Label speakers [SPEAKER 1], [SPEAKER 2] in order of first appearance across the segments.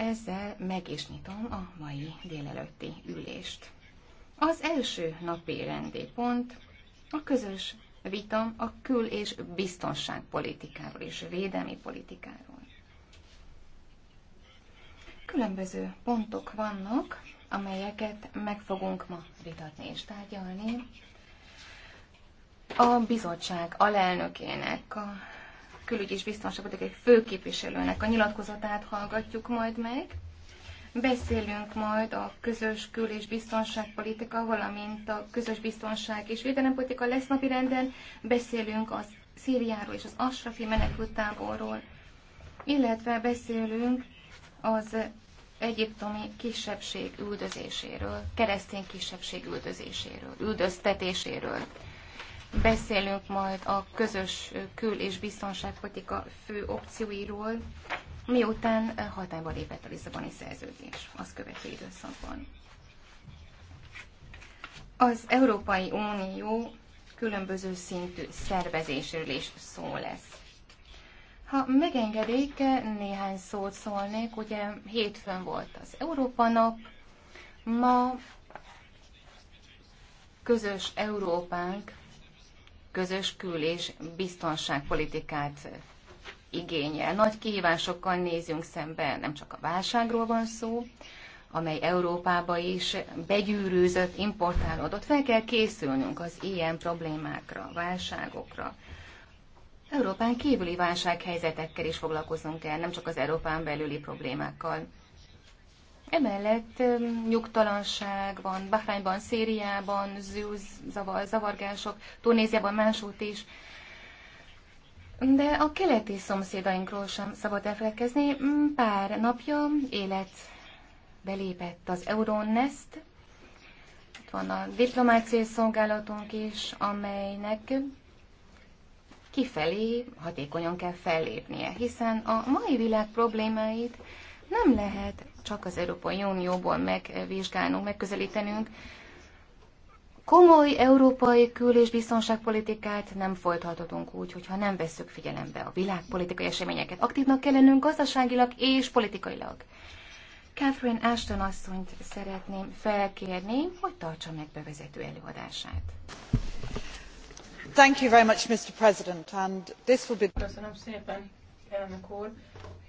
[SPEAKER 1] Ezzel meg is nyitom a mai délelőtti ülést. Az első napi rendi pont a közös vita a kül- és biztonságpolitikáról és védelmi politikáról. Különböző pontok vannak, amelyeket meg fogunk ma vitatni és tárgyalni. A bizottság alelnökének, a külügy és biztonságpolitikai főképviselőnek a nyilatkozatát hallgatjuk majd meg. Beszélünk majd a közös kül- és biztonságpolitika, valamint a közös biztonság és védelempolitika lesz napirenden. Beszélünk az Szíriáról és az Asrafi menekültáborról, illetve beszélünk az egyiptomi kisebbség üldözéséről, keresztény kisebbség üldözéséről, üldöztetéséről. Beszélünk majd a közös kül- és biztonságpolitika fő opcióiról, miután hatályba lépett a Lisszaboni szerződés, az követő időszakban. Az Európai Unió különböző szintű szervezésről is szó lesz. Ha megengedik, néhány szót szólnék. Ugye hétfőn volt az Európa nap, ma közös Európánk közös kül- és biztonságpolitikát igényel. Nagy kihívásokkal nézünk szembe, nem csak a válságról van szó, amely Európába is begyűrűzött, importálódott. Fel kell készülnünk az ilyen problémákra, válságokra. Európán kívüli válsághelyzetekkel is foglalkozunk, el nem csak az Európán belüli problémákkal. Emellett nyugtalanság van Bahrányban, Szériában, zavar, zavargások, Tunéziában, másút is. De a keleti szomszédainkról sem szabad elfelelkezni. Mm, pár napja élet belépett az Euronest. Itt van a diplomáciai szolgálatunk is, amelynek kifelé hatékonyan kell fellépnie, hiszen a mai világ problémáit nem lehet csak az Európai Unióból megvizsgálnunk, megközelítenünk. Komoly európai kül- és biztonságpolitikát nem folytathatunk úgy, hogyha nem vesszük figyelembe a világpolitikai eseményeket. Aktívnak kell lennünk gazdaságilag és politikailag. Catherine Ashton asszonyt szeretném felkérni, hogy tartsa meg bevezető előadását.
[SPEAKER 2] Thank you very much, Mr. President, and
[SPEAKER 3] this will be... Köszönöm
[SPEAKER 2] szépen, Elnök úr,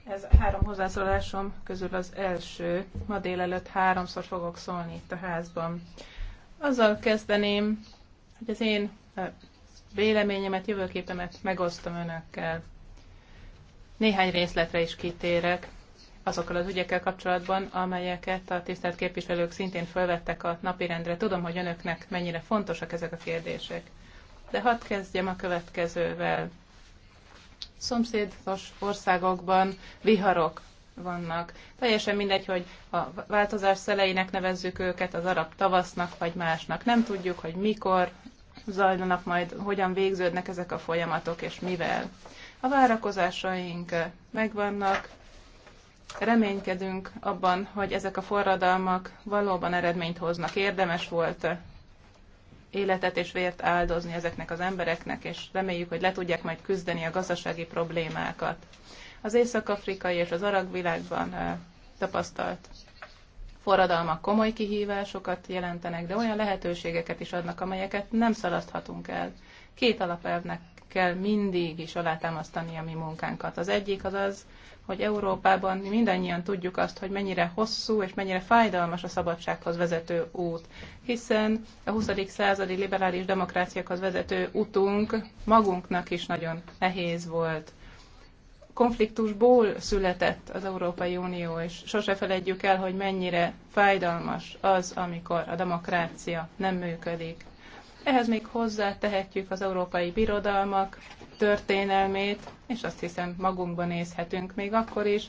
[SPEAKER 3] ez három hozzászólásom közül az első. Ma délelőtt háromszor fogok szólni itt a házban. Azzal kezdeném, hogy az én eh, véleményemet, jövőképemet megosztom önökkel. Néhány részletre is kitérek azokkal az ügyekkel kapcsolatban, amelyeket a tisztelt képviselők szintén felvettek a napirendre. Tudom, hogy önöknek mennyire fontosak ezek a kérdések. De hadd kezdjem a következővel szomszédos országokban viharok vannak. Teljesen mindegy, hogy a változás szeleinek nevezzük őket, az arab tavasznak vagy másnak. Nem tudjuk, hogy mikor zajlanak majd, hogyan végződnek ezek a folyamatok és mivel. A várakozásaink megvannak, reménykedünk abban, hogy ezek a forradalmak valóban eredményt hoznak. Érdemes volt életet és vért áldozni ezeknek az embereknek, és reméljük, hogy le tudják majd küzdeni a gazdasági problémákat. Az észak-afrikai és az arab világban tapasztalt forradalmak komoly kihívásokat jelentenek, de olyan lehetőségeket is adnak, amelyeket nem szalaszthatunk el. Két alapelvnek kell mindig is alátámasztani a mi munkánkat. Az egyik az az, hogy Európában mindannyian tudjuk azt, hogy mennyire hosszú és mennyire fájdalmas a szabadsághoz vezető út, hiszen a 20. századi liberális demokráciákhoz vezető utunk magunknak is nagyon nehéz volt konfliktusból született az Európai Unió, és sose felejtjük el, hogy mennyire fájdalmas az, amikor a demokrácia nem működik. Ehhez még hozzá tehetjük az európai birodalmak történelmét, és azt hiszem magunkban nézhetünk még akkor is,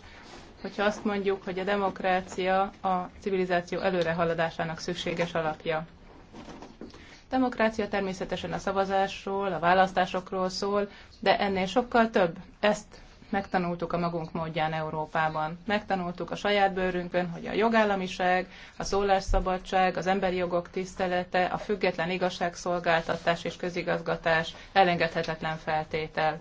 [SPEAKER 3] hogyha azt mondjuk, hogy a demokrácia a civilizáció előrehaladásának szükséges alapja. A demokrácia természetesen a szavazásról, a választásokról szól, de ennél sokkal több. Ezt megtanultuk a magunk módján Európában. Megtanultuk a saját bőrünkön, hogy a jogállamiság, a szólásszabadság, az emberi jogok tisztelete, a független igazságszolgáltatás és közigazgatás elengedhetetlen feltétel.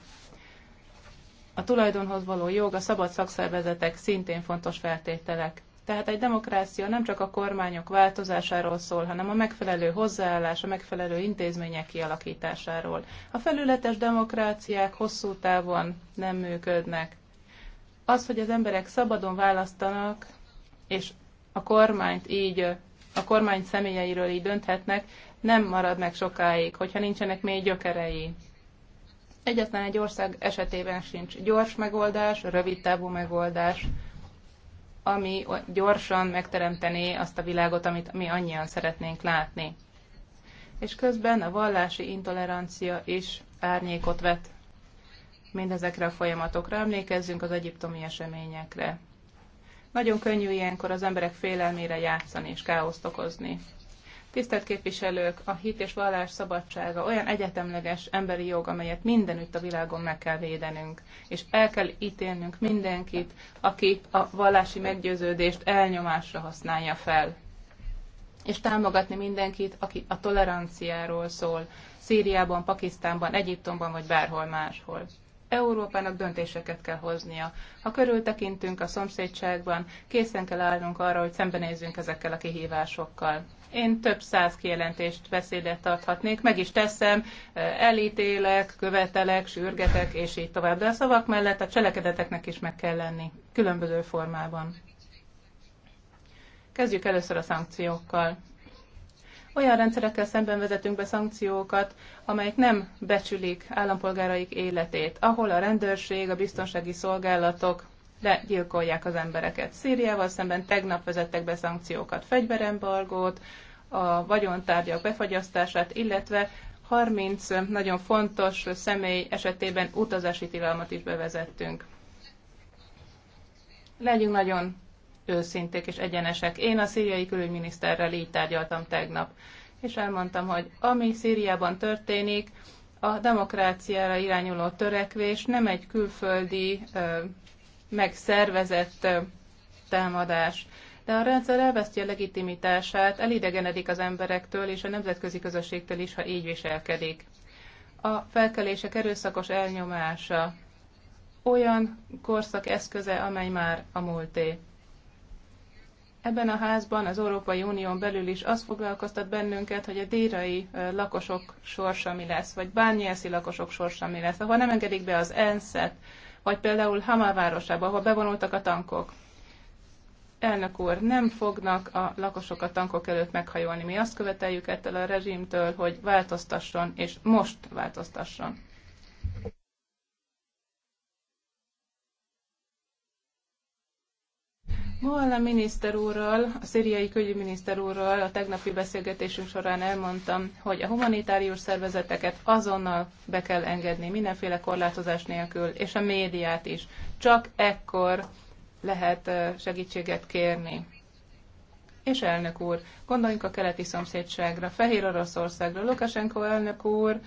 [SPEAKER 3] A tulajdonhoz való jog, a szabad szakszervezetek szintén fontos feltételek. Tehát egy demokrácia nem csak a kormányok változásáról szól, hanem a megfelelő hozzáállás, a megfelelő intézmények kialakításáról. A felületes demokráciák hosszú távon nem működnek. Az, hogy az emberek szabadon választanak, és a kormányt így, a kormány személyeiről így dönthetnek, nem marad meg sokáig, hogyha nincsenek mély gyökerei. Egyetlen egy ország esetében sincs gyors megoldás, rövid távú megoldás ami gyorsan megteremtené azt a világot, amit mi annyian szeretnénk látni. És közben a vallási intolerancia is árnyékot vet mindezekre a folyamatokra. Emlékezzünk az egyiptomi eseményekre. Nagyon könnyű ilyenkor az emberek félelmére játszani és káoszt okozni. Tisztelt képviselők, a hit és vallás szabadsága olyan egyetemleges emberi jog, amelyet mindenütt a világon meg kell védenünk, és el kell ítélnünk mindenkit, aki a vallási meggyőződést elnyomásra használja fel. És támogatni mindenkit, aki a toleranciáról szól, Szíriában, Pakisztánban, Egyiptomban vagy bárhol máshol. Európának döntéseket kell hoznia. Ha körültekintünk a szomszédságban, készen kell állnunk arra, hogy szembenézzünk ezekkel a kihívásokkal. Én több száz kijelentést, beszédet tarthatnék, meg is teszem, eh, elítélek, követelek, sürgetek, és így tovább. De a szavak mellett a cselekedeteknek is meg kell lenni, különböző formában. Kezdjük először a szankciókkal. Olyan rendszerekkel szemben vezetünk be szankciókat, amelyek nem becsülik állampolgáraik életét, ahol a rendőrség, a biztonsági szolgálatok legyilkolják az embereket. Szíriával szemben tegnap vezettek be szankciókat, fegyverembargót, a vagyontárgyak befagyasztását, illetve 30 nagyon fontos személy esetében utazási tilalmat is bevezettünk. Legyünk nagyon őszinték és egyenesek. Én a szíriai külügyminiszterrel így tárgyaltam tegnap, és elmondtam, hogy ami Szíriában történik, a demokráciára irányuló törekvés nem egy külföldi megszervezett támadás. De a rendszer elveszti a legitimitását, elidegenedik az emberektől és a nemzetközi közösségtől is, ha így viselkedik. A felkelések erőszakos elnyomása olyan korszak eszköze, amely már a múlté. Ebben a házban, az Európai Unión belül is az foglalkoztat bennünket, hogy a dírai lakosok sorsa mi lesz, vagy bányászi lakosok sorsa mi lesz, ahol nem engedik be az ENSZ-et, vagy például Hama városába, ahol bevonultak a tankok. Elnök úr, nem fognak a lakosok a tankok előtt meghajolni. Mi azt követeljük ettől a rezsimtől, hogy változtasson, és most változtasson. Moalla miniszter úrral, a szíriai külügyminiszter úrral a tegnapi beszélgetésünk során elmondtam, hogy a humanitárius szervezeteket azonnal be kell engedni, mindenféle korlátozás nélkül, és a médiát is. Csak ekkor lehet segítséget kérni. És elnök úr, gondoljunk a keleti szomszédságra, Fehér Oroszországra, Lukasenko elnök úr,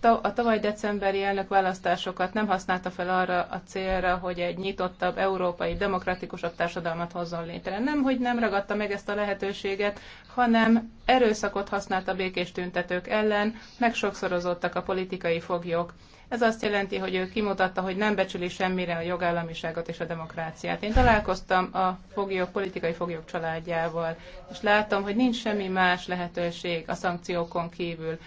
[SPEAKER 3] a tavaly decemberi elnökválasztásokat nem használta fel arra a célra, hogy egy nyitottabb, európai, demokratikusabb társadalmat hozzon létre. Nem, hogy nem ragadta meg ezt a lehetőséget, hanem erőszakot használt a békés tüntetők ellen, meg sokszorozottak a politikai foglyok. Ez azt jelenti, hogy ő kimutatta, hogy nem becsüli semmire a jogállamiságot és a demokráciát. Én találkoztam a foglyok, politikai foglyok családjával, és láttam, hogy nincs semmi más lehetőség a szankciókon kívül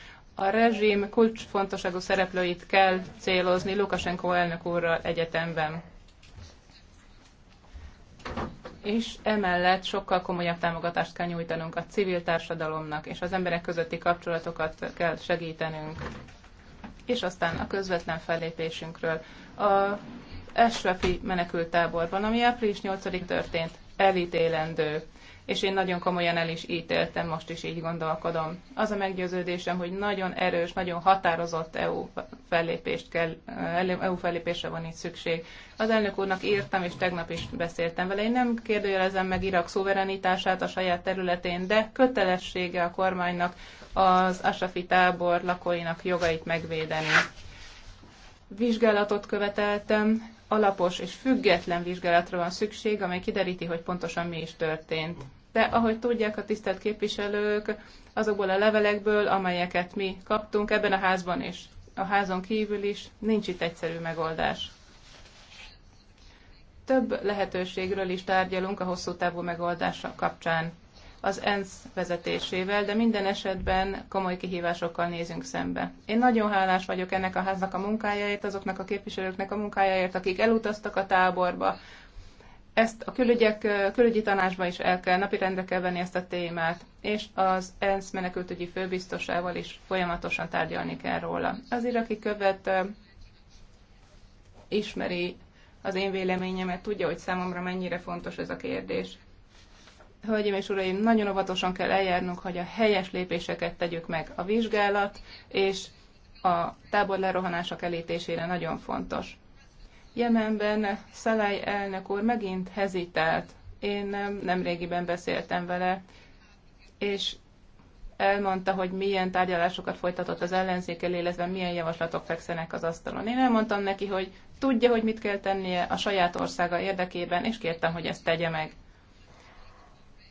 [SPEAKER 3] a rezsim kulcsfontosságú szereplőit kell célozni Lukasenko elnök úrral egyetemben. És emellett sokkal komolyabb támogatást kell nyújtanunk a civil társadalomnak, és az emberek közötti kapcsolatokat kell segítenünk. És aztán a közvetlen fellépésünkről. A Esrafi menekültáborban, ami április 8 történt, elítélendő és én nagyon komolyan el is ítéltem, most is így gondolkodom. Az a meggyőződésem, hogy nagyon erős, nagyon határozott EU fellépést kell, EU e fellépésre van itt szükség. Az elnök úrnak írtam, és tegnap is beszéltem vele. Én nem kérdőjelezem meg Irak szuverenitását a saját területén, de kötelessége a kormánynak az Asafi tábor lakóinak jogait megvédeni. Vizsgálatot követeltem, alapos és független vizsgálatra van szükség, amely kideríti, hogy pontosan mi is történt de ahogy tudják a tisztelt képviselők, azokból a levelekből, amelyeket mi kaptunk ebben a házban is, a házon kívül is, nincs itt egyszerű megoldás. Több lehetőségről is tárgyalunk a hosszú távú megoldása kapcsán az ENSZ vezetésével, de minden esetben komoly kihívásokkal nézünk szembe. Én nagyon hálás vagyok ennek a háznak a munkájáért, azoknak a képviselőknek a munkájáért, akik elutaztak a táborba, ezt a külügyek, külügyi tanácsban is el kell, napirendre kell venni ezt a témát, és az ENSZ menekültügyi főbiztosával is folyamatosan tárgyalni kell róla. Az iraki követ ismeri az én véleményemet, tudja, hogy számomra mennyire fontos ez a kérdés. Hölgyeim és uraim, nagyon óvatosan kell eljárnunk, hogy a helyes lépéseket tegyük meg. A vizsgálat és a tábor lerohanások elítésére nagyon fontos. Jemenben Szalály elnök úr megint hezitált. Én nem, nem régiben beszéltem vele, és elmondta, hogy milyen tárgyalásokat folytatott az ellenzékkel, illetve milyen javaslatok fekszenek az asztalon. Én elmondtam neki, hogy tudja, hogy mit kell tennie a saját országa érdekében, és kértem, hogy ezt tegye meg.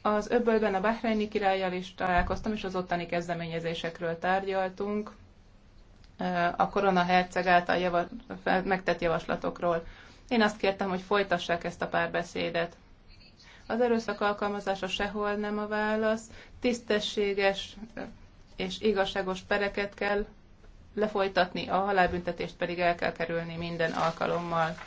[SPEAKER 3] Az öbölben a Bahreini királlyal is találkoztam, és az ottani kezdeményezésekről tárgyaltunk, a Korona Herceg által java- megtett javaslatokról. Én azt kértem, hogy folytassák ezt a párbeszédet. Az erőszak alkalmazása sehol nem a válasz. Tisztességes és igazságos pereket kell lefolytatni, a halálbüntetést pedig el kell kerülni minden alkalommal.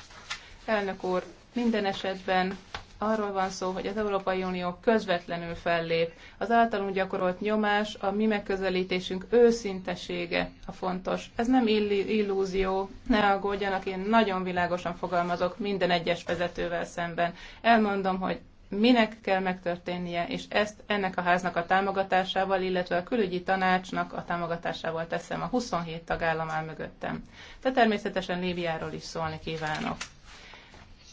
[SPEAKER 3] Elnök úr, minden esetben arról van szó, hogy az Európai Unió közvetlenül fellép. Az általunk gyakorolt nyomás, a mi megközelítésünk őszintesége a fontos. Ez nem illúzió, ne aggódjanak, én nagyon világosan fogalmazok minden egyes vezetővel szemben. Elmondom, hogy minek kell megtörténnie, és ezt ennek a háznak a támogatásával, illetve a külügyi tanácsnak a támogatásával teszem. A 27 tagállam áll mögöttem. De természetesen Líbiáról is szólni kívánok.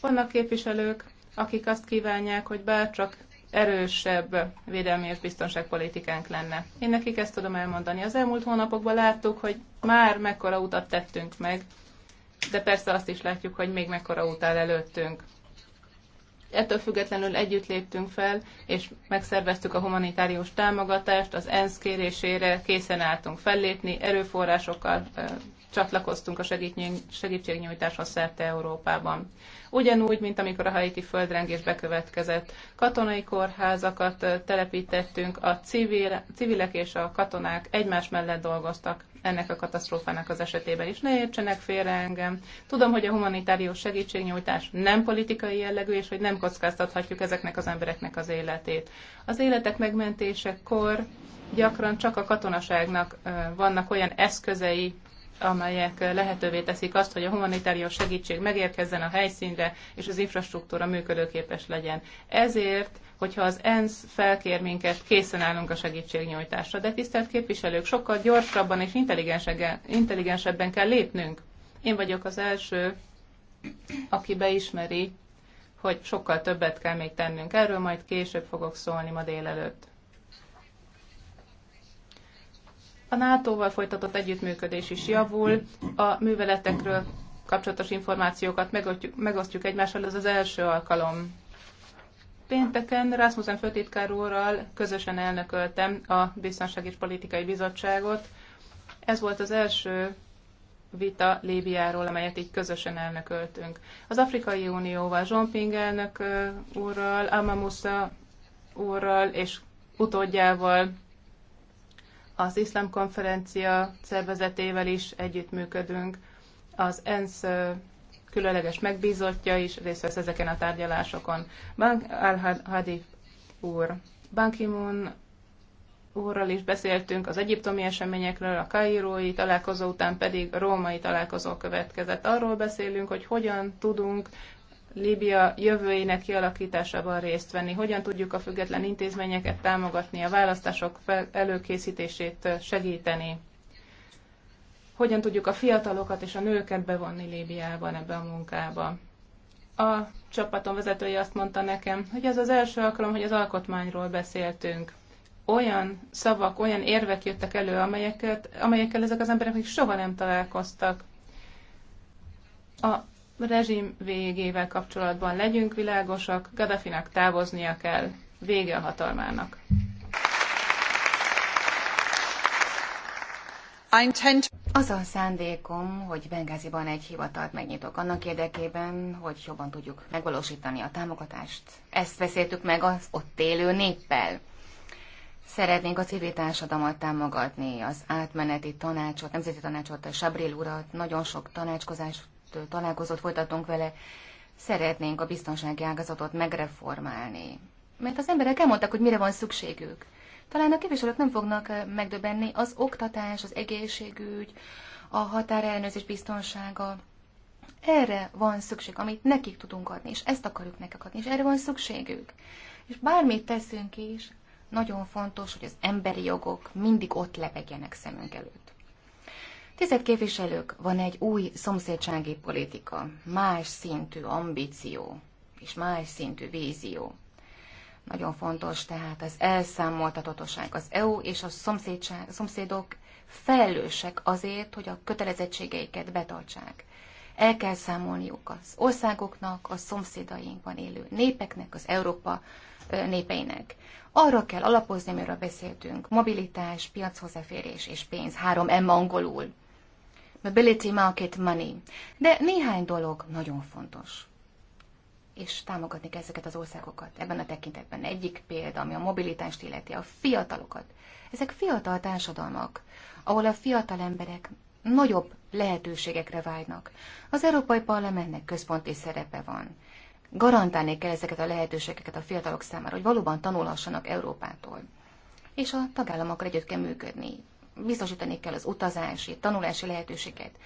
[SPEAKER 3] Vannak képviselők, akik azt kívánják, hogy bárcsak erősebb védelmi és biztonságpolitikánk lenne. Én nekik ezt tudom elmondani. Az elmúlt hónapokban láttuk, hogy már mekkora utat tettünk meg, de persze azt is látjuk, hogy még mekkora út áll előttünk. Ettől függetlenül együtt léptünk fel, és megszerveztük a humanitárius támogatást, az ENSZ kérésére készen álltunk fellépni, erőforrásokkal csatlakoztunk a segítségnyújtáshoz szerte Európában. Ugyanúgy, mint amikor a haiti földrengés bekövetkezett. Katonai kórházakat telepítettünk, a civil, civilek és a katonák egymás mellett dolgoztak ennek a katasztrófának az esetében is. Ne értsenek félre engem. Tudom, hogy a humanitárius segítségnyújtás nem politikai jellegű, és hogy nem kockáztathatjuk ezeknek az embereknek az életét. Az életek megmentésekor gyakran csak a katonaságnak vannak olyan eszközei, amelyek lehetővé teszik azt, hogy a humanitárius segítség megérkezzen a helyszínre, és az infrastruktúra működőképes legyen. Ezért, hogyha az ENSZ felkér minket, készen állunk a segítségnyújtásra. De tisztelt képviselők, sokkal gyorsabban és intelligensebben kell lépnünk. Én vagyok az első, aki beismeri, hogy sokkal többet kell még tennünk. Erről majd később fogok szólni ma délelőtt. A NATO-val folytatott együttműködés is javul, a műveletekről kapcsolatos információkat megosztjuk, megosztjuk egymással, ez az első alkalom. Pénteken Rasmussen főtitkár úrral közösen elnököltem a Biztonság és Politikai Bizottságot. Ez volt az első vita Líbiáról, amelyet így közösen elnököltünk. Az Afrikai Unióval, Zsomping elnök úrral, Amamusa úrral és utódjával az iszlám konferencia szervezetével is együttműködünk, az ENSZ különleges megbízottja is részt vesz ezeken a tárgyalásokon. Bank al-Hadi úr, Ban ki úrral is beszéltünk, az egyiptomi eseményekről, a kairói találkozó után pedig a római találkozó következett. Arról beszélünk, hogy hogyan tudunk Líbia jövőjének kialakításában részt venni? Hogyan tudjuk a független intézményeket támogatni, a választások előkészítését segíteni? Hogyan tudjuk a fiatalokat és a nőket bevonni Líbiában ebbe a munkába? A csapatom vezetője azt mondta nekem, hogy ez az első alkalom, hogy az alkotmányról beszéltünk olyan szavak, olyan érvek jöttek elő, amelyeket, amelyekkel ezek az emberek még soha nem találkoztak. A rezsim végével kapcsolatban legyünk világosak, Gaddafinak távoznia kell, vége a hatalmának. Az a
[SPEAKER 1] szándékom, hogy Bengáziban egy hivatalt megnyitok annak érdekében, hogy jobban tudjuk megvalósítani a támogatást. Ezt beszéltük meg az ott élő néppel. Szeretnénk a civil társadalmat támogatni, az átmeneti tanácsot, nemzeti tanácsot, Sabril urat, nagyon sok tanácskozást találkozót folytatunk vele, szeretnénk a biztonsági ágazatot megreformálni. Mert az emberek elmondták, hogy mire van szükségük. Talán a képviselők nem fognak eh, megdöbbenni az oktatás, az egészségügy, a határellenőrzés biztonsága. Erre van szükség, amit nekik tudunk adni, és ezt akarjuk nekik adni, és erre van szükségük. És bármit teszünk is, nagyon fontos, hogy az emberi jogok mindig ott lebegjenek szemünk előtt. Tisztelt képviselők, van egy új szomszédsági politika, más szintű ambíció és más szintű vízió. Nagyon fontos tehát az elszámoltatotosság. Az EU és a szomszédság, szomszédok felelősek azért, hogy a kötelezettségeiket betartsák. El kell számolniuk az országoknak, a szomszédainkban élő népeknek, az Európa népeinek. Arra kell alapozni, amiről beszéltünk, mobilitás, piachozaférés és pénz, három M angolul. Mobility Market Money. De néhány dolog nagyon fontos. És támogatni kell ezeket az országokat ebben a tekintetben. Egyik példa, ami a mobilitást illeti, a fiatalokat. Ezek fiatal társadalmak, ahol a fiatal emberek nagyobb lehetőségekre vágynak. Az Európai Parlamentnek központi szerepe van. Garantálni kell ezeket a lehetőségeket a fiatalok számára, hogy valóban tanulhassanak Európától. És a tagállamokra együtt kell működni biztosítani kell az utazási, tanulási lehetőséget.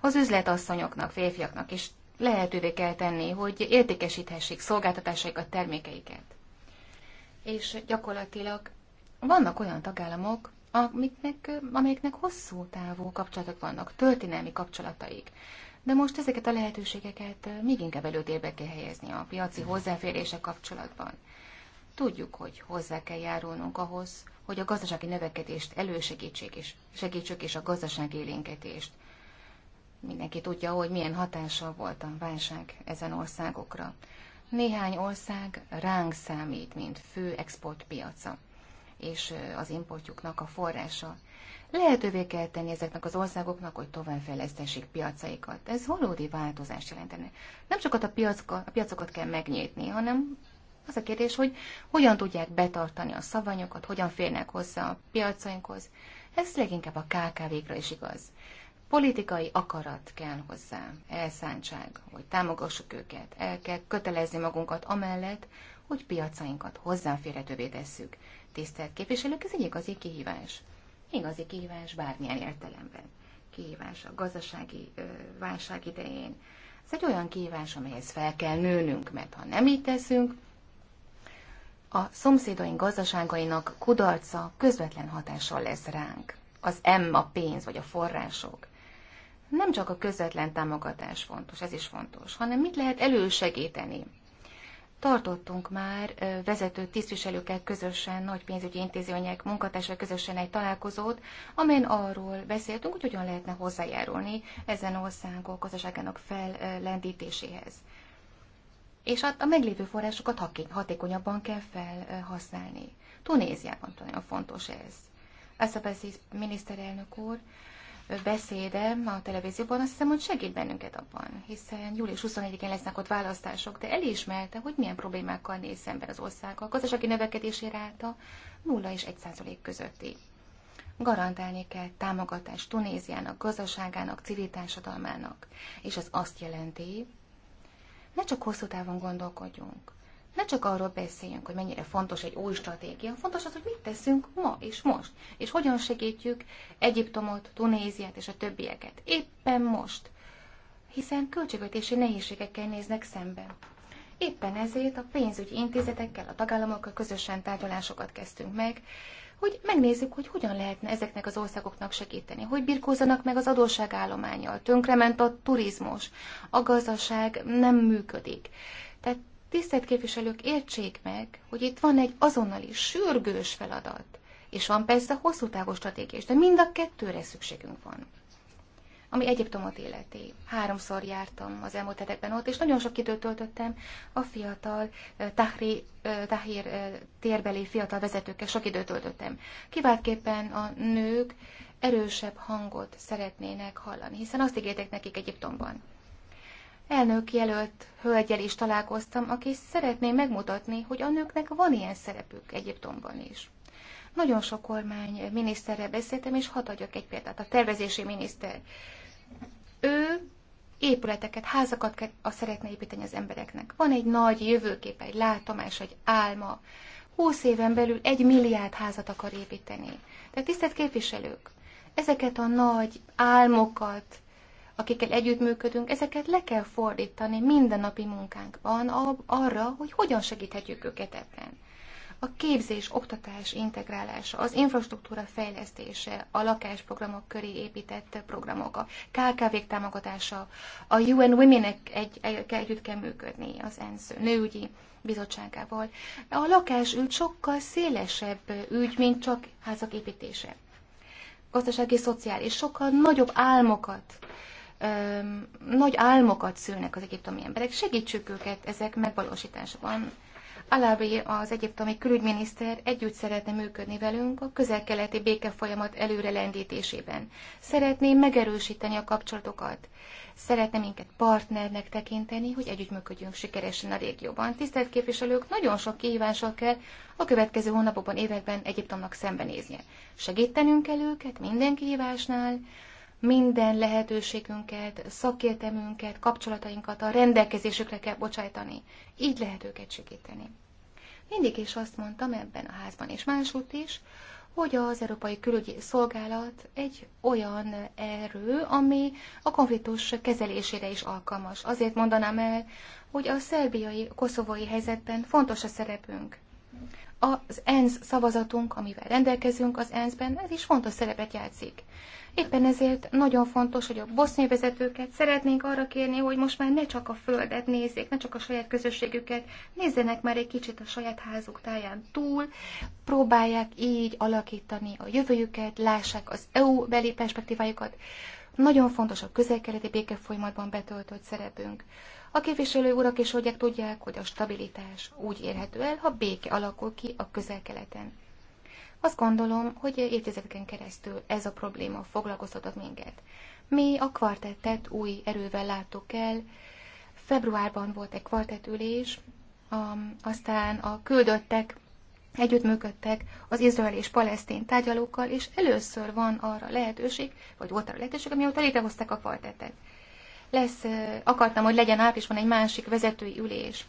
[SPEAKER 1] Az üzletasszonyoknak, férfiaknak is lehetővé kell tenni, hogy értékesíthessék szolgáltatásaikat, termékeiket. És gyakorlatilag vannak olyan tagállamok, amiknek, amelyeknek hosszú távú kapcsolatok vannak, történelmi kapcsolataik. De most ezeket a lehetőségeket még inkább előtérbe kell helyezni a piaci hozzáférése kapcsolatban. Tudjuk, hogy hozzá kell járulnunk ahhoz, hogy a gazdasági növekedést elősegítsék és segítsük is a gazdasági élénketést. Mindenki tudja, hogy milyen hatással volt a válság ezen országokra. Néhány ország ránk számít, mint fő exportpiaca és az importjuknak a forrása. Lehetővé kell tenni ezeknek az országoknak, hogy továbbfejlesztessék piacaikat. Ez valódi változást jelentene. Nem csak a, piacka, a piacokat kell megnyitni, hanem az a kérdés, hogy hogyan tudják betartani a szavanyokat, hogyan férnek hozzá a piacainkhoz. Ez leginkább a KKV-kra is igaz. Politikai akarat kell hozzá, elszántság, hogy támogassuk őket, el kell kötelezni magunkat amellett, hogy piacainkat hozzáférhetővé tesszük. Tisztelt képviselők, ez egy igazi kihívás. Igazi kihívás bármilyen értelemben. Kihívás a gazdasági ö, válság idején. Ez egy olyan kihívás, amelyhez fel kell nőnünk, mert ha nem így teszünk, a szomszédaink gazdaságainak kudarca közvetlen hatással lesz ránk. Az M a pénz vagy a források. Nem csak a közvetlen támogatás fontos, ez is fontos, hanem mit lehet elősegíteni. Tartottunk már vezető tisztviselőkkel közösen, nagy pénzügyi intézmények munkatársai közösen egy találkozót, amelyen arról beszéltünk, hogy hogyan lehetne hozzájárulni ezen országok gazdaságának fellendítéséhez és a, a meglévő forrásokat hatékonyabban kell felhasználni. Tunéziában nagyon fontos ez. Eszabeszi miniszterelnök úr beszéde a televízióban azt hiszem, hogy segít bennünket abban, hiszen július 21-én lesznek ott választások, de elismerte, hogy milyen problémákkal néz szemben az ország. A gazdasági növekedési ráta 0 és 1 százalék közötti. Garantálni kell támogatást Tunéziának, gazdaságának, civil társadalmának, és ez azt jelenti, ne csak hosszú távon gondolkodjunk. Ne csak arról beszéljünk, hogy mennyire fontos egy új stratégia, fontos az, hogy mit teszünk ma és most, és hogyan segítjük Egyiptomot, Tunéziát és a többieket. Éppen most. Hiszen költségvetési nehézségekkel néznek szembe. Éppen ezért a pénzügyi intézetekkel, a tagállamokkal közösen tárgyalásokat kezdtünk meg, hogy megnézzük, hogy hogyan lehetne ezeknek az országoknak segíteni, hogy birkózzanak meg az adósságállományjal, tönkrement a turizmus, a gazdaság nem működik. Tehát tisztelt képviselők, értsék meg, hogy itt van egy azonnali, sürgős feladat, és van persze hosszú távú stratégia, de mind a kettőre szükségünk van ami Egyiptomot illeti. Háromszor jártam az elmúlt hetekben ott, és nagyon sok időt töltöttem a fiatal, Tahri, Tahir térbeli fiatal vezetőkkel sok időt töltöttem. Kiváltképpen a nők erősebb hangot szeretnének hallani, hiszen azt ígértek nekik Egyiptomban. Elnök jelölt hölgyel is találkoztam, aki szeretné megmutatni, hogy a nőknek van ilyen szerepük Egyiptomban is. Nagyon sok kormány miniszterrel beszéltem, és hat adjak egy példát. A tervezési miniszter ő épületeket, házakat szeretne építeni az embereknek. Van egy nagy jövőkép, egy látomás, egy álma. Húsz éven belül egy milliárd házat akar építeni. De tisztelt képviselők, ezeket a nagy álmokat, akikkel együttműködünk, ezeket le kell fordítani mindennapi munkánkban arra, hogy hogyan segíthetjük őket ebben. A képzés, oktatás integrálása, az infrastruktúra fejlesztése, a lakásprogramok köré épített programok, a KKV-k támogatása, a UN Women-ek egy, együtt kell működni az ENSZ nőügyi bizottságával. A lakásügy sokkal szélesebb ügy, mint csak házak építése. Gazdasági, szociális, sokkal nagyobb álmokat öm, nagy álmokat szülnek az egyiptomi emberek. Segítsük őket ezek megvalósításában. Alábbi az egyiptomi külügyminiszter együtt szeretne működni velünk a közel-keleti békefolyamat lendítésében. Szeretné megerősíteni a kapcsolatokat. Szeretne minket partnernek tekinteni, hogy együttműködjünk sikeresen a régióban. Tisztelt képviselők, nagyon sok kihívással kell a következő hónapokban, években Egyiptomnak szembenéznie. Segítenünk kell őket minden kihívásnál, minden lehetőségünket, szakértelmünket, kapcsolatainkat a rendelkezésükre kell bocsájtani. Így lehet őket segíteni. Mindig is azt mondtam ebben a házban és másút is, hogy az Európai Külügyi Szolgálat egy olyan erő, ami a konfliktus kezelésére is alkalmas. Azért mondanám el, hogy a szerbiai, koszovói helyzetben fontos a szerepünk. Az ENSZ szavazatunk, amivel rendelkezünk az ENSZ-ben, ez is fontos szerepet játszik. Éppen ezért nagyon fontos, hogy a boszni vezetőket szeretnénk arra kérni, hogy most már ne csak a földet nézzék, ne csak a saját közösségüket, nézzenek már egy kicsit a saját házuk táján túl, próbálják így alakítani a jövőjüket, lássák az EU beli perspektívájukat. Nagyon fontos a közel-keleti béke folyamatban betöltött szerepünk. A képviselő urak és hölgyek tudják, hogy a stabilitás úgy érhető el, ha béke alakul ki a közel-keleten. Azt gondolom, hogy évtizedeken keresztül ez a probléma foglalkoztatott minket. Mi a kvartettet új erővel láttuk el. Februárban volt egy kvartettülés, aztán a küldöttek együttműködtek az izrael és palesztin tárgyalókkal, és először van arra lehetőség, vagy volt arra lehetőség, amióta létrehozták a kvartettet. Lesz, akartam, hogy legyen áprilisban egy másik vezetői ülés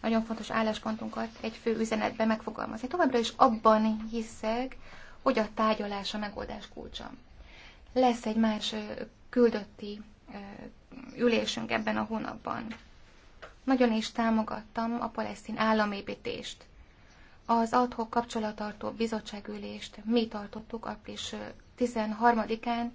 [SPEAKER 1] nagyon fontos álláspontunkat egy fő üzenetben megfogalmazni. Továbbra is abban hiszek, hogy a tárgyalás a megoldás kulcsa. Lesz egy más küldötti ülésünk ebben a hónapban. Nagyon is támogattam a palesztin államépítést. Az adhok kapcsolatartó bizottságülést mi tartottuk április 13-án.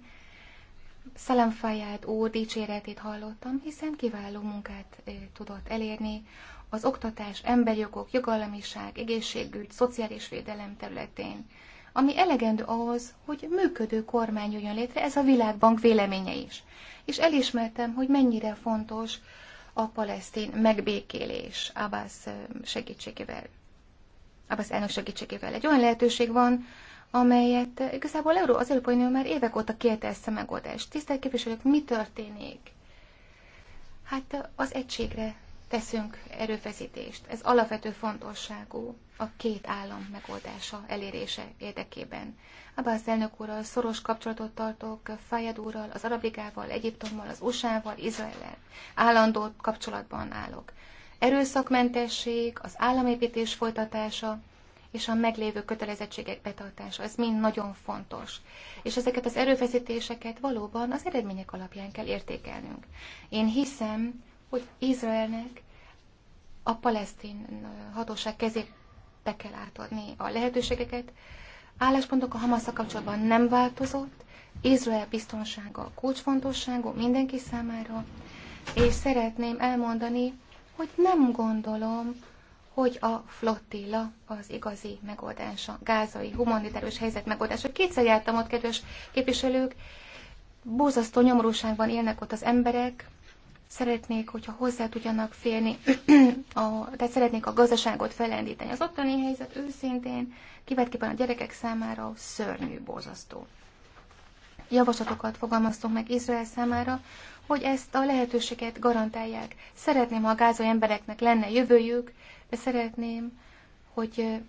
[SPEAKER 1] Szelemfáját, úr dicséretét hallottam, hiszen kiváló munkát tudott elérni az oktatás, emberi jogok, jogállamiság, egészségügy, szociális védelem területén, ami elegendő ahhoz, hogy működő kormány jöjjön létre, ez a világbank véleménye is. És elismertem, hogy mennyire fontos a palesztin megbékélés Abbas segítségével. Abbas elnök segítségével. Egy olyan lehetőség van, amelyet igazából Euró, az Európai Unió már évek óta kérte ezt a megoldást. Tisztelt képviselők, mi történik? Hát az egységre teszünk erőfeszítést. Ez alapvető fontosságú a két állam megoldása elérése érdekében. Abbas elnök úrral szoros kapcsolatot tartok, Fayed úrral, az Arabigával, Egyiptommal, az USA-val, Izraellel. Állandó kapcsolatban állok. Erőszakmentesség, az államépítés folytatása, és a meglévő kötelezettségek betartása. Ez mind nagyon fontos. És ezeket az erőfeszítéseket valóban az eredmények alapján kell értékelnünk. Én hiszem, hogy Izraelnek a palesztin hatóság kezébe kell átadni a lehetőségeket. Álláspontok a Hamasza kapcsolatban nem változott, Izrael biztonsága kulcsfontosságú mindenki számára, és szeretném elmondani, hogy nem gondolom, hogy a flottilla az igazi megoldása, gázai humanitárius helyzet megoldása. Kétszer jártam ott, kedves képviselők, borzasztó nyomorúságban élnek ott az emberek, szeretnék, hogyha hozzá tudjanak férni, a, tehát szeretnék a gazdaságot felendíteni. Az ottani helyzet őszintén, kivetképpen a gyerekek számára szörnyű, borzasztó. Javaslatokat fogalmaztunk meg Izrael számára, hogy ezt a lehetőséget garantálják. Szeretném, ha a gázai embereknek lenne jövőjük, de szeretném, hogy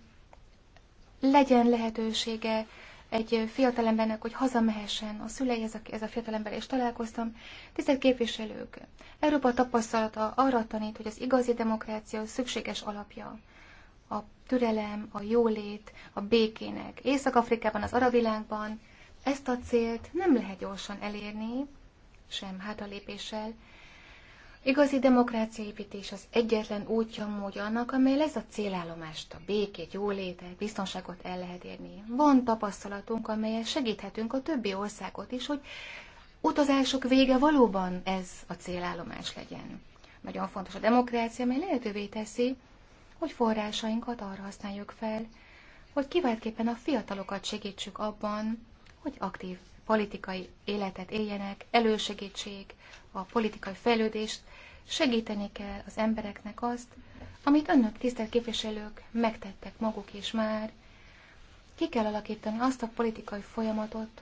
[SPEAKER 1] legyen lehetősége egy fiatalembernek, hogy hazamehessen a ez a, ez a fiatalember, és találkoztam. Tisztelt képviselők, Európa tapasztalata arra tanít, hogy az igazi demokrácia szükséges alapja a türelem, a jólét, a békének. Észak-Afrikában, az arab világban ezt a célt nem lehet gyorsan elérni, sem hátralépéssel, Igazi demokráciaépítés az egyetlen útja módja annak, amely lesz a célállomást, a békét, jólétet, biztonságot el lehet érni. Van tapasztalatunk, amelyel segíthetünk a többi országot is, hogy utazások vége valóban ez a célállomás legyen. Nagyon fontos a demokrácia, amely lehetővé teszi, hogy forrásainkat arra használjuk fel, hogy kiváltképpen a fiatalokat segítsük abban, hogy aktív politikai életet éljenek, elősegítsék a politikai fejlődést, Segíteni kell az embereknek azt, amit önök tisztelt képviselők megtettek maguk is már. Ki kell alakítani azt a politikai folyamatot,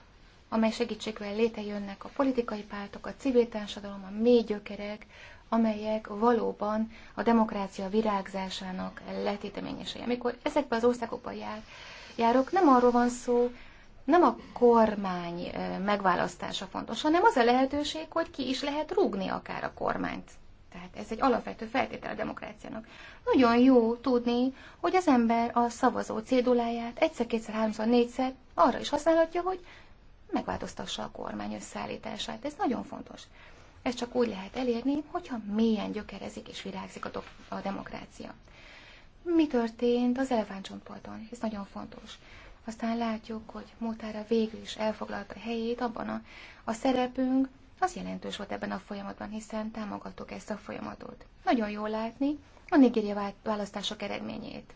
[SPEAKER 1] amely segítségvel létejönnek a politikai pártok, a civil társadalom, a mély gyökerek, amelyek valóban a demokrácia virágzásának letéteményesei. Amikor ezekbe az országokba jár, járok, nem arról van szó, nem a kormány megválasztása fontos, hanem az a lehetőség, hogy ki is lehet rúgni akár a kormányt. Tehát ez egy alapvető feltétel a demokráciának. Nagyon jó tudni, hogy az ember a szavazó céduláját egyszer, kétszer, háromszor, négyszer arra is használhatja, hogy megváltoztassa a kormány összeállítását. Ez nagyon fontos. Ez csak úgy lehet elérni, hogyha mélyen gyökerezik és virágzik a, a demokrácia. Mi történt az elefántcsontparton? Ez nagyon fontos. Aztán látjuk, hogy Mótára végül is elfoglalta helyét abban a, a szerepünk, az jelentős volt ebben a folyamatban, hiszen támogattuk ezt a folyamatot. Nagyon jó látni a nigéria választások eredményét.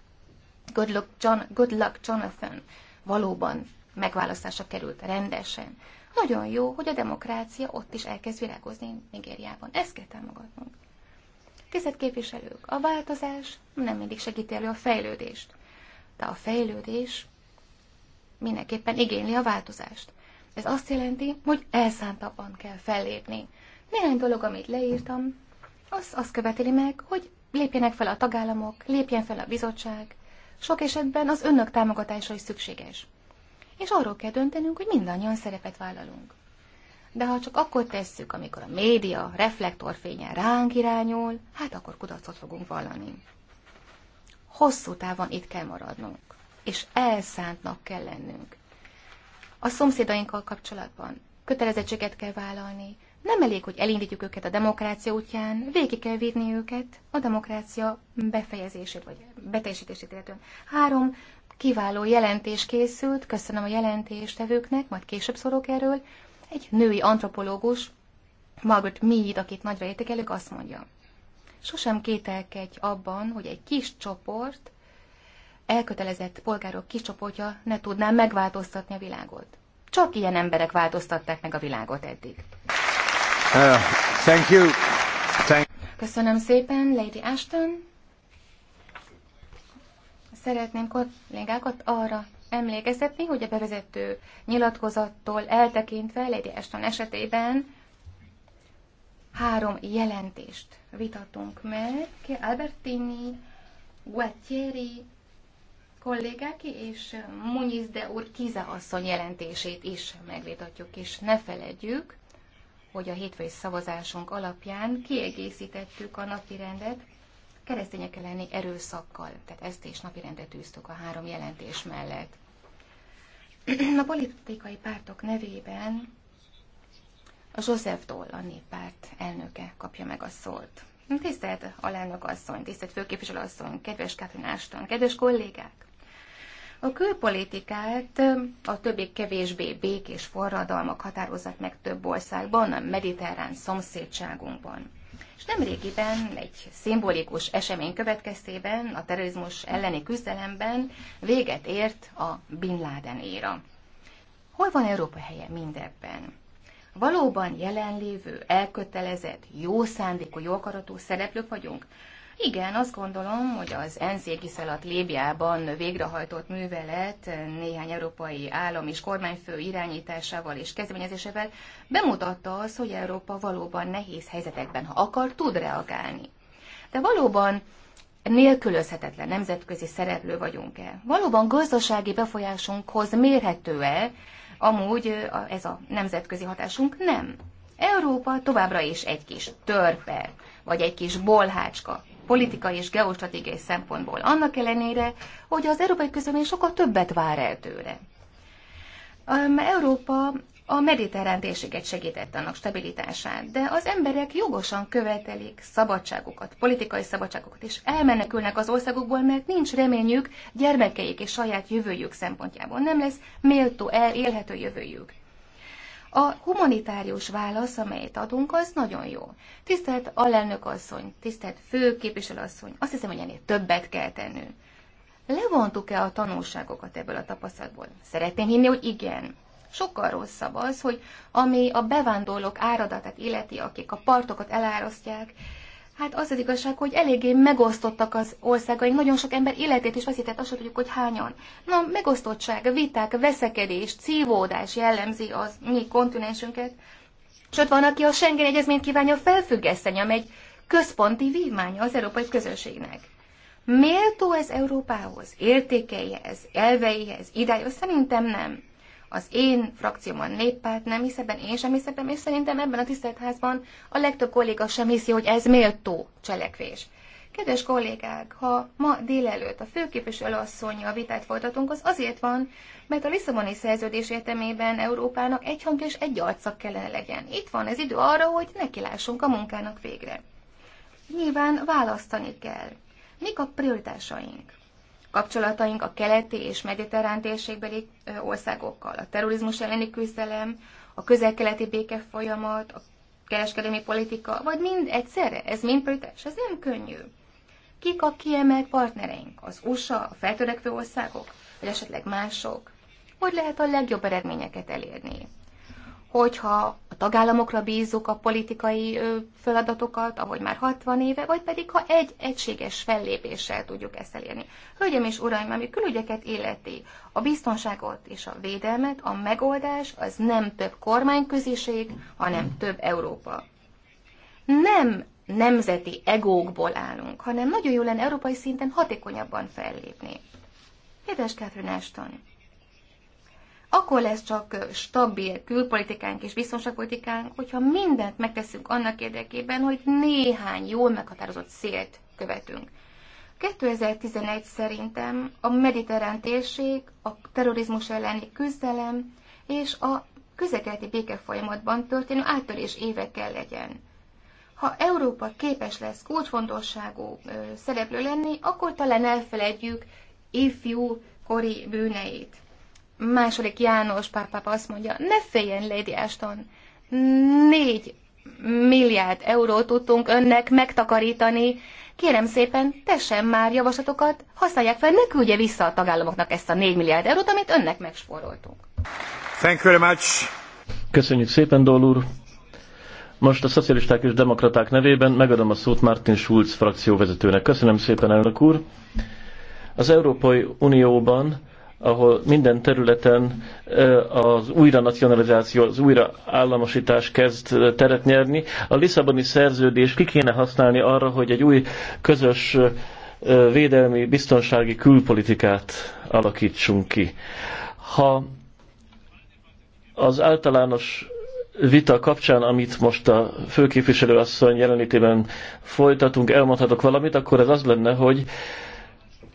[SPEAKER 1] Good luck, John, good luck Jonathan valóban megválasztása került rendesen. Nagyon jó, hogy a demokrácia ott is elkezd virágozni Nigériában. Ezt kell támogatnunk. Tisztelt képviselők, a változás nem mindig segíti elő a fejlődést, de a fejlődés mindenképpen igényli a változást. Ez azt jelenti, hogy elszántabban kell fellépni. Néhány dolog, amit leírtam, az azt követeli meg, hogy lépjenek fel a tagállamok, lépjen fel a bizottság. Sok esetben az önök támogatása is szükséges. És arról kell döntenünk, hogy mindannyian szerepet vállalunk. De ha csak akkor tesszük, amikor a média reflektorfényen ránk irányul, hát akkor kudarcot fogunk vallani. Hosszú távon itt kell maradnunk, és elszántnak kell lennünk a szomszédainkkal kapcsolatban. Kötelezettséget kell vállalni. Nem elég, hogy elindítjuk őket a demokrácia útján, végig kell vinni őket a demokrácia befejezését vagy beteljesítését illetően. Három kiváló jelentés készült, köszönöm a jelentéstevőknek, majd később szorok erről. Egy női antropológus, Margaret Mead, akit nagyra értékelők, azt mondja, sosem kételkedj abban, hogy egy kis csoport elkötelezett polgárok kis csoportja ne tudná megváltoztatni a világot. Csak ilyen emberek változtatták meg a világot eddig.
[SPEAKER 4] Uh, thank you. Thank
[SPEAKER 1] Köszönöm szépen, Lady Ashton. Szeretném kollégákat arra emlékeztetni, hogy a bevezető nyilatkozattól eltekintve Lady Ashton esetében három jelentést vitatunk meg. Albertini, Guattieri kollégáki és Muniz de úr Kiza asszony jelentését is megvitatjuk, és ne feledjük, hogy a hétfői szavazásunk alapján kiegészítettük a napirendet keresztények elleni erőszakkal, tehát ezt is rendet tűztük a három jelentés mellett. A politikai pártok nevében a József Doll, a néppárt elnöke kapja meg a szót. Tisztelt alelnök asszony, tisztelt főképviselő asszony, kedves Katrin Áston, kedves kollégák! A külpolitikát a többi kevésbé békés forradalmak határozzák meg több országban, a mediterrán szomszédságunkban. És nemrégiben egy szimbolikus esemény következtében a terrorizmus elleni küzdelemben véget ért a Bin Laden éra. Hol van Európa helye mindebben? Valóban jelenlévő, elkötelezett, jó szándékú, jókaratú szereplők vagyunk, igen, azt gondolom, hogy az ENSZ égisze Líbiában végrehajtott művelet néhány európai állam és kormányfő irányításával és kezdeményezésével bemutatta az, hogy Európa valóban nehéz helyzetekben, ha akar, tud reagálni. De valóban nélkülözhetetlen nemzetközi szereplő vagyunk-e? Valóban gazdasági befolyásunkhoz mérhető-e? Amúgy ez a nemzetközi hatásunk nem. Európa továbbra is egy kis törpe, vagy egy kis bolhácska politikai és geostratégiai szempontból. Annak ellenére, hogy az európai közömény sokkal többet vár el tőle. Európa a mediterrán térséget segített annak stabilitását, de az emberek jogosan követelik szabadságukat, politikai szabadságukat, és elmenekülnek az országokból, mert nincs reményük gyermekeik és saját jövőjük szempontjából. Nem lesz méltó, élhető jövőjük. A humanitárius válasz, amelyet adunk, az nagyon jó. Tisztelt alelnök asszony, tisztelt főképviselő asszony, azt hiszem, hogy ennél többet kell tennünk. Levontuk-e a tanulságokat ebből a tapasztalatból? Szeretném hinni, hogy igen. Sokkal rosszabb az, hogy ami a bevándorlók áradatát illeti, akik a partokat elárasztják, Hát az az igazság, hogy eléggé megosztottak az országaink, nagyon sok ember életét is veszített, azt tudjuk, hogy hányan. Na, megosztottság, viták, veszekedés, cívódás jellemzi az mi kontinensünket. Sőt, van, aki a Schengen egyezményt kívánja felfüggeszteni, amely egy központi vívmánya az európai közösségnek. Méltó ez Európához? Értékeihez? Elveihez? Idája? Szerintem nem az én frakcióm a néppárt nem hisz ebben, én sem hiszem, és szerintem ebben a tiszteletházban a legtöbb kolléga sem hiszi, hogy ez méltó cselekvés. Kedves kollégák, ha ma délelőtt a főképviselő a vitát folytatunk, az azért van, mert a Lisszaboni szerződés értelmében Európának egy hang és egy arca kellene legyen. Itt van ez idő arra, hogy nekilássunk a munkának végre. Nyilván választani kell. Mik a prioritásaink? kapcsolataink a keleti és mediterrán térségbeli országokkal, a terrorizmus elleni küzdelem, a közel-keleti béke folyamat, a kereskedelmi politika, vagy mind egyszerre, ez mind prioritás, ez nem könnyű. Kik a kiemelt partnereink? Az USA, a feltörekvő országok, vagy esetleg mások? Hogy lehet a legjobb eredményeket elérni? hogyha a tagállamokra bízzuk a politikai feladatokat, ahogy már 60 éve, vagy pedig ha egy egységes fellépéssel tudjuk ezt elérni. Hölgyeim és uraim, ami külügyeket illeti, a biztonságot és a védelmet, a megoldás az nem több kormányköziség, hanem több Európa. Nem nemzeti egókból állunk, hanem nagyon jó lenne európai szinten hatékonyabban fellépni. Kedves Catherine Ashton, akkor lesz csak stabil külpolitikánk és biztonságpolitikánk, hogyha mindent megteszünk annak érdekében, hogy néhány jól meghatározott célt követünk. 2011 szerintem a mediterrán térség, a terrorizmus elleni küzdelem és a béke folyamatban történő áttörés éve kell legyen. Ha Európa képes lesz kulcsfontosságú szereplő lenni, akkor talán elfeledjük ifjú kori bűneit. Második János pápa azt mondja, ne féljen, Lady Ashton, négy milliárd eurót tudtunk önnek megtakarítani. Kérem szépen, tessen már javaslatokat, használják fel, ne küldje vissza a tagállamoknak ezt a négy milliárd eurót, amit önnek megspóroltunk.
[SPEAKER 5] Thank you very much. Köszönjük szépen, Dól úr. Most a szocialisták és demokraták nevében megadom a szót Martin Schulz frakcióvezetőnek. Köszönöm szépen, elnök úr. Az Európai Unióban ahol minden területen az újra nacionalizáció, az újra államosítás kezd teret nyerni. A Lisszaboni szerződés ki kéne használni arra, hogy egy új közös védelmi, biztonsági külpolitikát alakítsunk ki. Ha az általános vita kapcsán, amit most a főképviselőasszony jelenlétében folytatunk, elmondhatok valamit, akkor ez az lenne, hogy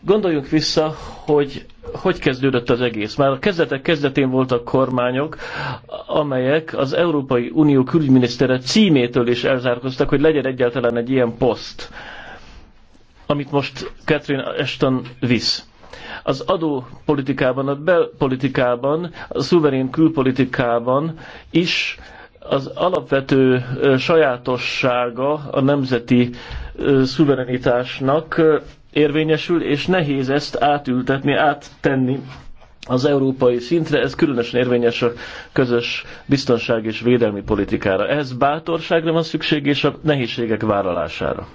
[SPEAKER 5] Gondoljunk vissza, hogy hogy kezdődött az egész. Már a kezdetek kezdetén voltak kormányok, amelyek az Európai Unió külügyminisztere címétől is elzárkoztak, hogy legyen egyáltalán egy ilyen poszt, amit most Catherine Ashton visz az adópolitikában, a belpolitikában, a szuverén külpolitikában is az alapvető sajátossága a nemzeti szuverenitásnak érvényesül, és nehéz ezt átültetni, áttenni az európai szintre, ez különösen érvényes a közös biztonság és védelmi politikára. Ehhez bátorságra van szükség, és a nehézségek vállalására.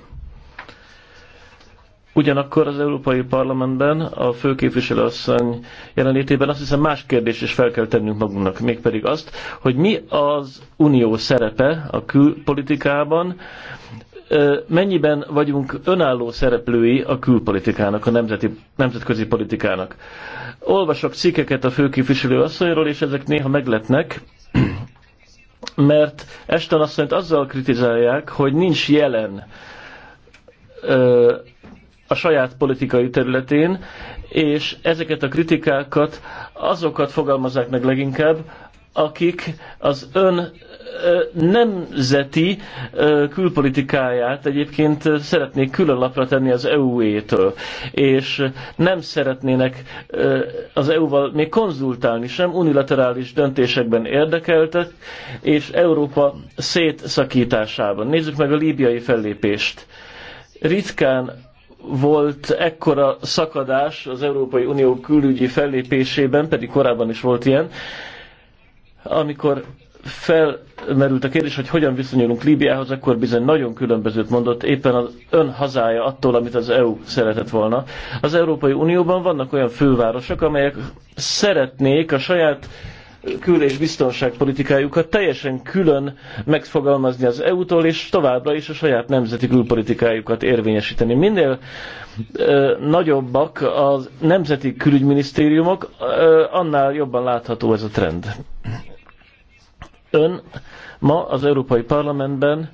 [SPEAKER 5] Ugyanakkor az Európai Parlamentben a főképviselőasszony jelenlétében azt hiszem más kérdést is fel kell tennünk magunknak, mégpedig azt, hogy mi az unió szerepe a külpolitikában, mennyiben vagyunk önálló szereplői a külpolitikának, a nemzeti, nemzetközi politikának. Olvasok cikkeket a főképviselő asszonyról, és ezek néha megletnek, mert Eston asszonyt azzal kritizálják, hogy nincs jelen ö, a saját politikai területén, és ezeket a kritikákat azokat fogalmazzák meg leginkább, akik az ön nemzeti külpolitikáját egyébként szeretnék külön lapra tenni az EU-étől, és nem szeretnének az EU-val még konzultálni sem, unilaterális döntésekben érdekeltek, és Európa szétszakításában. Nézzük meg a líbiai fellépést. Ritkán volt ekkora szakadás az Európai Unió külügyi fellépésében, pedig korábban is volt ilyen, amikor felmerült a kérdés, hogy hogyan viszonyulunk Líbiához, akkor bizony nagyon különbözőt mondott éppen az ön hazája attól, amit az EU szeretett volna. Az Európai Unióban vannak olyan fővárosok, amelyek szeretnék a saját kül- és biztonságpolitikájukat teljesen külön megfogalmazni az EU-tól, és továbbra is a saját nemzeti külpolitikájukat érvényesíteni. Minél ö, nagyobbak a nemzeti külügyminisztériumok, ö, annál jobban látható ez a trend ön ma az Európai Parlamentben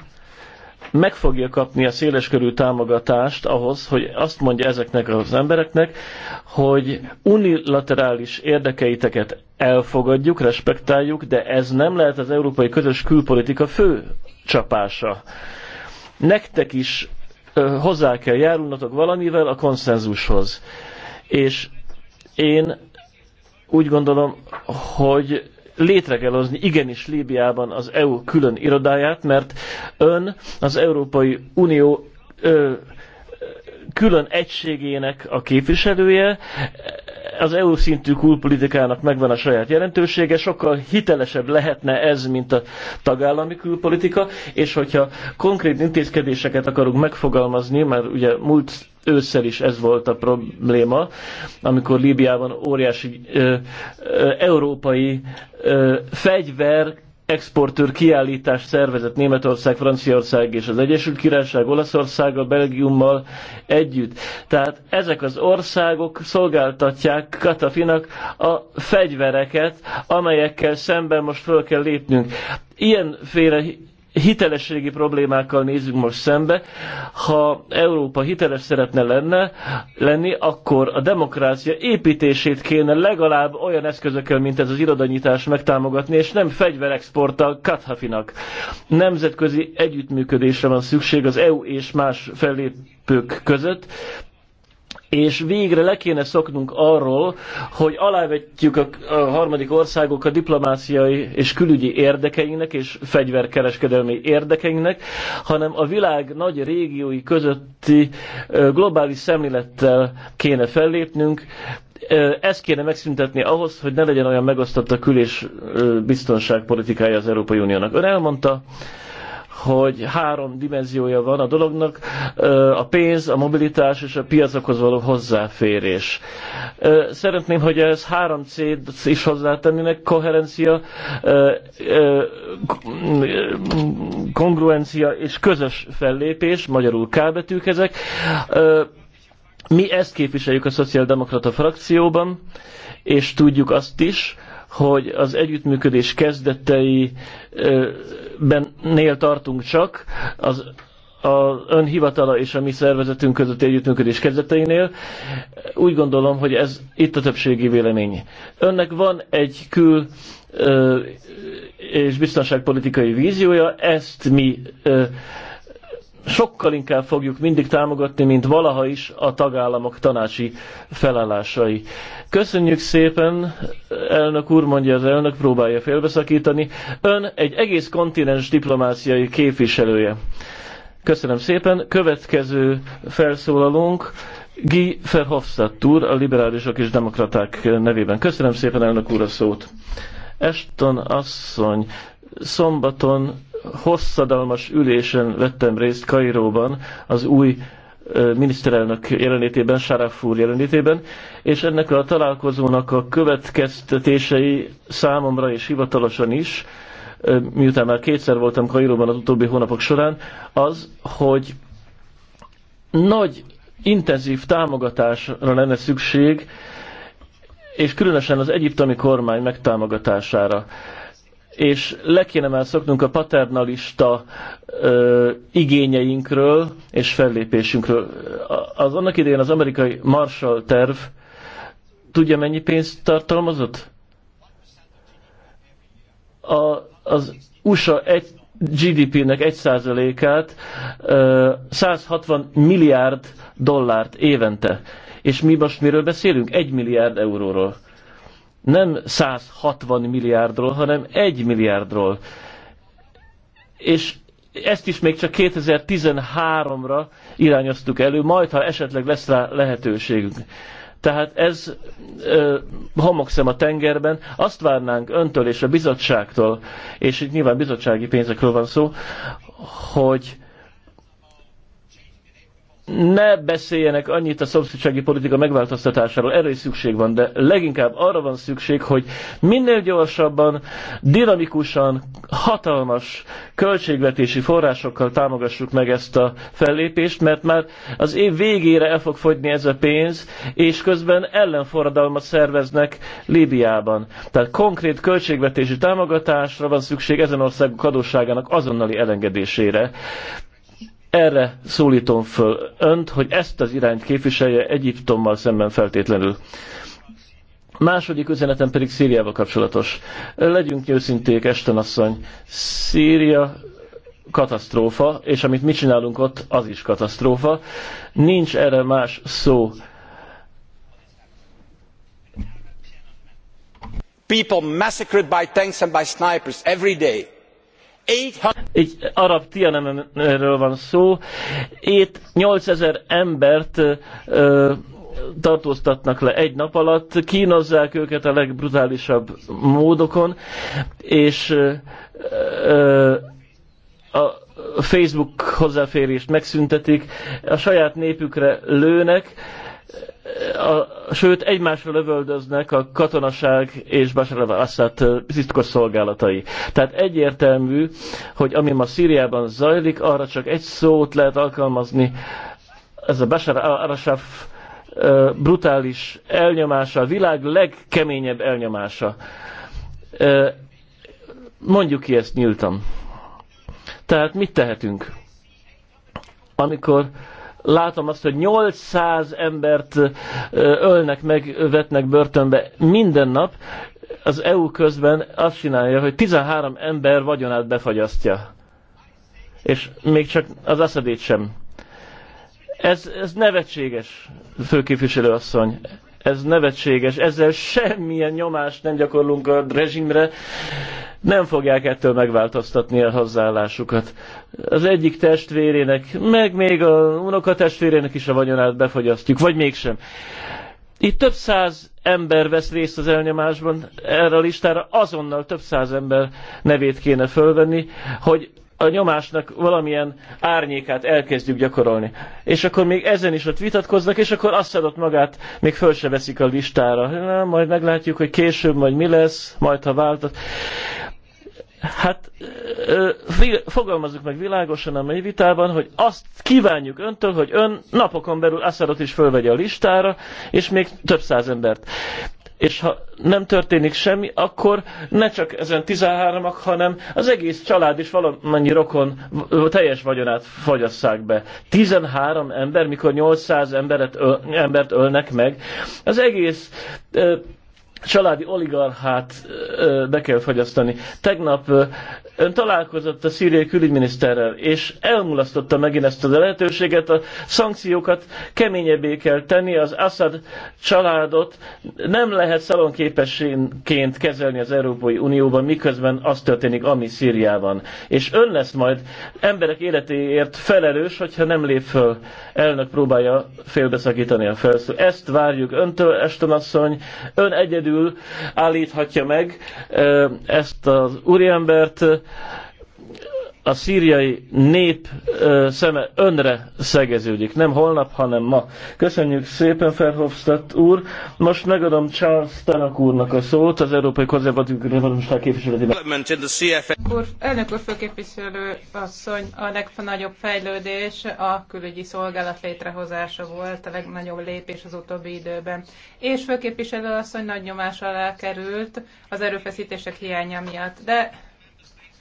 [SPEAKER 5] meg fogja kapni a széleskörű támogatást ahhoz, hogy azt mondja ezeknek az embereknek, hogy unilaterális érdekeiteket elfogadjuk, respektáljuk, de ez nem lehet az európai közös külpolitika fő csapása. Nektek is hozzá kell járulnatok valamivel a konszenzushoz. És én úgy gondolom, hogy létre kell hozni igenis Líbiában az EU külön irodáját, mert ön az Európai Unió ö, külön egységének a képviselője, az EU szintű külpolitikának megvan a saját jelentősége, sokkal hitelesebb lehetne ez, mint a tagállami külpolitika, és hogyha konkrét intézkedéseket akarunk megfogalmazni, mert ugye múlt ősszel is ez volt a probléma, amikor Líbiában óriási ö, ö, európai ö, fegyver exportőr kiállítást szervezett Németország, Franciaország és az Egyesült Királyság, Olaszország, a Belgiummal együtt. Tehát ezek az országok szolgáltatják Katafinak a fegyvereket, amelyekkel szemben most föl kell lépnünk. Ilyenféle hitelességi problémákkal nézzük most szembe. Ha Európa hiteles szeretne lenne, lenni, akkor a demokrácia építését kéne legalább olyan eszközökkel, mint ez az irodanyítás megtámogatni, és nem fegyverexporttal Kathafinak. Nemzetközi együttműködésre van szükség az EU és más fellépők között, és végre le kéne szoknunk arról, hogy alávetjük a, a harmadik országok a diplomáciai és külügyi érdekeinknek és fegyverkereskedelmi érdekeinknek, hanem a világ nagy régiói közötti globális szemlélettel kéne fellépnünk, ezt kéne megszüntetni ahhoz, hogy ne legyen olyan megosztott a kül- és biztonságpolitikája az Európai Uniónak. Ön elmondta, hogy három dimenziója van a dolognak, a pénz, a mobilitás és a piacokhoz való hozzáférés. Szeretném, hogy ez három c is hozzátennének, koherencia, kongruencia és közös fellépés, magyarul kábetűk ezek. Mi ezt képviseljük a Szociáldemokrata frakcióban, és tudjuk azt is, hogy az együttműködés kezdeteinél tartunk csak, az az önhivatala és a mi szervezetünk közötti együttműködés kezdeteinél. Úgy gondolom, hogy ez itt a többségi vélemény. Önnek van egy kül és biztonságpolitikai víziója, ezt mi sokkal inkább fogjuk mindig támogatni, mint valaha is a tagállamok tanácsi felállásai. Köszönjük szépen, elnök úr, mondja az elnök, próbálja félbeszakítani. Ön egy egész kontinens diplomáciai képviselője. Köszönöm szépen. Következő felszólalónk Guy Verhofstadt úr, a liberálisok és demokraták nevében. Köszönöm szépen, elnök úr, a szót. Eston asszony, szombaton hosszadalmas ülésen vettem részt Kairóban az új miniszterelnök jelenlétében, Saraf úr jelenlétében, és ennek a találkozónak a következtetései számomra és hivatalosan is, miután már kétszer voltam Kairóban az utóbbi hónapok során, az, hogy nagy intenzív támogatásra lenne szükség, és különösen az egyiptomi kormány megtámogatására és le kéne már szoknunk a paternalista ö, igényeinkről és fellépésünkről. Az annak idején az amerikai Marshall terv tudja mennyi pénzt tartalmazott? A, az USA egy GDP-nek egy át 160 milliárd dollárt évente. És mi most miről beszélünk? egy milliárd euróról nem 160 milliárdról, hanem 1 milliárdról. És ezt is még csak 2013-ra irányoztuk elő, majd ha esetleg lesz rá lehetőségünk. Tehát ez ö, homokszem a tengerben. Azt várnánk öntől és a bizottságtól, és itt nyilván bizottsági pénzekről van szó, hogy ne beszéljenek annyit a szomszédsági politika megváltoztatásáról, erre is szükség van, de leginkább arra van szükség, hogy minél gyorsabban, dinamikusan, hatalmas költségvetési forrásokkal támogassuk meg ezt a fellépést, mert már az év végére el fog fogyni ez a pénz, és közben ellenforradalmat szerveznek Líbiában. Tehát konkrét költségvetési támogatásra van szükség ezen országok adósságának azonnali elengedésére. Erre szólítom föl önt, hogy ezt az irányt képviselje Egyiptommal szemben feltétlenül. Második üzenetem pedig Szíriával kapcsolatos. Legyünk őszinték, Esten asszony. Szíria katasztrófa, és amit mi csinálunk ott, az is katasztrófa. Nincs erre más szó.
[SPEAKER 4] People massacred by tanks and by snipers every day egy arab
[SPEAKER 5] Tiananmenről van szó. Itt 8000 embert ö, tartóztatnak le egy nap alatt, kínozzák őket a legbrutálisabb módokon, és ö, a Facebook hozzáférést megszüntetik, a saját népükre lőnek, a, sőt egymásra lövöldöznek a katonaság és Bashar al-Assad biztos szolgálatai. Tehát egyértelmű, hogy ami ma Szíriában zajlik, arra csak egy szót lehet alkalmazni, ez a Bashar al-Assad brutális elnyomása, a világ legkeményebb elnyomása. Mondjuk ki ezt nyíltan. Tehát mit tehetünk? Amikor uh, látom azt, hogy 800 embert ölnek meg, vetnek börtönbe minden nap, az EU közben azt csinálja, hogy 13 ember vagyonát befagyasztja. És még csak az aszadét sem. Ez, ez nevetséges, főképviselő asszony. Ez nevetséges, ezzel semmilyen nyomást nem gyakorlunk a rezsimre, nem fogják ettől megváltoztatni a hozzáállásukat. Az egyik testvérének, meg még a testvérének is a vagyonát befogyasztjuk, vagy mégsem. Itt több száz ember vesz részt az elnyomásban, erre a listára azonnal több száz ember nevét kéne fölvenni, hogy a nyomásnak valamilyen árnyékát elkezdjük gyakorolni. És akkor még ezen is ott vitatkoznak, és akkor azt adott magát, még föl se veszik a listára. Na, majd meglátjuk, hogy később majd mi lesz, majd ha váltat. Hát fogalmazzuk meg világosan a mai vitában, hogy azt kívánjuk öntől, hogy ön napokon belül Assadot is fölvegye a listára, és még több száz embert és ha nem történik semmi, akkor ne csak ezen 13-ak, hanem az egész család is valamennyi rokon teljes vagyonát fogyasszák be. 13 ember, mikor 800 emberet, öl, embert ölnek meg, az egész ö, családi oligarchát be kell fogyasztani. Tegnap ön találkozott a szíriai külügyminiszterrel, és elmulasztotta megint ezt a lehetőséget, a szankciókat keményebbé kell tenni, az Assad családot nem lehet szalonképességként kezelni az Európai Unióban, miközben az történik, ami Szíriában. És ön lesz majd emberek életéért felelős, hogyha nem lép föl. Elnök próbálja félbeszakítani a felszó. Ezt várjuk öntől, Eston asszony. Ön egyedül keresztül állíthatja meg eh, ezt az úriembert, a szíriai nép ö, szeme önre szegeződik. Nem holnap, hanem ma. Köszönjük szépen, Ferhofstadt úr. Most megadom Charles Tanak úrnak a szót, az Európai Konzervatív Reformisták képviseletében.
[SPEAKER 3] Úr, elnök úr, főképviselő asszony, a legnagyobb fejlődés a külügyi szolgálat létrehozása volt, a legnagyobb lépés az utóbbi időben. És főképviselő asszony nagy nyomás alá került az erőfeszítések hiánya miatt. De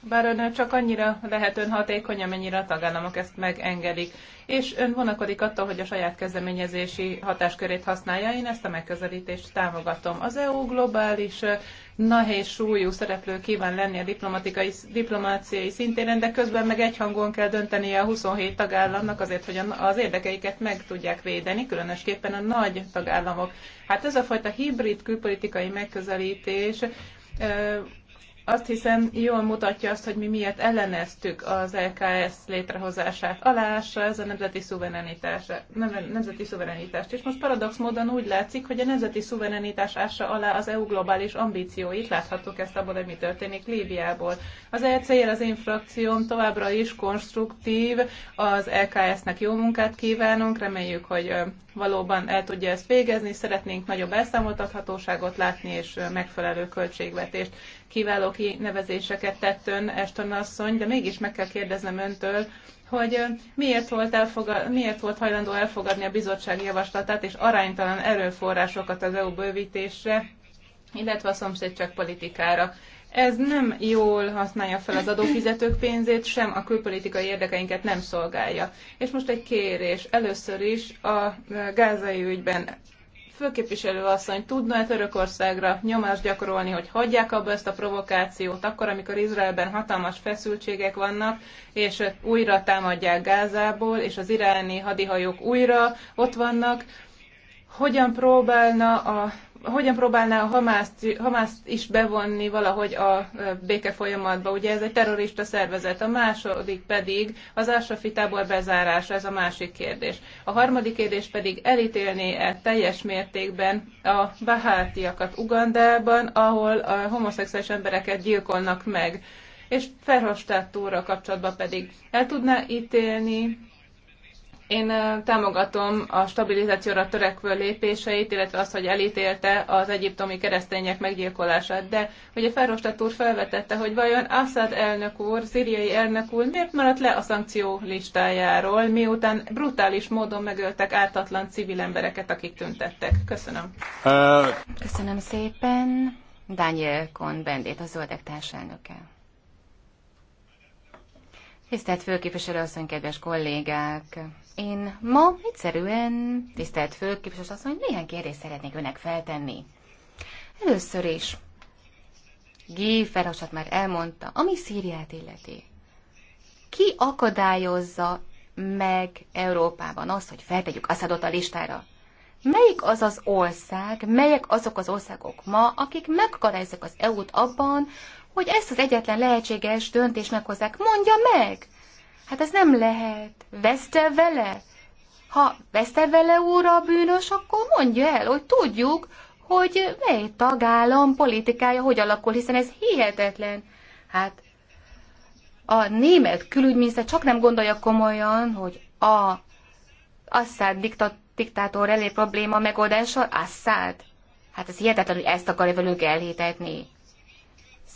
[SPEAKER 3] bár ön csak annyira lehet ön hatékony, amennyire a tagállamok ezt megengedik. És ön vonakodik attól, hogy a saját kezdeményezési hatáskörét használja. Én ezt a megközelítést támogatom. Az EU globális eh, nehéz súlyú szereplő kíván lenni a diplomatikai, diplomáciai szintén, de közben meg egyhangon kell döntenie a 27 tagállamnak azért, hogy az érdekeiket meg tudják védeni, különösképpen a nagy tagállamok. Hát ez a fajta hibrid külpolitikai megközelítés eh, azt hiszem jól mutatja azt, hogy mi miért elleneztük az LKS létrehozását. Aláássa ez a nemzeti szuverenitás, nem, nemzeti szuverenitást. És most paradox módon úgy látszik, hogy a nemzeti szuverenitás ássa alá az EU globális ambícióit. Láthattuk ezt abból, hogy mi történik Líbiából. Az ECR az én frakcióm továbbra is konstruktív, az LKS-nek jó munkát kívánunk, reméljük, hogy valóban el tudja ezt végezni. Szeretnénk nagyobb elszámoltathatóságot látni és megfelelő költségvetést. Kiváló kinevezéseket tett ön, Eston asszony, de mégis meg kell kérdeznem öntől, hogy miért volt, elfogad, miért volt hajlandó elfogadni a bizottság javaslatát és aránytalan erőforrásokat az EU bővítésre, illetve a szomszédság politikára. Ez nem jól használja fel az adófizetők pénzét, sem a külpolitikai érdekeinket nem szolgálja. És most egy kérés. Először is a gázai ügyben főképviselő asszony tudna-e Törökországra nyomást gyakorolni, hogy hagyják abba ezt a provokációt, akkor, amikor Izraelben hatalmas feszültségek vannak, és újra támadják Gázából, és az iráni hadihajók újra ott vannak, hogyan próbálna a hogyan próbálná a Hamászt, Hamászt is bevonni valahogy a béke folyamatba? Ugye ez egy terrorista szervezet, a második pedig az Ásrafi tábor bezárása, ez a másik kérdés. A harmadik kérdés pedig elítélné-e teljes mértékben a bahátiakat Ugandában, ahol a homoszexuális embereket gyilkolnak meg? És Ferhostát túra kapcsolatban pedig el tudná ítélni én támogatom a stabilizációra törekvő lépéseit, illetve azt, hogy elítélte az egyiptomi keresztények meggyilkolását. De ugye Ferrostat úr felvetette, hogy vajon Assad elnök úr, szíriai elnök úr miért maradt le a szankció listájáról, miután brutális módon megöltek ártatlan civil embereket, akik tüntettek. Köszönöm. Köszönöm szépen. Daniel
[SPEAKER 1] Kohn Bendét, a zöldek társelnöke. Tisztelt főképviselő asszony, kedves kollégák! Én ma egyszerűen, tisztelt főképviselő asszony, néhány kérdést szeretnék önnek feltenni. Először is, Guy Ferhasat már elmondta, ami Szíriát illeti. Ki akadályozza meg Európában azt, hogy feltegyük Assadot a listára? Melyik az az ország, melyek azok az országok ma, akik megakadályozzák az EU-t abban, hogy ezt az egyetlen lehetséges döntést meghozzák. Mondja meg! Hát ez nem lehet. Veszte vele? Ha veszte vele úr a bűnös, akkor mondja el, hogy tudjuk, hogy mely tagállam politikája hogy alakul, hiszen ez hihetetlen. Hát a német külügyminiszter csak nem gondolja komolyan, hogy a Assad diktat, diktátor elé probléma megoldása Assad. Hát ez hihetetlen, hogy ezt akarja velünk elhitetni.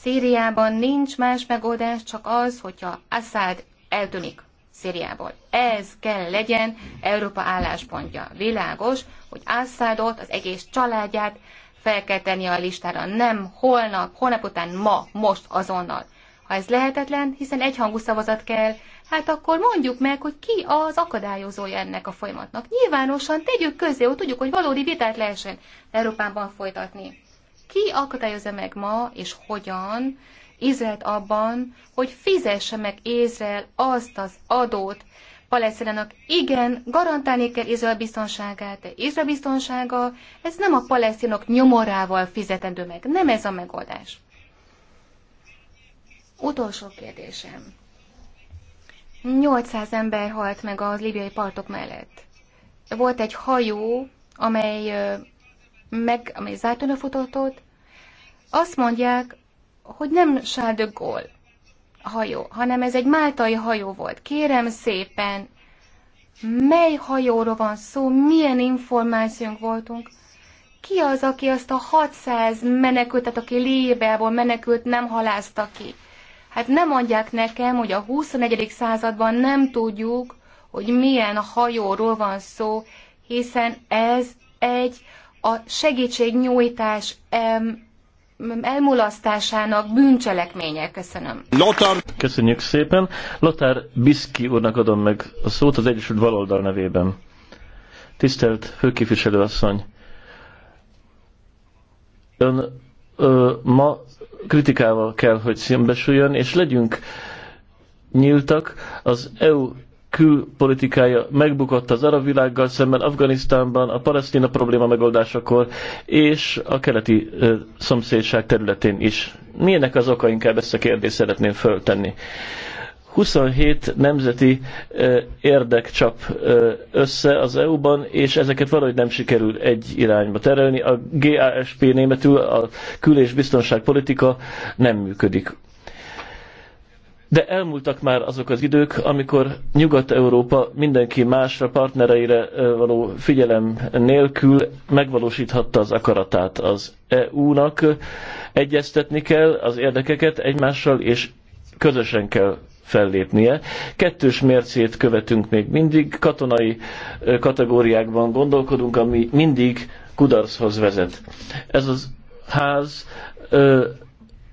[SPEAKER 1] Szíriában nincs más megoldás, csak az, hogyha Assad eltűnik Szíriából. Ez kell legyen Európa álláspontja. Világos, hogy Assadot, az egész családját fel kell tenni a listára. Nem holnap, holnap után ma, most, azonnal. Ha ez lehetetlen, hiszen egyhangú szavazat kell, hát akkor mondjuk meg, hogy ki az akadályozója ennek a folyamatnak. Nyilvánosan tegyük közé, hogy tudjuk, hogy valódi vitát lehessen Európában folytatni. Ki akadályozza meg ma, és hogyan Izraelt abban, hogy fizesse meg Izrael azt az adót Palesztinának? Igen, garantálni kell Izrael biztonságát, de Izrael biztonsága, ez nem a palesztinok nyomorával fizetendő meg, nem ez a megoldás. Utolsó kérdésem. 800 ember halt meg a libiai partok mellett. Volt egy hajó, amely meg, amely zártan a futatót, azt mondják, hogy nem Charles de Gaulle hajó, hanem ez egy máltai hajó volt. Kérem szépen, mely hajóról van szó, milyen információnk voltunk, ki az, aki azt a 600 menekültet, aki Líbiából menekült, nem halázta ki? Hát nem mondják nekem, hogy a 21. században nem tudjuk, hogy milyen hajóról van szó, hiszen ez egy a segítségnyújtás elmulasztásának bűncselekménye. Köszönöm.
[SPEAKER 5] Lothar. Köszönjük szépen. Lothar Biszki úrnak adom meg a szót az Egyesült Valoldal nevében. Tisztelt főképviselő asszony, ön ö, ma kritikával kell, hogy szembesüljön, és legyünk nyíltak az EU külpolitikája megbukott az arab világgal szemben, Afganisztánban, a palesztina probléma megoldásakor, és a keleti ö, szomszédság területén is. Milyenek az oka, inkább ezt a kérdést szeretném föltenni. 27 nemzeti ö, érdek csap ö, össze az EU-ban, és ezeket valahogy nem sikerül egy irányba terelni. A GASP németül, a kül- és biztonságpolitika nem működik de elmúltak már azok az idők, amikor Nyugat-Európa mindenki másra, partnereire való figyelem nélkül megvalósíthatta az akaratát. Az EU-nak egyeztetni kell az érdekeket egymással, és közösen kell fellépnie. Kettős mércét követünk még mindig, katonai kategóriákban gondolkodunk, ami mindig kudarchoz vezet. Ez az ház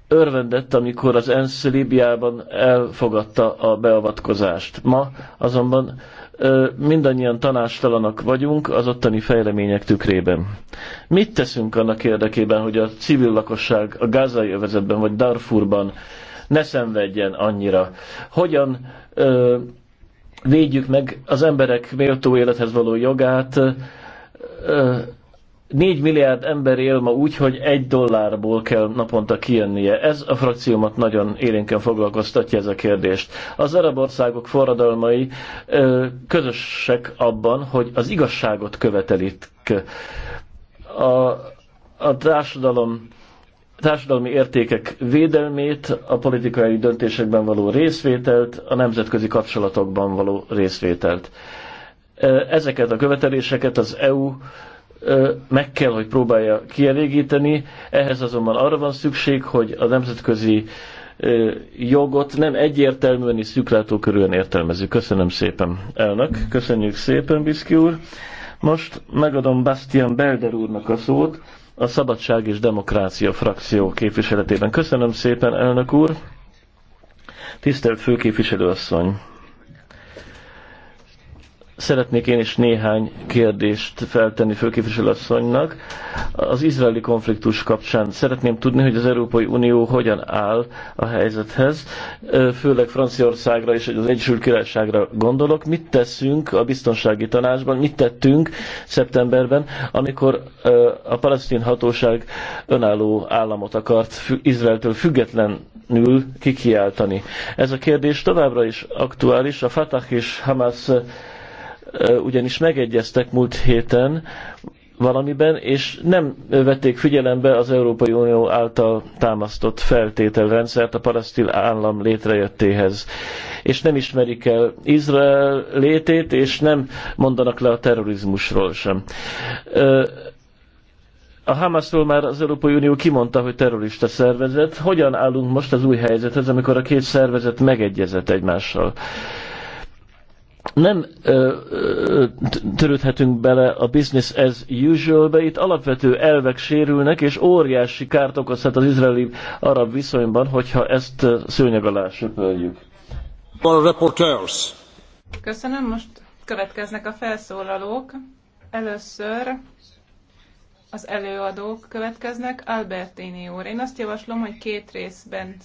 [SPEAKER 5] örvendett, amikor az ENSZ Líbiában elfogadta a beavatkozást. Ma azonban ö, mindannyian tanástalanak vagyunk az ottani fejlemények tükrében. Mit teszünk annak érdekében, hogy a civil lakosság a gázai övezetben vagy Darfurban ne szenvedjen annyira? Hogyan ö, védjük meg az emberek méltó élethez való jogát? Ö, 4 milliárd ember él ma úgy, hogy egy dollárból kell naponta kijönnie. Ez a frakciómat nagyon élénken foglalkoztatja ez a kérdést. Az arab országok forradalmai ö, közösek abban, hogy az igazságot követelik. A, a társadalom társadalmi értékek védelmét, a politikai döntésekben való részvételt, a nemzetközi kapcsolatokban való részvételt. Ezeket a követeléseket az EU meg kell, hogy próbálja kielégíteni, ehhez azonban arra van szükség, hogy a nemzetközi jogot nem egyértelműen és szűklátókörűen értelmezzük. Köszönöm szépen, elnök. Köszönjük szépen, Biszki úr. Most megadom Bastian Belder úrnak a szót, a Szabadság és Demokrácia frakció képviseletében. Köszönöm szépen, elnök úr. Tisztelt asszony. Szeretnék én is néhány kérdést feltenni főképviselőasszonynak. Az izraeli konfliktus kapcsán szeretném tudni, hogy az Európai Unió hogyan áll a helyzethez, főleg Franciaországra és az Egyesült Királyságra gondolok. Mit teszünk a biztonsági tanácsban, mit tettünk szeptemberben, amikor a palesztin hatóság önálló államot akart Izraeltől függetlenül kikiáltani. Ez a kérdés továbbra is aktuális. A Fatah és Hamas ugyanis megegyeztek múlt héten valamiben, és nem vették figyelembe az Európai Unió által támasztott feltételrendszert a palesztin állam létrejöttéhez. És nem ismerik el Izrael létét, és nem mondanak le a terrorizmusról sem. A Hamasról már az Európai Unió kimondta, hogy terrorista szervezet. Hogyan állunk most az új helyzethez, amikor a két szervezet megegyezett egymással? nem ö, ö, törődhetünk bele a business as usual-be, itt alapvető elvek sérülnek, és óriási kárt okozhat az izraeli arab viszonyban, hogyha ezt szőnyeg alá söpörjük.
[SPEAKER 3] Köszönöm, most következnek a felszólalók. Először az előadók következnek. Albertini úr, én azt javaslom, hogy két, részben,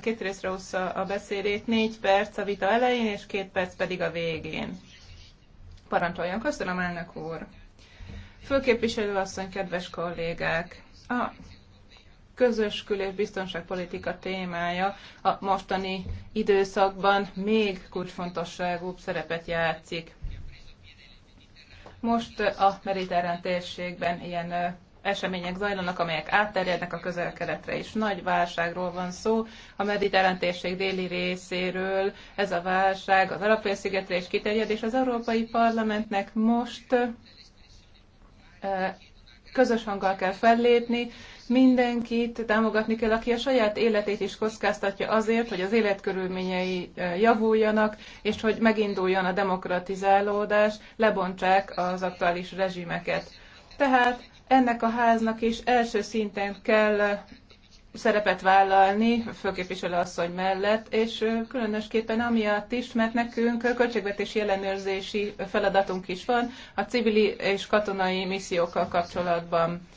[SPEAKER 3] két részre ossza a beszédét, négy perc a vita elején, és két perc pedig a végén. Parancsoljon, köszönöm elnök úr. Főképviselő asszony, kedves kollégák! A közös kül- és biztonságpolitika témája a mostani időszakban még kulcsfontosságú szerepet játszik most a mediterrán térségben ilyen események zajlanak, amelyek átterjednek a közel-keletre is. Nagy válságról van szó. A mediterrán térség déli részéről ez a válság az Alapfélszigetre is kiterjed, és az Európai Parlamentnek most közös hanggal kell fellépni, mindenkit támogatni kell, aki a saját életét is kockáztatja azért, hogy az életkörülményei javuljanak, és hogy meginduljon a demokratizálódás, lebontsák az aktuális rezsimeket. Tehát ennek a háznak is első szinten kell szerepet vállalni, főképviselő asszony mellett, és különösképpen amiatt is, mert nekünk költségvetési ellenőrzési feladatunk is van a civili és katonai missziókkal kapcsolatban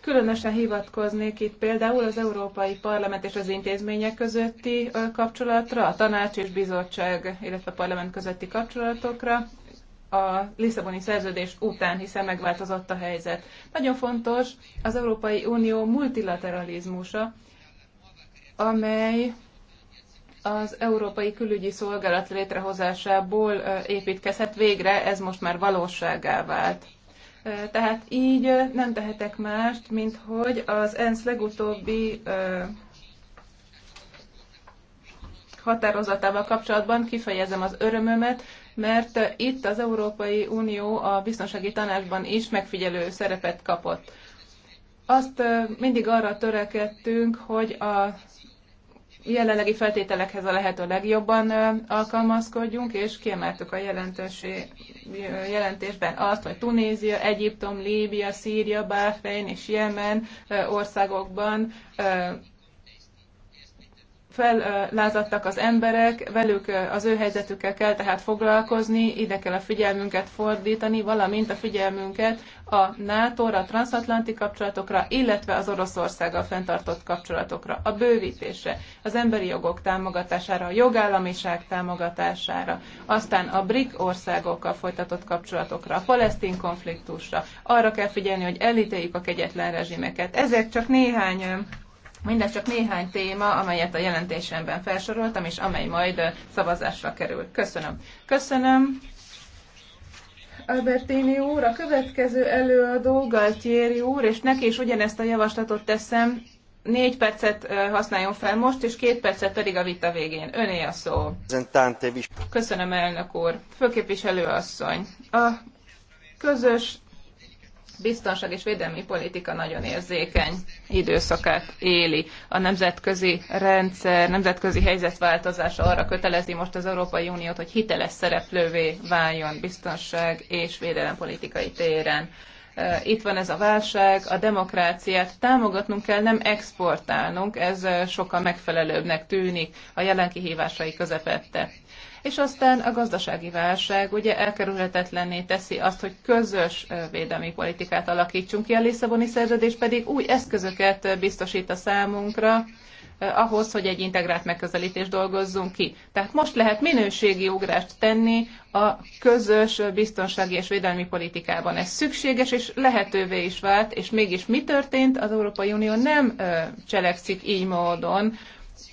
[SPEAKER 3] Különösen hivatkoznék itt például az Európai Parlament és az intézmények közötti kapcsolatra, a tanács és bizottság, illetve a parlament közötti kapcsolatokra, a Lisszaboni szerződés után, hiszen megváltozott a helyzet. Nagyon fontos az Európai Unió multilateralizmusa, amely az Európai Külügyi Szolgálat létrehozásából építkezhet végre, ez most már valóságá vált. Tehát így nem tehetek mást, mint hogy az ENSZ legutóbbi határozatával kapcsolatban kifejezem az örömömet, mert itt az Európai Unió a biztonsági tanácsban is megfigyelő szerepet kapott. Azt mindig arra törekedtünk, hogy a jelenlegi feltételekhez a lehető legjobban alkalmazkodjunk, és kiemeltük a jelentésben azt, hogy Tunézia, Egyiptom, Líbia, Szíria, Bahrein és Jemen országokban fellázadtak az emberek, velük az ő helyzetükkel kell tehát foglalkozni, ide kell a figyelmünket fordítani, valamint a figyelmünket a NATO-ra, a transatlanti kapcsolatokra, illetve az Oroszországgal fenntartott kapcsolatokra, a bővítésre, az emberi jogok támogatására, a jogállamiság támogatására, aztán a BRIC országokkal folytatott kapcsolatokra, a palesztin konfliktusra. Arra kell figyelni, hogy elítéljük a kegyetlen rezsimeket. Ezek csak néhány Mindez csak néhány téma, amelyet a jelentésemben felsoroltam, és amely majd szavazásra kerül. Köszönöm. Köszönöm. Albertini úr, a következő előadó Galtieri úr, és neki is ugyanezt a javaslatot teszem, négy percet használjon fel most, és két percet pedig a vita végén. Öné a szó. Köszönöm, elnök úr. Főképviselő asszony. A közös biztonság és védelmi politika nagyon érzékeny időszakát éli. A nemzetközi rendszer, nemzetközi helyzetváltozása arra kötelezi most az Európai Uniót, hogy hiteles szereplővé váljon biztonság és védelem politikai téren. Itt van ez a válság, a demokráciát támogatnunk kell, nem exportálnunk, ez sokkal megfelelőbbnek tűnik a jelen kihívásai közepette és aztán a gazdasági válság ugye elkerülhetetlenné teszi azt, hogy közös védelmi politikát alakítsunk ki. A Lisszaboni szerződés pedig új eszközöket biztosít a számunkra, ahhoz, hogy egy integrált megközelítést dolgozzunk ki. Tehát most lehet minőségi ugrást tenni a közös biztonsági és védelmi politikában. Ez szükséges és lehetővé is vált, és mégis mi történt? Az Európai Unió nem cselekszik így módon,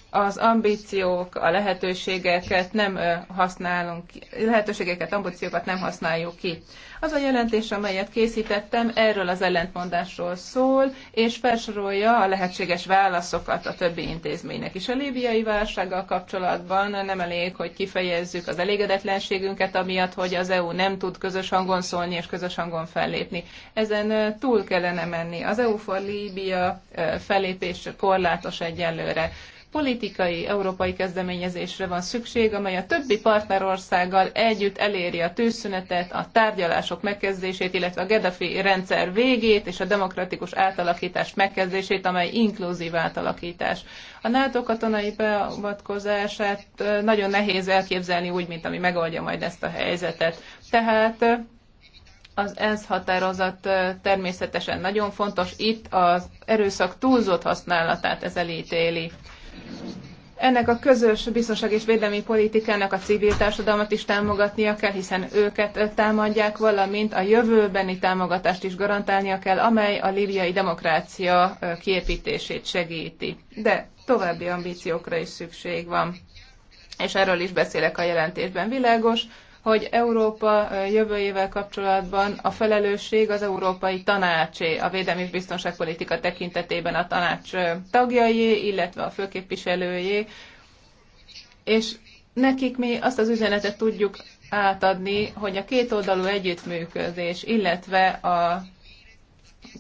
[SPEAKER 3] az ambíciók, a lehetőségeket nem használunk, lehetőségeket, ambíciókat nem használjuk ki. Az a jelentés, amelyet készítettem, erről az ellentmondásról szól, és felsorolja a lehetséges válaszokat a többi intézménynek is. A líbiai válsággal kapcsolatban nem elég, hogy kifejezzük az elégedetlenségünket, amiatt, hogy az EU nem tud közös hangon szólni és közös hangon fellépni. Ezen túl kellene menni. Az EU for Líbia fellépés korlátos egyelőre politikai európai kezdeményezésre van szükség, amely a többi partnerországgal együtt eléri a tűzszünetet, a tárgyalások megkezdését, illetve a Gaddafi rendszer végét és a demokratikus átalakítás megkezdését, amely inkluzív átalakítás. A NATO katonai beavatkozását nagyon nehéz elképzelni úgy, mint ami megoldja majd ezt a helyzetet. Tehát az ENSZ határozat természetesen nagyon fontos. Itt az erőszak túlzott használatát ez elítéli. Ennek a közös biztonság és védelmi politikának a civil társadalmat is támogatnia kell, hiszen őket támadják, valamint a jövőbeni támogatást is garantálnia kell, amely a líbiai demokrácia kiépítését segíti. De további ambíciókra is szükség van. És erről is beszélek a jelentésben. Világos, hogy Európa jövőjével kapcsolatban a felelősség az Európai Tanácsé, a védelmi és biztonságpolitika tekintetében a tanács tagjai, illetve a főképviselőjé, és nekik mi azt az üzenetet tudjuk átadni, hogy a kétoldalú együttműködés, illetve a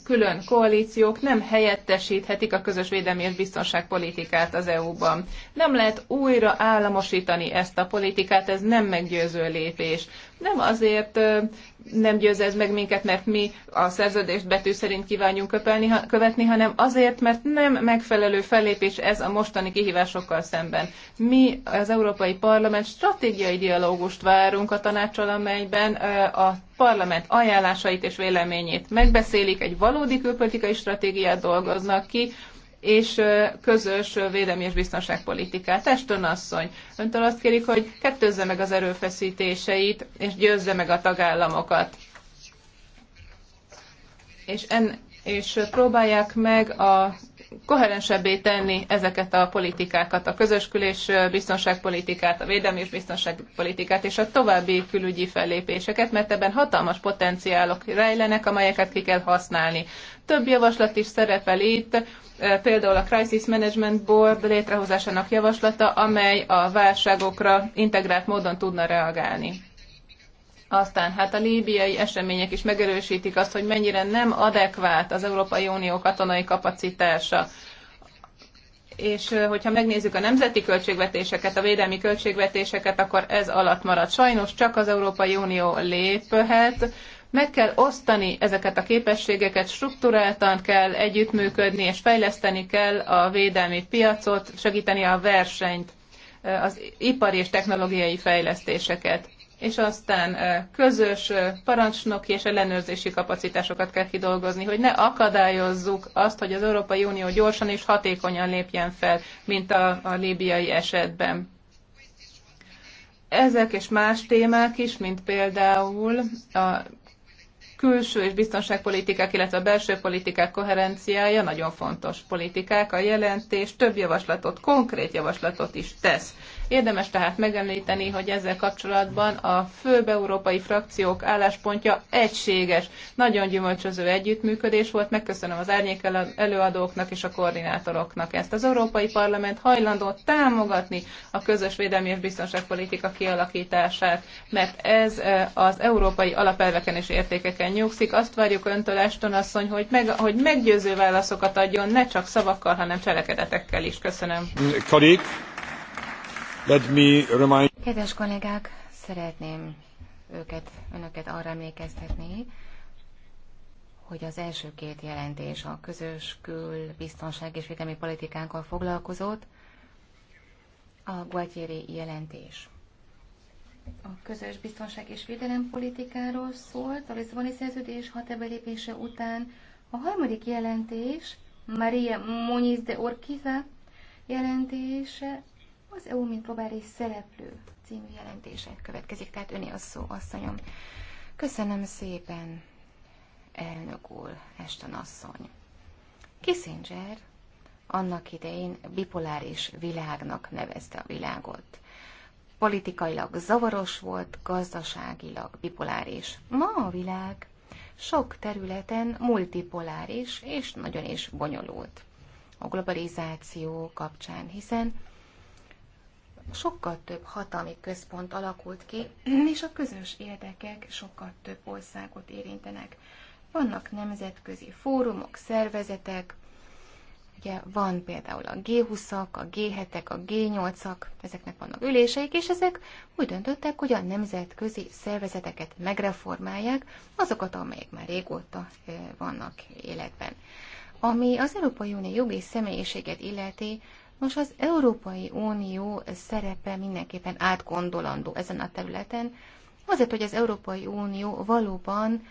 [SPEAKER 3] külön koalíciók nem helyettesíthetik a közös védelmi és biztonságpolitikát az EU-ban. Nem lehet újra államosítani ezt a politikát, ez nem meggyőző lépés. Nem azért nem győz ez meg minket, mert mi a szerződést betű szerint kívánjunk köpelni, követni, hanem azért, mert nem megfelelő fellépés ez a mostani kihívásokkal szemben. Mi az Európai Parlament stratégiai dialógust várunk a tanácsal, amelyben a parlament ajánlásait és véleményét megbeszélik, egy valódi külpolitikai stratégiát dolgoznak ki, és közös védelmi és biztonságpolitikát. Testön asszony, öntől azt kérik, hogy kettőzze meg az erőfeszítéseit, és győzze meg a tagállamokat. És, en, és próbálják meg a koherensebbé tenni ezeket a politikákat, a közös biztonságpolitikát, a védelmi és biztonságpolitikát és a további külügyi fellépéseket, mert ebben hatalmas potenciálok rejlenek, amelyeket ki kell használni. Több javaslat is szerepel itt, például a Crisis Management Board létrehozásának javaslata, amely a válságokra integrált módon tudna reagálni. Aztán hát a líbiai események is megerősítik azt, hogy mennyire nem adekvát az Európai Unió katonai kapacitása és hogyha megnézzük a nemzeti költségvetéseket, a védelmi költségvetéseket, akkor ez alatt marad. Sajnos csak az Európai Unió léphet, meg kell osztani ezeket a képességeket, struktúráltan kell együttműködni, és fejleszteni kell a védelmi piacot, segíteni a versenyt, az ipari és technológiai fejlesztéseket és aztán közös parancsnoki és ellenőrzési kapacitásokat kell kidolgozni, hogy ne akadályozzuk azt, hogy az Európai Unió gyorsan és hatékonyan lépjen fel, mint a, a líbiai esetben. Ezek és más témák is, mint például a külső és biztonságpolitikák, illetve a belső politikák koherenciája nagyon fontos politikák. A jelentés több javaslatot, konkrét javaslatot is tesz. Érdemes tehát megemlíteni, hogy ezzel kapcsolatban a főbb európai frakciók álláspontja egységes, nagyon gyümölcsöző együttműködés volt. Megköszönöm az árnyék előadóknak és a koordinátoroknak ezt. Az Európai Parlament hajlandó támogatni a közös védelmi és biztonságpolitika kialakítását, mert ez az európai alapelveken és értékeken nyugszik. Azt várjuk öntől, Eston asszony, hogy, meg, hogy meggyőző válaszokat adjon, ne csak szavakkal, hanem cselekedetekkel is. Köszönöm. Karik. Kedves
[SPEAKER 1] kollégák, szeretném őket, önöket arra emlékeztetni, hogy az első két jelentés a közös kül, biztonság és védelmi politikánkkal foglalkozott, a Guatyéri jelentés. A közös biztonság és védelem politikáról szólt a Lisszaboni szerződés hat belépése után. A harmadik jelentés, Maria Moniz de Orkiza jelentése, az EU, mint globális szereplő című jelentése következik, tehát öné a szó, asszonyom. Köszönöm szépen, elnök úr, Eston asszony. Kissinger annak idején bipoláris világnak nevezte a világot. Politikailag zavaros volt, gazdaságilag bipoláris. Ma a világ sok területen multipoláris és nagyon is bonyolult. A globalizáció kapcsán, hiszen sokkal több hatalmi központ alakult ki, és a közös érdekek sokkal több országot érintenek. Vannak nemzetközi fórumok, szervezetek, ugye van például a G20-ak, a G7-ek, a G8-ak, ezeknek vannak üléseik, és ezek úgy döntöttek, hogy a nemzetközi szervezeteket megreformálják, azokat, amelyek már régóta vannak életben. Ami az Európai Unió jogi személyiséget illeti, Nos, az Európai Unió szerepe mindenképpen átgondolandó ezen a területen, azért, hogy az Európai Unió valóban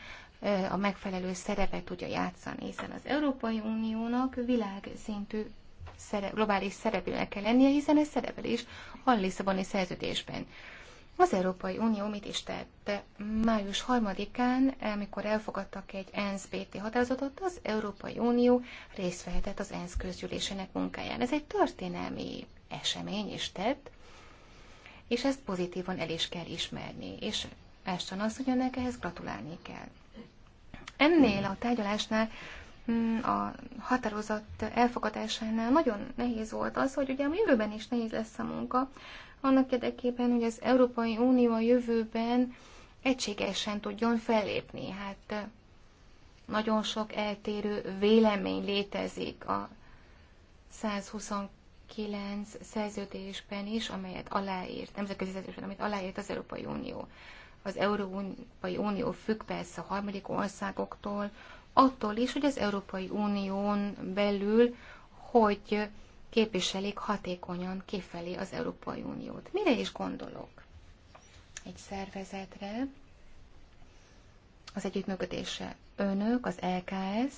[SPEAKER 1] a megfelelő szerepet tudja játszani, hiszen az Európai Uniónak világszintű szere- globális szereplőnek kell lennie, hiszen ez szerepel is a Lisszaboni szerződésben. Az Európai Unió mit is tette? Május 3-án, amikor elfogadtak egy ENSZ-BT határozatot, az Európai Unió részt vehetett az ENSZ közgyűlésének munkáján. Ez egy történelmi esemény is tett, és ezt pozitívan el is kell ismerni, és Ashton hogy ehhez gratulálni kell. Ennél a tárgyalásnál mm, a határozat elfogadásánál nagyon nehéz volt az, hogy ugye a jövőben is nehéz lesz a munka, annak érdekében, hogy az Európai Unió a jövőben egységesen tudjon fellépni. Hát eh, nagyon sok eltérő vélemény létezik a 129 szerződésben is, amelyet aláírt, nemzetközi szerződésben, amit aláírt az Európai Unió. Az Európai Unió függ persze a harmadik országoktól, attól is, hogy az Európai Unión belül hogy képviselik hatékonyan kifelé az Európai Uniót. Mire is gondolok? Egy szervezetre, az együttműködése önök, az LKS,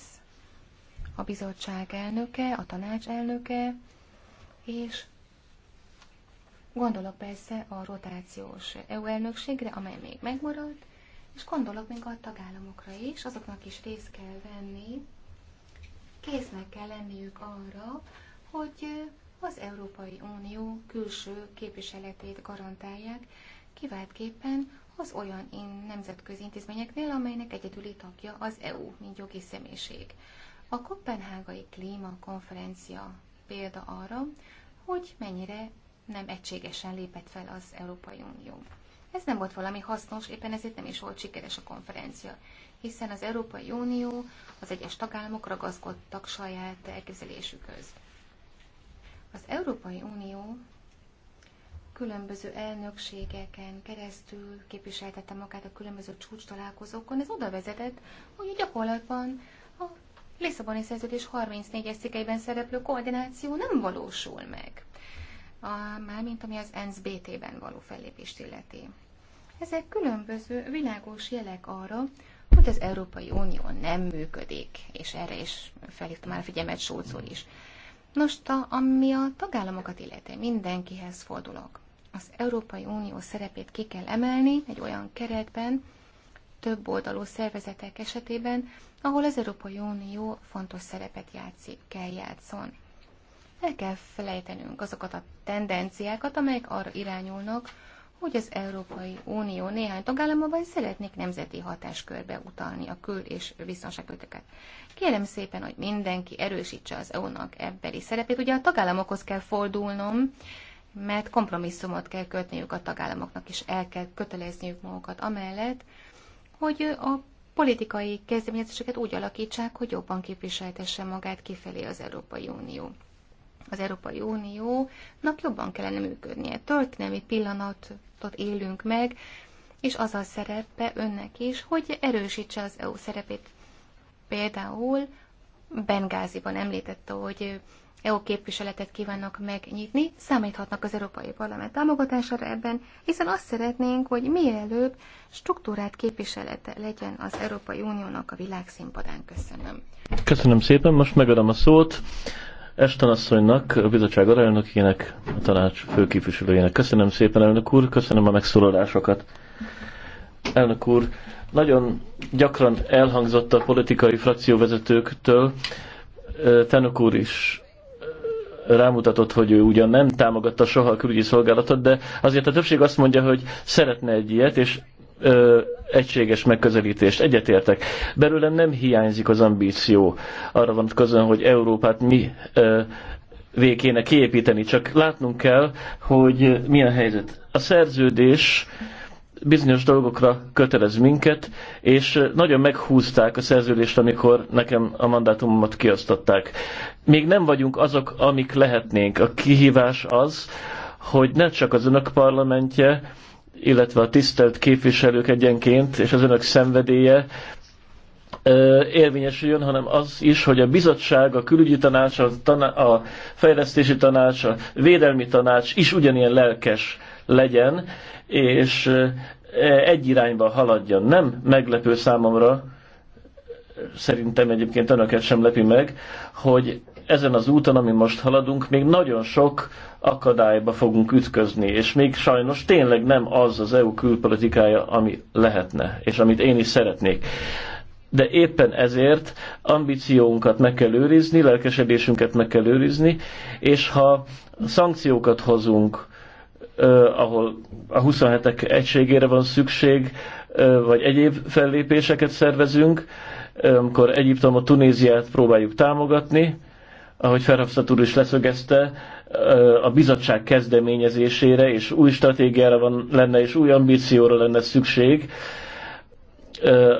[SPEAKER 1] a bizottság elnöke, a tanács elnöke, és gondolok persze a rotációs EU elnökségre, amely még megmaradt, és gondolok még a tagállamokra is, azoknak is részt kell venni, késznek kell lenniük arra, hogy eh, az Európai Unió külső képviseletét garantálják, kiváltképpen az olyan in nemzetközi intézményeknél, amelynek egyedüli tagja az EU, mint jogi személyiség. A Kopenhágai Klímakonferencia példa arra, hogy mennyire nem egységesen lépett fel az Európai Unió. Ez nem volt valami hasznos, éppen ezért nem is volt sikeres a konferencia, hiszen az Európai Unió, az egyes tagállamok ragaszkodtak saját elképzelésükhöz. Az Európai Unió különböző elnökségeken keresztül képviseltette magát a különböző csúcs találkozókon, ez oda vezetett, hogy gyakorlatban a Lisszaboni szerződés 34-es szikeiben szereplő koordináció nem valósul meg, a, mármint ami az ENSZ BT-ben való fellépést illeti. Ezek különböző világos jelek arra, hogy az Európai Unió nem működik, és erre is felhívta már a figyelmet Sócol is. Nos, ta, ami a tagállamokat illeti, mindenkihez fordulok. Az Európai Unió szerepét ki kell emelni egy olyan keretben, több oldalú szervezetek esetében, ahol az Európai Unió fontos szerepet játszik, kell játszon. El kell felejtenünk azokat a tendenciákat, amelyek arra irányulnak, hogy az Európai Unió néhány tagállamában szeretnék nemzeti hatáskörbe utalni a kül- és biztonságpolitikát. Kérem szépen, hogy mindenki erősítse az EU-nak ebbeli szerepét. Ugye a tagállamokhoz kell fordulnom, mert kompromisszumot kell kötniük a tagállamoknak, és el kell kötelezniük magukat amellett, hogy a politikai kezdeményezéseket úgy alakítsák, hogy jobban képviseltesse magát kifelé az Európai Unió. Az Európai Uniónak jobban kellene működnie. Történelmi pillanat feladatot élünk meg, és az a szerepe önnek is, hogy erősítse az EU szerepét. Például Bengáziban említette, hogy EU képviseletet kívánnak megnyitni, számíthatnak az Európai Parlament támogatására ebben, hiszen azt szeretnénk, hogy mielőbb struktúrát képviselete legyen az Európai Uniónak a világszínpadán. Köszönöm.
[SPEAKER 5] Köszönöm szépen, most megadom a szót Eston asszonynak, a bizottság alelnökének, a tanács főképviselőjének. Köszönöm szépen, elnök úr, köszönöm a megszólalásokat. Elnök úr, nagyon gyakran elhangzott a politikai frakcióvezetőktől, Tenok úr is rámutatott, hogy ő ugyan nem támogatta soha a külügyi szolgálatot, de azért a többség azt mondja, hogy szeretne egy ilyet, és ö, egységes megközelítést. Egyetértek. Belőlem nem hiányzik az ambíció arra vonatkozóan, hogy Európát mi ö, végkéne kiépíteni, csak látnunk kell, hogy milyen helyzet. A szerződés bizonyos dolgokra kötelez minket, és nagyon meghúzták a szerződést, amikor nekem a mandátumomat kiasztották. Még nem vagyunk azok, amik lehetnénk. A kihívás az, hogy ne csak az önök parlamentje, illetve a tisztelt képviselők egyenként, és az önök szenvedélye érvényesüljön, hanem az is, hogy a bizottság, a külügyi tanács, a, taná- a fejlesztési tanács, a védelmi tanács is ugyanilyen lelkes legyen, és egy irányba haladjon. Nem meglepő számomra, szerintem egyébként önöket sem lepi meg, hogy ezen az úton, ami most haladunk, még nagyon sok akadályba fogunk ütközni, és még sajnos tényleg nem az az EU külpolitikája, ami lehetne, és amit én is szeretnék. De éppen ezért ambíciónkat meg kell őrizni, lelkesedésünket meg kell őrizni, és ha szankciókat hozunk, eh, ahol a 27-ek egységére van szükség, eh, vagy egyéb fellépéseket szervezünk, amikor Egyiptomot, Tunéziát próbáljuk támogatni, ahogy Ferhofstadt úr is leszögezte, a bizottság kezdeményezésére és új stratégiára van, lenne és új ambícióra lenne szükség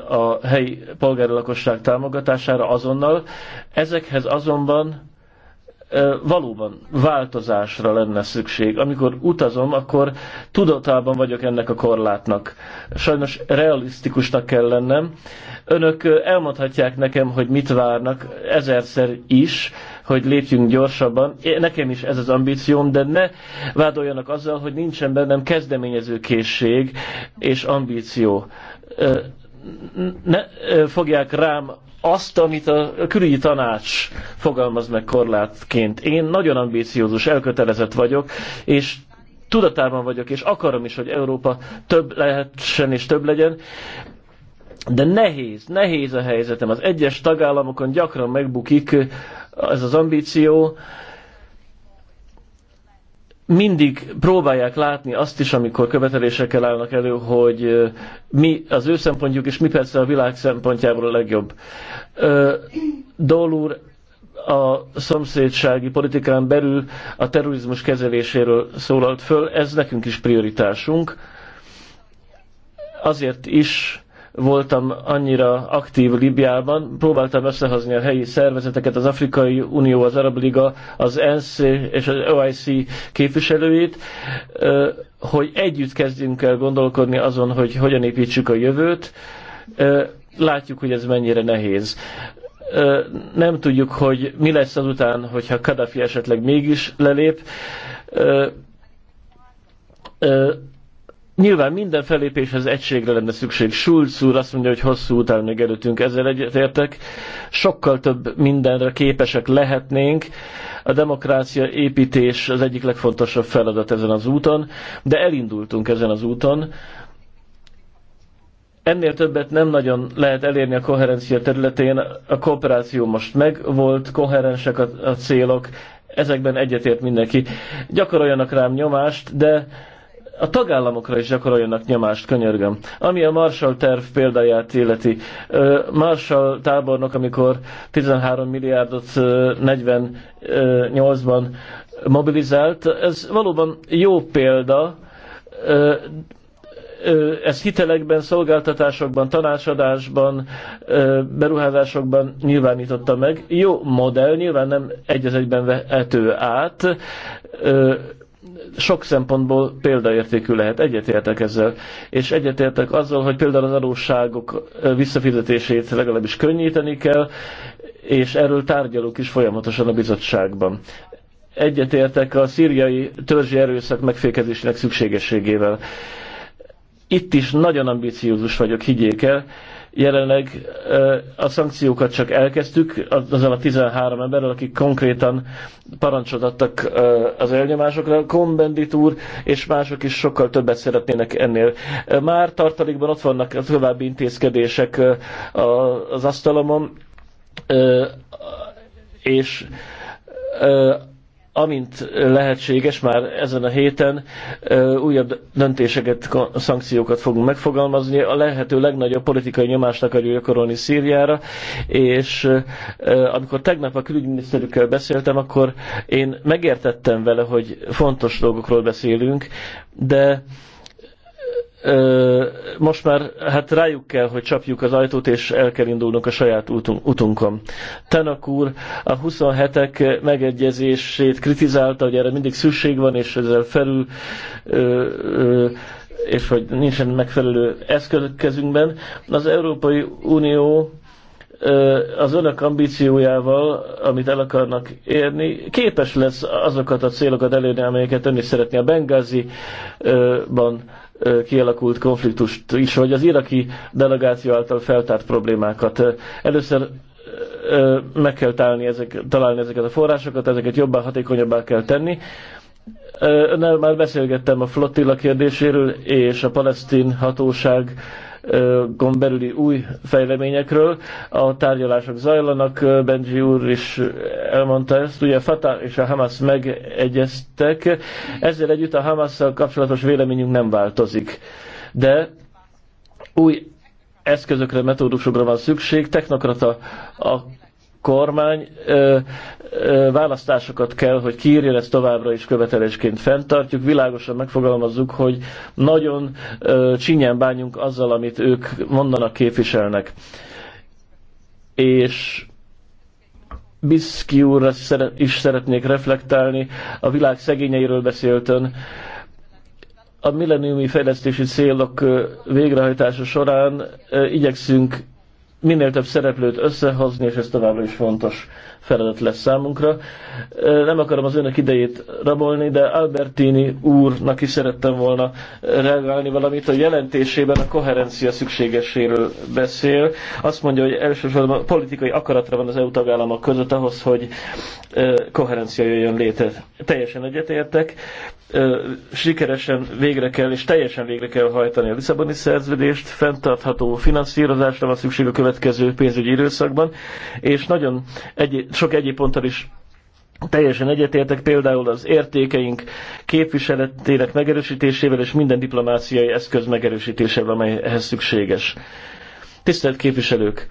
[SPEAKER 5] a helyi polgári lakosság támogatására azonnal. Ezekhez azonban valóban változásra lenne szükség. Amikor utazom, akkor tudatában vagyok ennek a korlátnak. Sajnos realisztikusnak kell lennem. Önök elmondhatják nekem, hogy mit várnak ezerszer is, hogy lépjünk gyorsabban. Nekem is ez az ambícióm, de ne vádoljanak azzal, hogy nincsen bennem kezdeményezőkészség és ambíció. Ne fogják rám azt, amit a külügyi tanács fogalmaz meg korlátként. Én nagyon ambíciózus, elkötelezett vagyok, és tudatában vagyok, és akarom is, hogy Európa több lehessen és több legyen, de nehéz, nehéz a helyzetem. Az egyes tagállamokon gyakran megbukik ez az ambíció, mindig próbálják látni azt is, amikor követelésekkel állnak elő, hogy mi az ő szempontjuk, és mi persze a világ szempontjából a legjobb. Dól a szomszédsági politikán belül a terrorizmus kezeléséről szólalt föl, ez nekünk is prioritásunk. Azért is voltam annyira aktív Libiában, próbáltam összehozni a helyi szervezeteket, az Afrikai Unió, az Arab Liga, az ENSZ és az OIC képviselőit, hogy együtt kezdjünk el gondolkodni azon, hogy hogyan építsük a jövőt. Látjuk, hogy ez mennyire nehéz. Nem tudjuk, hogy mi lesz azután, hogyha Kadhafi esetleg mégis lelép Nyilván minden felépéshez egységre lenne szükség. Schulz úr azt mondja, hogy hosszú után még előttünk, ezzel egyetértek. Sokkal több mindenre képesek lehetnénk. A demokrácia építés az egyik legfontosabb feladat ezen az úton, de elindultunk ezen az úton. Ennél többet nem nagyon lehet elérni a koherencia területén. A kooperáció most megvolt, koherensek a, a célok, ezekben egyetért mindenki. Gyakoroljanak rám nyomást, de a tagállamokra is gyakoroljanak nyomást, könyörgöm. Ami a Marshall terv példáját illeti. Marshall tábornok, amikor 13 milliárdot 48-ban mobilizált, ez valóban jó példa, ez hitelekben, szolgáltatásokban, tanácsadásban, beruházásokban nyilvánította meg. Jó modell, nyilván nem egy egyben vehető át, sok szempontból példaértékű lehet. Egyetértek ezzel. És egyetértek azzal, hogy például az adósságok visszafizetését legalábbis könnyíteni kell, és erről tárgyalunk is folyamatosan a bizottságban. Egyetértek a szíriai törzsi erőszak megfékezésének szükségességével. Itt is nagyon ambiciózus vagyok, higgyék el Jelenleg a szankciókat csak elkezdtük azzal a 13 emberrel, akik konkrétan parancsot adtak az elnyomásokra. Kombendit úr és mások is sokkal többet szeretnének ennél. Már tartalékban ott vannak a további intézkedések az asztalomon, és amint lehetséges, már ezen a héten újabb döntéseket, szankciókat fogunk megfogalmazni. A lehető legnagyobb politikai nyomást akarjuk gyakorolni Szíriára, és amikor tegnap a külügyminiszterükkel beszéltem, akkor én megértettem vele, hogy fontos dolgokról beszélünk, de most már hát rájuk kell, hogy csapjuk az ajtót, és el kell indulnunk a saját utunkon. Tenak úr a 27-ek megegyezését kritizálta, hogy erre mindig szükség van, és ezzel felül és hogy nincsen megfelelő eszközök kezünkben. Az Európai Unió az önök ambíciójával, amit el akarnak érni, képes lesz azokat a célokat elérni, amelyeket ön is szeretné. A Bengáziban kialakult konfliktust is, vagy az iraki delegáció által feltárt problémákat. Először meg kell találni, ezek, találni ezeket a forrásokat, ezeket jobban, hatékonyabbá kell tenni. Önnel már beszélgettem a flottilla kérdéséről és a palesztin hatóság gon belüli új fejleményekről. A tárgyalások zajlanak, Benji úr is elmondta ezt. Ugye Fatah és a Hamas megegyeztek, ezzel együtt a Hamasszal kapcsolatos véleményünk nem változik. De új eszközökre, metódusokra van szükség. Technokrata a kormány ö, ö, választásokat kell, hogy kiírja, ezt továbbra is követelésként fenntartjuk. Világosan megfogalmazzuk, hogy nagyon ö, csinyen bánjunk azzal, amit ők mondanak, képviselnek. És Biszki úrra is szeretnék reflektálni, a világ szegényeiről beszéltön. A milleniumi fejlesztési célok végrehajtása során igyekszünk minél több szereplőt összehozni, és ez továbbra is fontos feladat lesz számunkra. Nem akarom az önök idejét rabolni, de Albertini úrnak is szerettem volna reagálni valamit. A jelentésében a koherencia szükségeséről beszél. Azt mondja, hogy elsősorban politikai akaratra van az EU tagállamok között ahhoz, hogy koherencia jöjjön létre. Teljesen egyetértek sikeresen végre kell, és teljesen végre kell hajtani a Lisszaboni szerződést, fenntartható finanszírozásra van szükség a következő pénzügyi időszakban, és nagyon egy, sok egyéb ponttal is teljesen egyetértek, például az értékeink képviseletének megerősítésével és minden diplomáciai eszköz megerősítésével, amely ehhez szükséges. Tisztelt képviselők!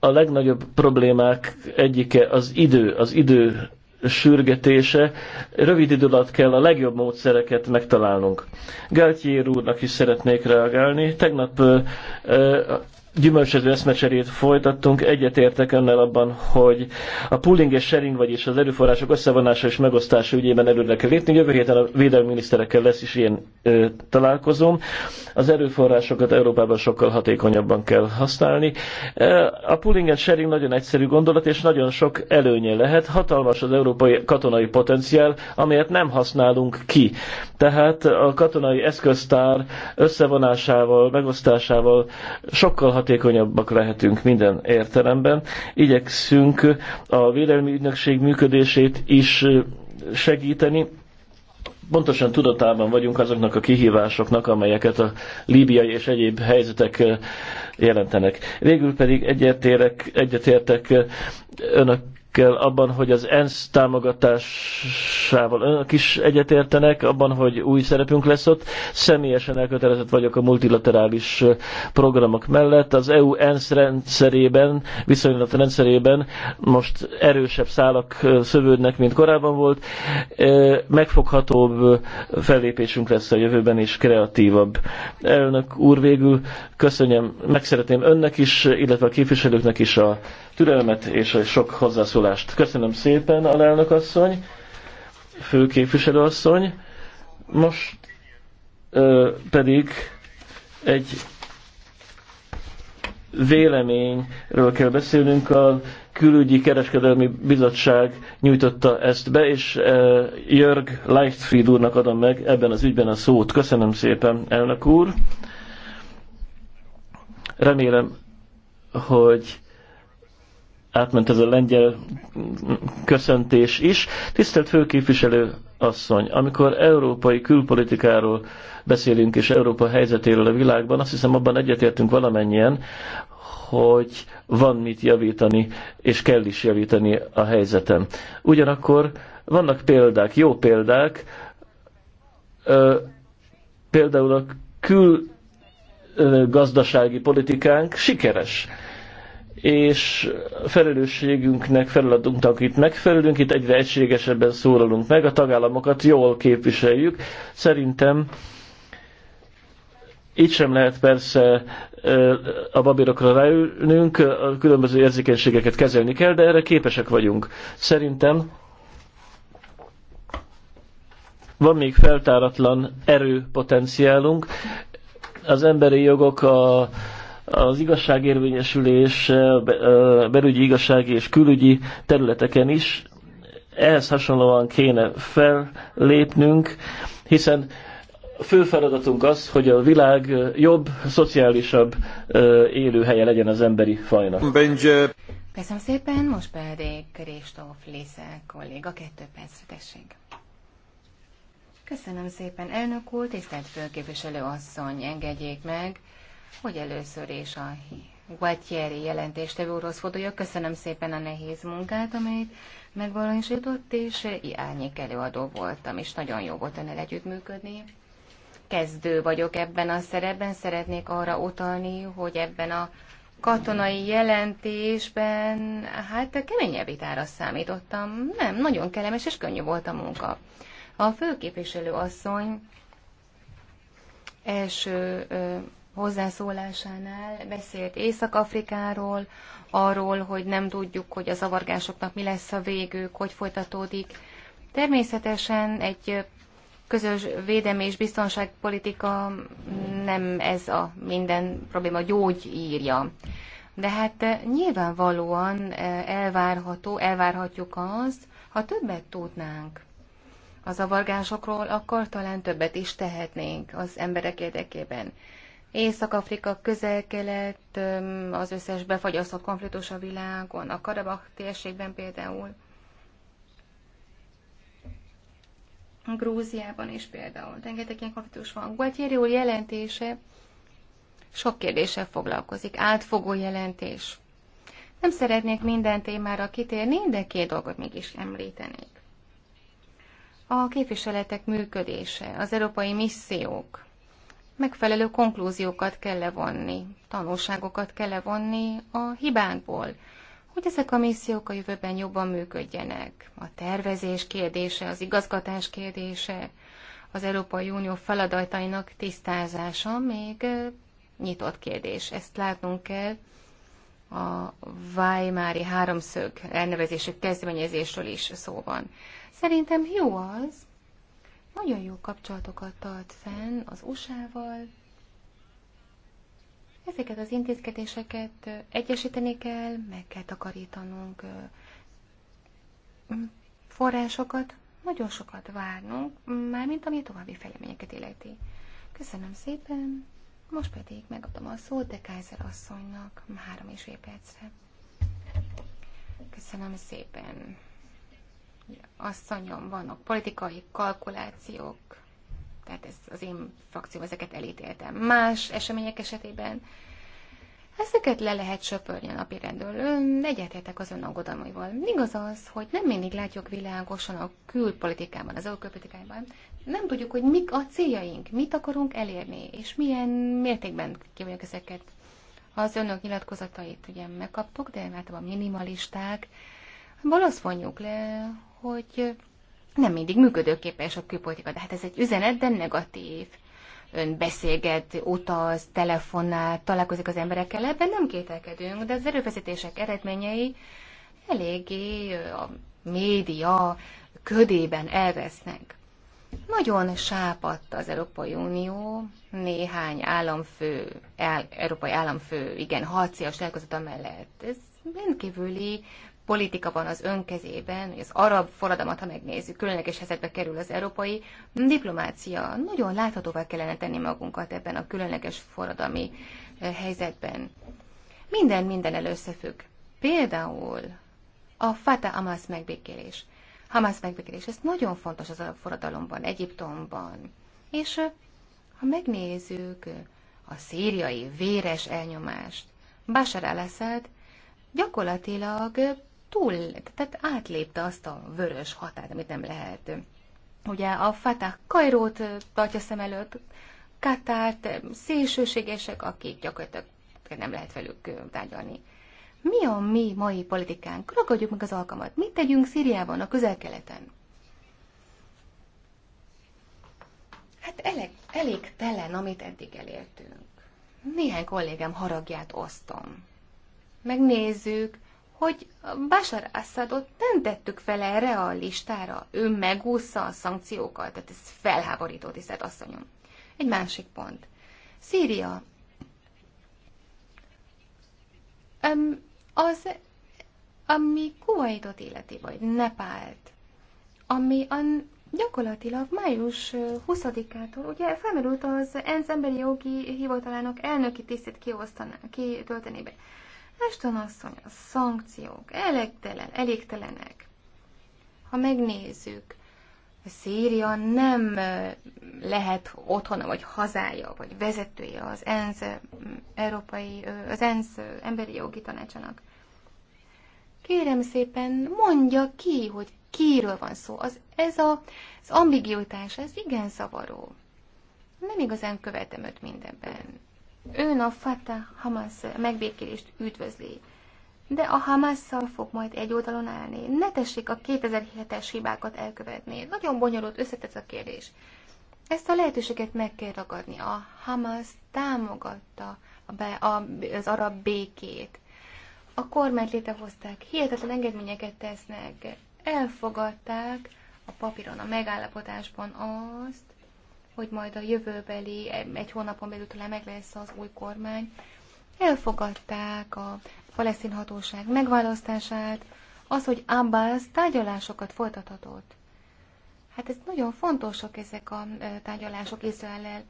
[SPEAKER 5] A legnagyobb problémák egyike az idő, az idő sürgetése. Rövid idő alatt kell a legjobb módszereket megtalálnunk. Galtier úrnak is szeretnék reagálni. Tegnap gyümölcsöző eszmecserét folytattunk, egyetértek önnel abban, hogy a pooling és sharing, vagyis az erőforrások összevonása és megosztása ügyében előre kell lépni. Jövő héten a védelmi miniszterekkel lesz is ilyen ö, találkozom. Az erőforrásokat Európában sokkal hatékonyabban kell használni. A pooling and sharing nagyon egyszerű gondolat, és nagyon sok előnye lehet. Hatalmas az európai katonai potenciál, amelyet nem használunk ki. Tehát a katonai eszköztár összevonásával, megosztásával sokkal hatékonyabb hatékonyabbak lehetünk minden értelemben. Igyekszünk a Védelmi Ügynökség működését is segíteni. Pontosan tudatában vagyunk azoknak a kihívásoknak, amelyeket a líbiai és egyéb helyzetek jelentenek. Végül pedig egyetértek önök önökkel abban, hogy az ENSZ támogatásával önök is egyetértenek, abban, hogy új szerepünk lesz ott. Személyesen elkötelezett vagyok a multilaterális programok mellett. Az EU ENSZ rendszerében, viszonylat rendszerében most erősebb szálak szövődnek, mint korábban volt. E, megfoghatóbb fellépésünk lesz a jövőben, és kreatívabb. Elnök úr, végül köszönjem, meg szeretném önnek is, illetve a képviselőknek is a türelmet és a sok hozzászólást. Köszönöm szépen, alelnök asszony, főképviselő asszony. Most ö, pedig egy véleményről kell beszélnünk. A külügyi kereskedelmi bizottság nyújtotta ezt be, és e, Jörg Leichtfried úrnak adom meg ebben az ügyben a szót. Köszönöm szépen, elnök úr. Remélem, hogy átment ez a lengyel köszöntés is. Tisztelt főképviselő asszony, amikor európai külpolitikáról beszélünk és Európa helyzetéről a világban, azt hiszem abban egyetértünk valamennyien, hogy van mit javítani, és kell is javítani a helyzetem. Ugyanakkor vannak példák, jó példák, ö, például a külgazdasági politikánk sikeres és felelősségünknek, feladatunknak itt megfelelünk, itt egyre egységesebben szólalunk meg, a tagállamokat jól képviseljük. Szerintem itt sem lehet persze a babérokra ráülnünk, a különböző érzékenységeket kezelni kell, de erre képesek vagyunk. Szerintem van még feltáratlan erőpotenciálunk, az emberi jogok, a az igazságérvényesülés, belügyi igazsági és külügyi területeken is ehhez hasonlóan kéne fellépnünk, hiszen fő feladatunk az, hogy a világ jobb, szociálisabb élőhelye legyen az emberi fajnak.
[SPEAKER 6] Benje.
[SPEAKER 1] Köszönöm szépen, most pedig Kristóf Lisze kolléga, kettő percre tessék. Köszönöm szépen, elnök úr, tisztelt főképviselő asszony, engedjék meg, hogy először is a Guatieri jelentéstevő úrhoz forduljak. Köszönöm szépen a nehéz munkát, amelyet megvalósított, és árnyék előadó voltam, és nagyon jó volt önnel együttműködni. Kezdő vagyok ebben a szerepben, szeretnék arra utalni, hogy ebben a katonai jelentésben, hát keményebb vitára számítottam. Nem, nagyon kellemes és könnyű volt a munka. A főképviselő asszony első hozzászólásánál beszélt Észak-Afrikáról, arról, hogy nem tudjuk, hogy a zavargásoknak mi lesz a végük, hogy folytatódik. Természetesen egy közös védelmi és biztonságpolitika nem ez a minden probléma gyógy írja. De hát nyilvánvalóan eh, elvárható, elvárhatjuk azt, ha többet tudnánk a zavargásokról, akkor talán többet is tehetnénk az emberek érdekében. Észak-Afrika, közel-kelet, az összes befagyasztott konfliktus a világon, a Karabakh térségben például, Grúziában is például. Rengeteg ilyen konfliktus van. Gualtieri úr jelentése sok kérdéssel foglalkozik, átfogó jelentés. Nem szeretnék minden témára kitérni, de két dolgot mégis említenék. A képviseletek működése, az európai missziók, megfelelő konklúziókat kell levonni, tanulságokat kell levonni a hibánkból, hogy ezek a missziók a jövőben jobban működjenek. A tervezés kérdése, az igazgatás kérdése, az Európai Unió feladatainak tisztázása még nyitott kérdés. Ezt látnunk kell a Weimári háromszög elnevezésű kezdeményezésről is szó van. Szerintem jó az, nagyon jó kapcsolatokat tart fenn az USA-val. Ezeket az intézkedéseket egyesíteni kell, meg kell takarítanunk forrásokat, nagyon sokat várnunk, mármint ami további fejleményeket illeti. Köszönöm szépen, most pedig megadom a szót de Kaiser asszonynak három és fél percre. Köszönöm szépen asszonyom, vannak politikai kalkulációk, tehát ez az én frakció ezeket elítéltem. Más események esetében ezeket le lehet söpörni a napi rendőről. Egyetértek az ön aggodalmaival. Igaz az, hogy nem mindig látjuk világosan a külpolitikában, az külpolitikában. Nem tudjuk, hogy mik a céljaink, mit akarunk elérni, és milyen mértékben kívánjuk ezeket. Az önök nyilatkozatait ugye megkaptuk, de általában minimalisták, Ból azt vonjuk le, hogy nem mindig működőképes a külpolitika, de hát ez egy üzenet, de negatív. Ön beszélget, utaz, telefonál, találkozik az emberekkel, hát ebben nem kételkedünk, de az erőfeszítések eredményei eléggé a média ködében elvesznek. Nagyon sápadt az Európai Unió, néhány államfő, el, európai államfő, igen, harcias lelkozata mellett. Ez rendkívüli politika van az önkezében, az arab forradalmat, ha megnézzük, különleges helyzetbe kerül az európai diplomácia. Nagyon láthatóvá kellene tenni magunkat ebben a különleges forradalmi eh, helyzetben. Minden minden összefügg. Például a Fatah Hamas megbékélés. Hamas megbékélés, ez nagyon fontos az arab forradalomban, Egyiptomban. És eh, ha megnézzük eh, a szíriai véres elnyomást, Bashar al-Assad gyakorlatilag túl, tehát átlépte azt a vörös határt, amit nem lehet. Ugye a Fatah Kajrót tartja szem előtt, Katárt, szélsőségesek, akik gyakorlatilag nem lehet velük tárgyalni. Mi a mi mai politikánk? Ragadjuk meg az alkalmat. Mit tegyünk Szíriában, a közel-keleten? Hát elég, elég telen, amit eddig elértünk. Néhány kollégám haragját osztom. Megnézzük, hogy Bashar Assadot nem tettük vele erre a listára. Ő megúszta a szankciókat, tehát ez felháborító, tisztelt asszonyom. Egy másik pont. Szíria. Um, az, ami Kuwaitot illeti, vagy Nepált, ami a gyakorlatilag május 20-ától ugye felmerült az ENSZ emberi jogi hivatalának elnöki tisztét kitöltenébe. Eston asszony, a szankciók elégtelen, elégtelenek. Ha megnézzük, a Szíria nem lehet otthona, vagy hazája, vagy vezetője az ENSZ, európai, az ENSZ emberi jogi tanácsának. Kérem szépen, mondja ki, hogy kiről van szó. Az, ez a, az ambiguitás, ez igen szavaró. Nem igazán követem őt mindenben. Ön a Fatah Hamas megbékélést üdvözli, de a Hamasszal fog majd egy oldalon állni. Ne tessék a 2007-es hibákat elkövetni. Nagyon bonyolult összetett a kérdés. Ezt a lehetőséget meg kell ragadni. A Hamas támogatta az arab békét. A kormányt létrehozták, hihetetlen engedményeket tesznek, elfogadták a papíron, a megállapodásban azt, hogy majd a jövőbeli, egy hónapon belül talán meg lesz az új kormány, elfogadták a palesztin hatóság megválasztását, az, hogy Abbas tárgyalásokat folytathatott. Hát ez nagyon fontosak ezek a e, tárgyalások izrael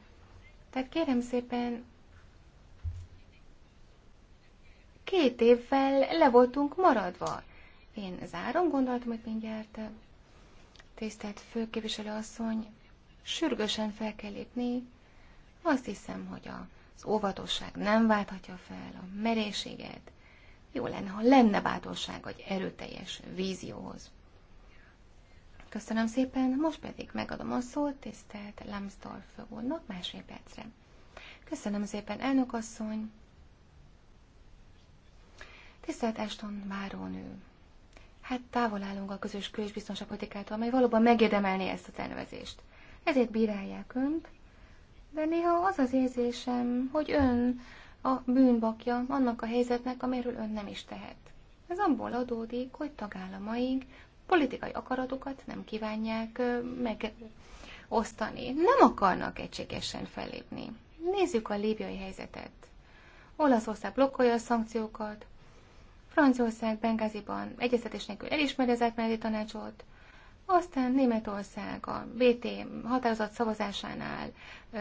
[SPEAKER 1] Tehát kérem szépen, két évvel le voltunk maradva. Én zárom hogy mindjárt. E, tisztelt főképviselő asszony, sürgősen fel kell lépni. Azt hiszem, hogy az óvatosság nem válthatja fel a merészséget. Jó lenne, ha lenne bátorság egy erőteljes vízióhoz. Köszönöm szépen, most pedig megadom a szót tisztelt Lambsdorff úrnak másfél percre. Köszönöm szépen, elnök asszony. Tisztelt Eston Márónő! hát távol állunk a közös külsbiztonságpolitikától, amely valóban megérdemelné ezt az elnevezést ezért bírálják önt, de néha az az érzésem, hogy ön a bűnbakja annak a helyzetnek, amiről ön nem is tehet. Ez abból adódik, hogy tagállamaink politikai akaratokat nem kívánják megosztani. Nem akarnak egységesen felépni. Nézzük a líbiai helyzetet. Olaszország blokkolja a szankciókat, Franciaország Bengáziban egyeztetés nélkül elismeri az átmeneti tanácsot, aztán Németország a BT határozat szavazásánál ö,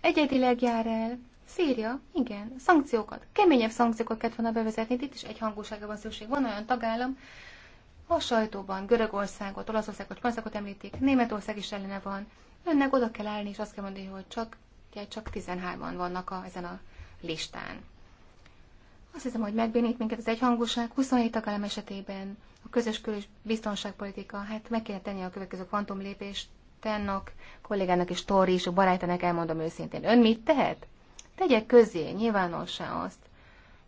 [SPEAKER 1] egyedileg jár el. Szíria, igen, szankciókat, keményebb szankciókat kellett volna bevezetni, itt is hangúságra van szükség. Van olyan tagállam, a sajtóban Görögországot, Olaszországot, Spanyolországot említik, Németország is ellene van. Önnek oda kell állni, és azt kell mondani, hogy csak, csak 13-an vannak a, ezen a listán. Azt hiszem, hogy megbénít minket az egyhangúság 27 tagállam esetében a közös kül- és biztonságpolitika, hát meg kéne tenni a következő kvantum lépést, Tennak, kollégának és Tori és a barátának elmondom őszintén. Ön mit tehet? Tegye közé, nyilvánossá azt,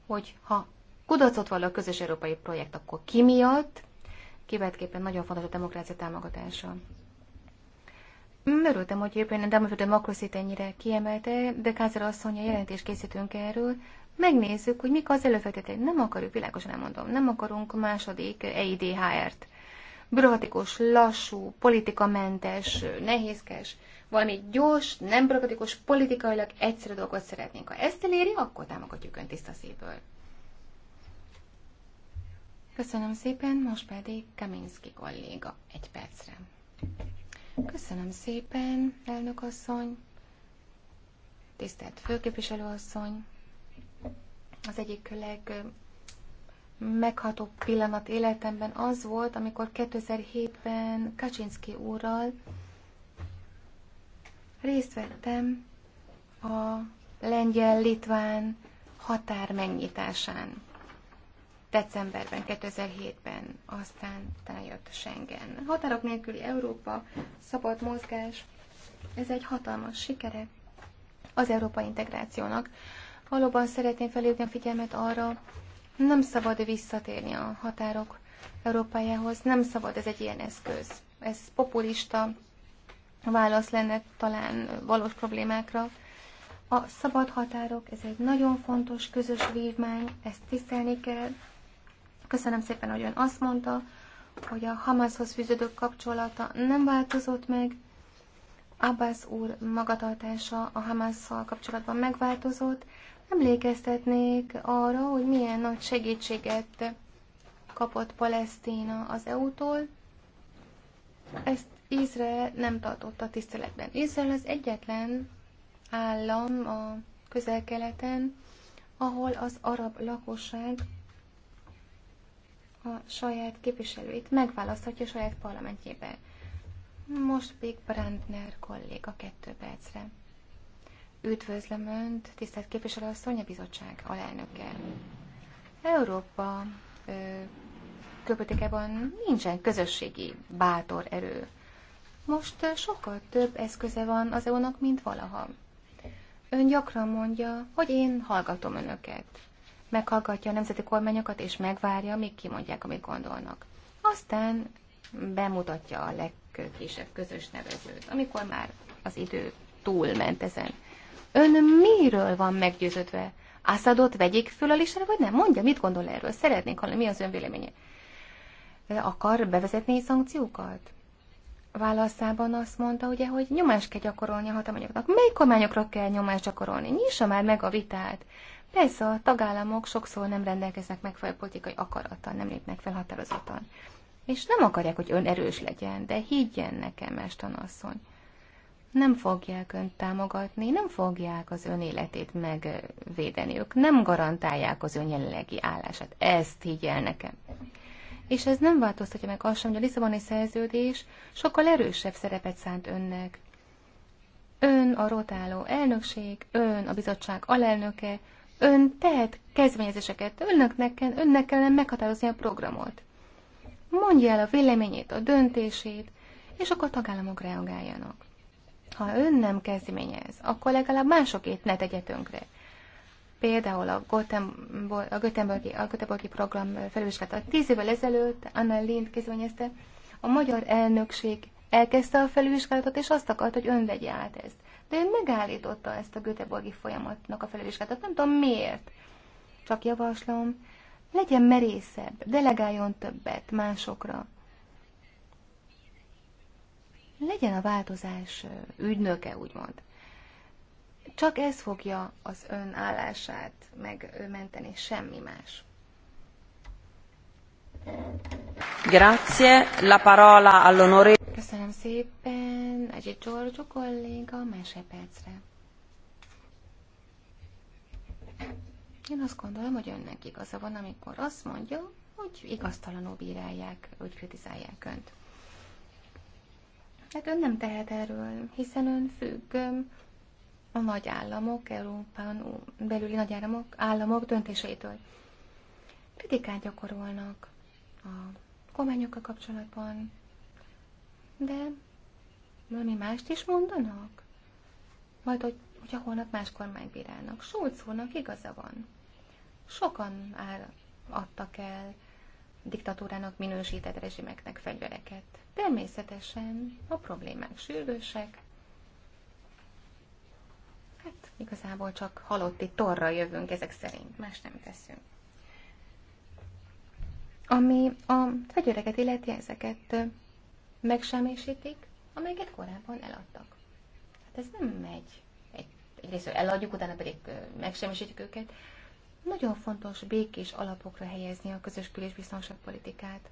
[SPEAKER 1] hogy ha kudarcot vall a közös európai projekt, akkor ki miatt? Kivetképpen nagyon fontos a demokrácia támogatása. Örültem, hogy éppen a Democracy ennyire kiemelte, de Kázer asszony a jelentést készítünk erről megnézzük, hogy mik az előfeltételek. Nem akarjuk, világosan nem mondom, nem akarunk második EIDHR-t. Bürokratikus, lassú, politikamentes, nehézkes, valami gyors, nem bürokratikus, politikailag egyszerű dolgot szeretnénk. Ha ezt eléri, akkor támogatjuk Ön tiszta szívből. Köszönöm szépen, most pedig Kaminski kolléga egy percre. Köszönöm szépen, elnök asszony, tisztelt főképviselő asszony, az egyik leg megható pillanat életemben az volt, amikor 2007-ben Kaczynski úrral részt vettem a lengyel-litván határ megnyitásán. Decemberben, 2007-ben, aztán utána jött Schengen. Határok nélküli Európa, szabad mozgás, ez egy hatalmas sikere az európai integrációnak, Valóban szeretném felhívni a figyelmet arra, nem szabad visszatérni a határok Európájához, nem szabad, ez egy ilyen eszköz. Ez populista válasz lenne talán valós problémákra. A szabad határok, ez egy nagyon fontos közös vívmány, ezt tisztelni kell. Köszönöm szépen, hogy ön azt mondta, hogy a Hamashoz fűződő kapcsolata nem változott meg, Abbas úr magatartása a Hamasszal kapcsolatban megváltozott, Emlékeztetnék arra, hogy milyen nagy segítséget kapott Palesztina az EU-tól. Ezt Izrael nem tartotta tiszteletben. Izrael az egyetlen állam a közel-keleten, ahol az arab lakosság a saját képviselőit megválaszthatja a saját parlamentjében. Most Big Brandner kolléga kettő percre. Üdvözlöm Önt, tisztelt képviselő a Szonya bizottság alelnöke. Európa köpötékeben nincsen közösségi bátor erő. Most sokkal több eszköze van az EU-nak, mint valaha. Ön gyakran mondja, hogy én hallgatom önöket. Meghallgatja a nemzeti kormányokat, és megvárja, míg kimondják, amit gondolnak. Aztán bemutatja a legkisebb közös nevezőt, amikor már az idő túlment ezen. Ön miről van meggyőződve? Assadot vegyék föl a listára, vagy nem? Mondja, mit gondol erről? Szeretnénk hallani, mi az ön véleménye? Akar bevezetni szankciókat? Válaszában azt mondta, ugye, hogy nyomást kell gyakorolni a hatalmányoknak. Mely kormányokra kell nyomást gyakorolni? Nyissa már meg a vitát. Persze a tagállamok sokszor nem rendelkeznek megfelelő politikai akarattal, nem lépnek fel határozottan. És nem akarják, hogy ön erős legyen, de higgyen nekem, mestanasszony nem fogják önt támogatni, nem fogják az ön életét megvédeni. Ők nem garantálják az ön jelenlegi állását. Ezt így el nekem. És ez nem változtatja meg azt sem, hogy a Lisszaboni szerződés sokkal erősebb szerepet szánt önnek. Ön a rotáló elnökség, ön a bizottság alelnöke, ön tehet kezdeményezéseket, önnek, nekem, önnek kellene meghatározni a programot. Mondja el a véleményét, a döntését, és akkor a tagállamok reagáljanak ha ön nem kezdeményez, akkor legalább másokét ne tegye tönkre. Például a, Gothenburg, a, Göteborgi, a Göteborgi program felvizsgálata. Tíz évvel ezelőtt Anna Lind kezdeményezte, a magyar elnökség elkezdte a felvizsgálatot, és azt akart, hogy ön vegye át ezt. De ön megállította ezt a Göteborgi folyamatnak a felvizsgálatot. Nem tudom miért. Csak javaslom, legyen merészebb, delegáljon többet másokra legyen a változás ügynöke, úgymond. Csak ez fogja az ön állását megmenteni, semmi más. Grazie. La parola all'onore. Köszönöm szépen. Egy Giorgio kolléga, másodpercre. Én azt gondolom, hogy önnek igaza van, amikor azt mondja, hogy igaztalanul bírálják, hogy kritizálják önt. Hát ön nem tehet erről, hiszen ön függ a nagy államok, Európán belüli nagy államok, államok döntéseitől. Kritikát gyakorolnak a kormányokkal kapcsolatban, de valami mást is mondanak? Majd, hogy, hogyha holnap más kormány bírálnak. Sulcónak igaza van. Sokan áll, adtak el diktatúrának minősített rezsimeknek fegyvereket. Természetesen a problémák sürgősek, hát igazából csak halotti torra jövünk ezek szerint, más nem teszünk. Ami a fegyvereket illeti, ezeket megsemmisítik, amelyeket korábban eladtak. Hát ez nem megy. Egy, egyrészt eladjuk, utána pedig megsemmisítjük őket. Nagyon fontos békés alapokra helyezni a közös kül- és biztonságpolitikát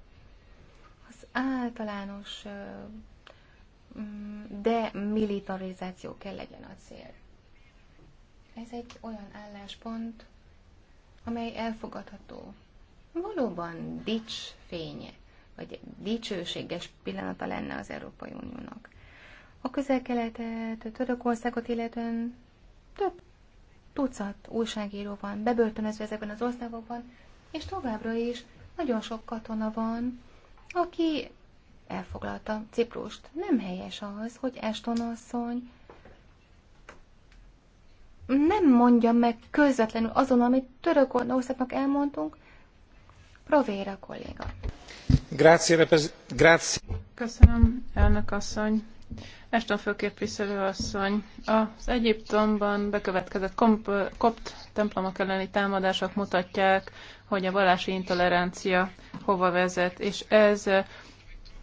[SPEAKER 1] általános mm, demilitarizáció kell legyen a cél. Ez egy olyan álláspont, amely elfogadható. Valóban dics fénye, vagy dicsőséges pillanata lenne az Európai Uniónak. A közel-keletet, Törökországot illetően több tucat újságíró van bebörtönözve ezekben az országokban, és továbbra is nagyon sok katona van, aki elfoglalta Ciprust. Nem helyes az, hogy Eston asszony nem mondja meg közvetlenül azon, amit Törökországnak elmondtunk,
[SPEAKER 3] Provéra kolléga.
[SPEAKER 5] Grazie, grazie.
[SPEAKER 3] Köszönöm, elnök asszony. Eston főképviselő asszony, az Egyiptomban bekövetkezett komp, kopt templomok elleni támadások mutatják, hogy a vallási intolerancia hova vezet, és ez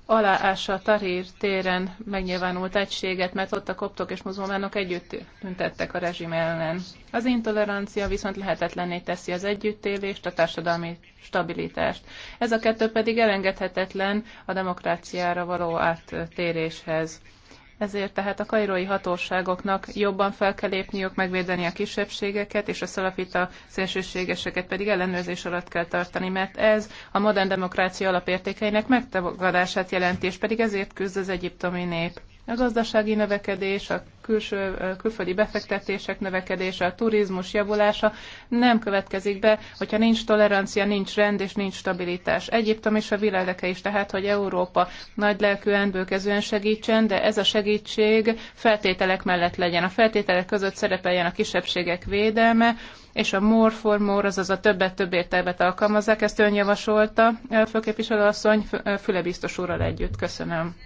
[SPEAKER 3] aláássa a Tahrir téren megnyilvánult egységet, mert ott a koptok és muzulmánok együtt tüntettek a rezsim ellen. Az intolerancia viszont lehetetlenné teszi az együttélést, a társadalmi stabilitást. Ez a kettő pedig elengedhetetlen a demokráciára való áttéréshez ezért tehát a kairói hatóságoknak jobban fel kell lépniük, megvédeni a kisebbségeket, és a szalafita szélsőségeseket pedig ellenőrzés alatt kell tartani, mert ez a modern demokrácia alapértékeinek megtagadását jelenti, és pedig ezért küzd az egyiptomi nép. A gazdasági növekedés, a külső, külföldi befektetések növekedése, a turizmus javulása nem következik be, hogyha nincs tolerancia, nincs rend és nincs stabilitás. Egyiptom és a világeke is, tehát, hogy Európa nagy lelkű bőkezően segítsen, de ez a segítség feltételek mellett legyen. A feltételek között szerepeljen a kisebbségek védelme, és a more for more, azaz a többet többért elvet alkalmazzák. Ezt ön javasolta, főképviselő asszony, Füle biztos úrral együtt. Köszönöm.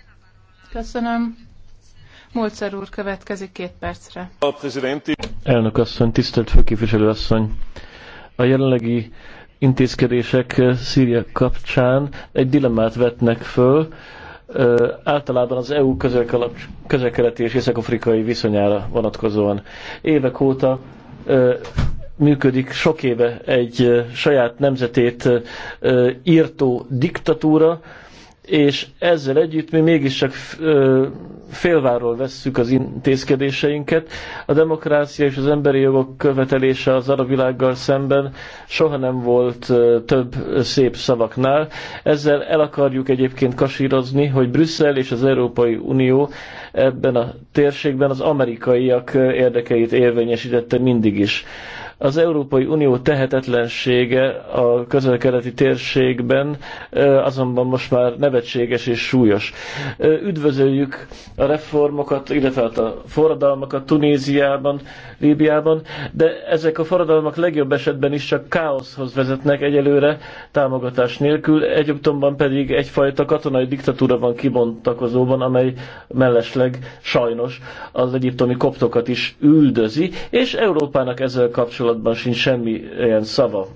[SPEAKER 3] Köszönöm. Molcer úr következik két percre.
[SPEAKER 5] A prezidenti... Elnök asszony, tisztelt főképviselő asszony! A jelenlegi intézkedések eh, Szíria kapcsán egy dilemmát vetnek föl, eh, általában az EU közel-keleti és észak-afrikai viszonyára vonatkozóan. Évek óta eh, működik sok éve egy saját nemzetét írtó diktatúra, és ezzel együtt mi mégiscsak félváról vesszük az intézkedéseinket. A demokrácia és az emberi jogok követelése az arab világgal szemben soha nem volt több szép szavaknál. Ezzel el akarjuk egyébként kasírozni, hogy Brüsszel és az Európai Unió ebben a térségben az amerikaiak érdekeit érvényesítette mindig is. Az Európai Unió tehetetlensége a közel-keleti térségben azonban most már nevetséges és súlyos. Üdvözöljük a reformokat, illetve hát a forradalmakat Tunéziában, Líbiában, de ezek a forradalmak legjobb esetben is csak káoszhoz vezetnek egyelőre támogatás nélkül, Egyiptomban pedig egyfajta katonai diktatúra van kibontakozóban, amely mellesleg sajnos az egyiptomi koptokat is üldözi, és Európának ezzel kapcsolatban kapcsolatban sincs semmi ilyen szava.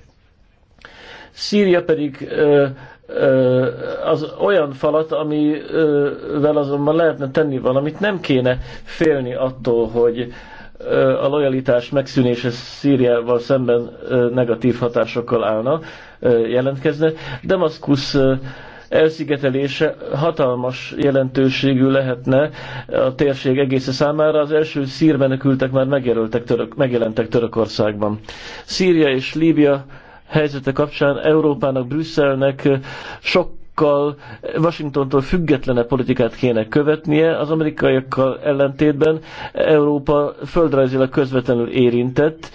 [SPEAKER 5] Szíria pedig ö, ö, az olyan falat, amivel azonban lehetne tenni valamit, nem kéne félni attól, hogy ö, a lojalitás megszűnése Szíriával szemben ö, negatív hatásokkal állna, ö, jelentkezne. Damaszkusz ö, elszigetelése hatalmas jelentőségű lehetne a térség egésze számára. Az első szírmenekültek már török, megjelentek Törökországban. Szíria és Líbia helyzete kapcsán Európának, Brüsszelnek sok amerikaiakkal Washingtontól függetlene politikát kéne követnie, az amerikaiakkal ellentétben Európa földrajzilag közvetlenül érintett,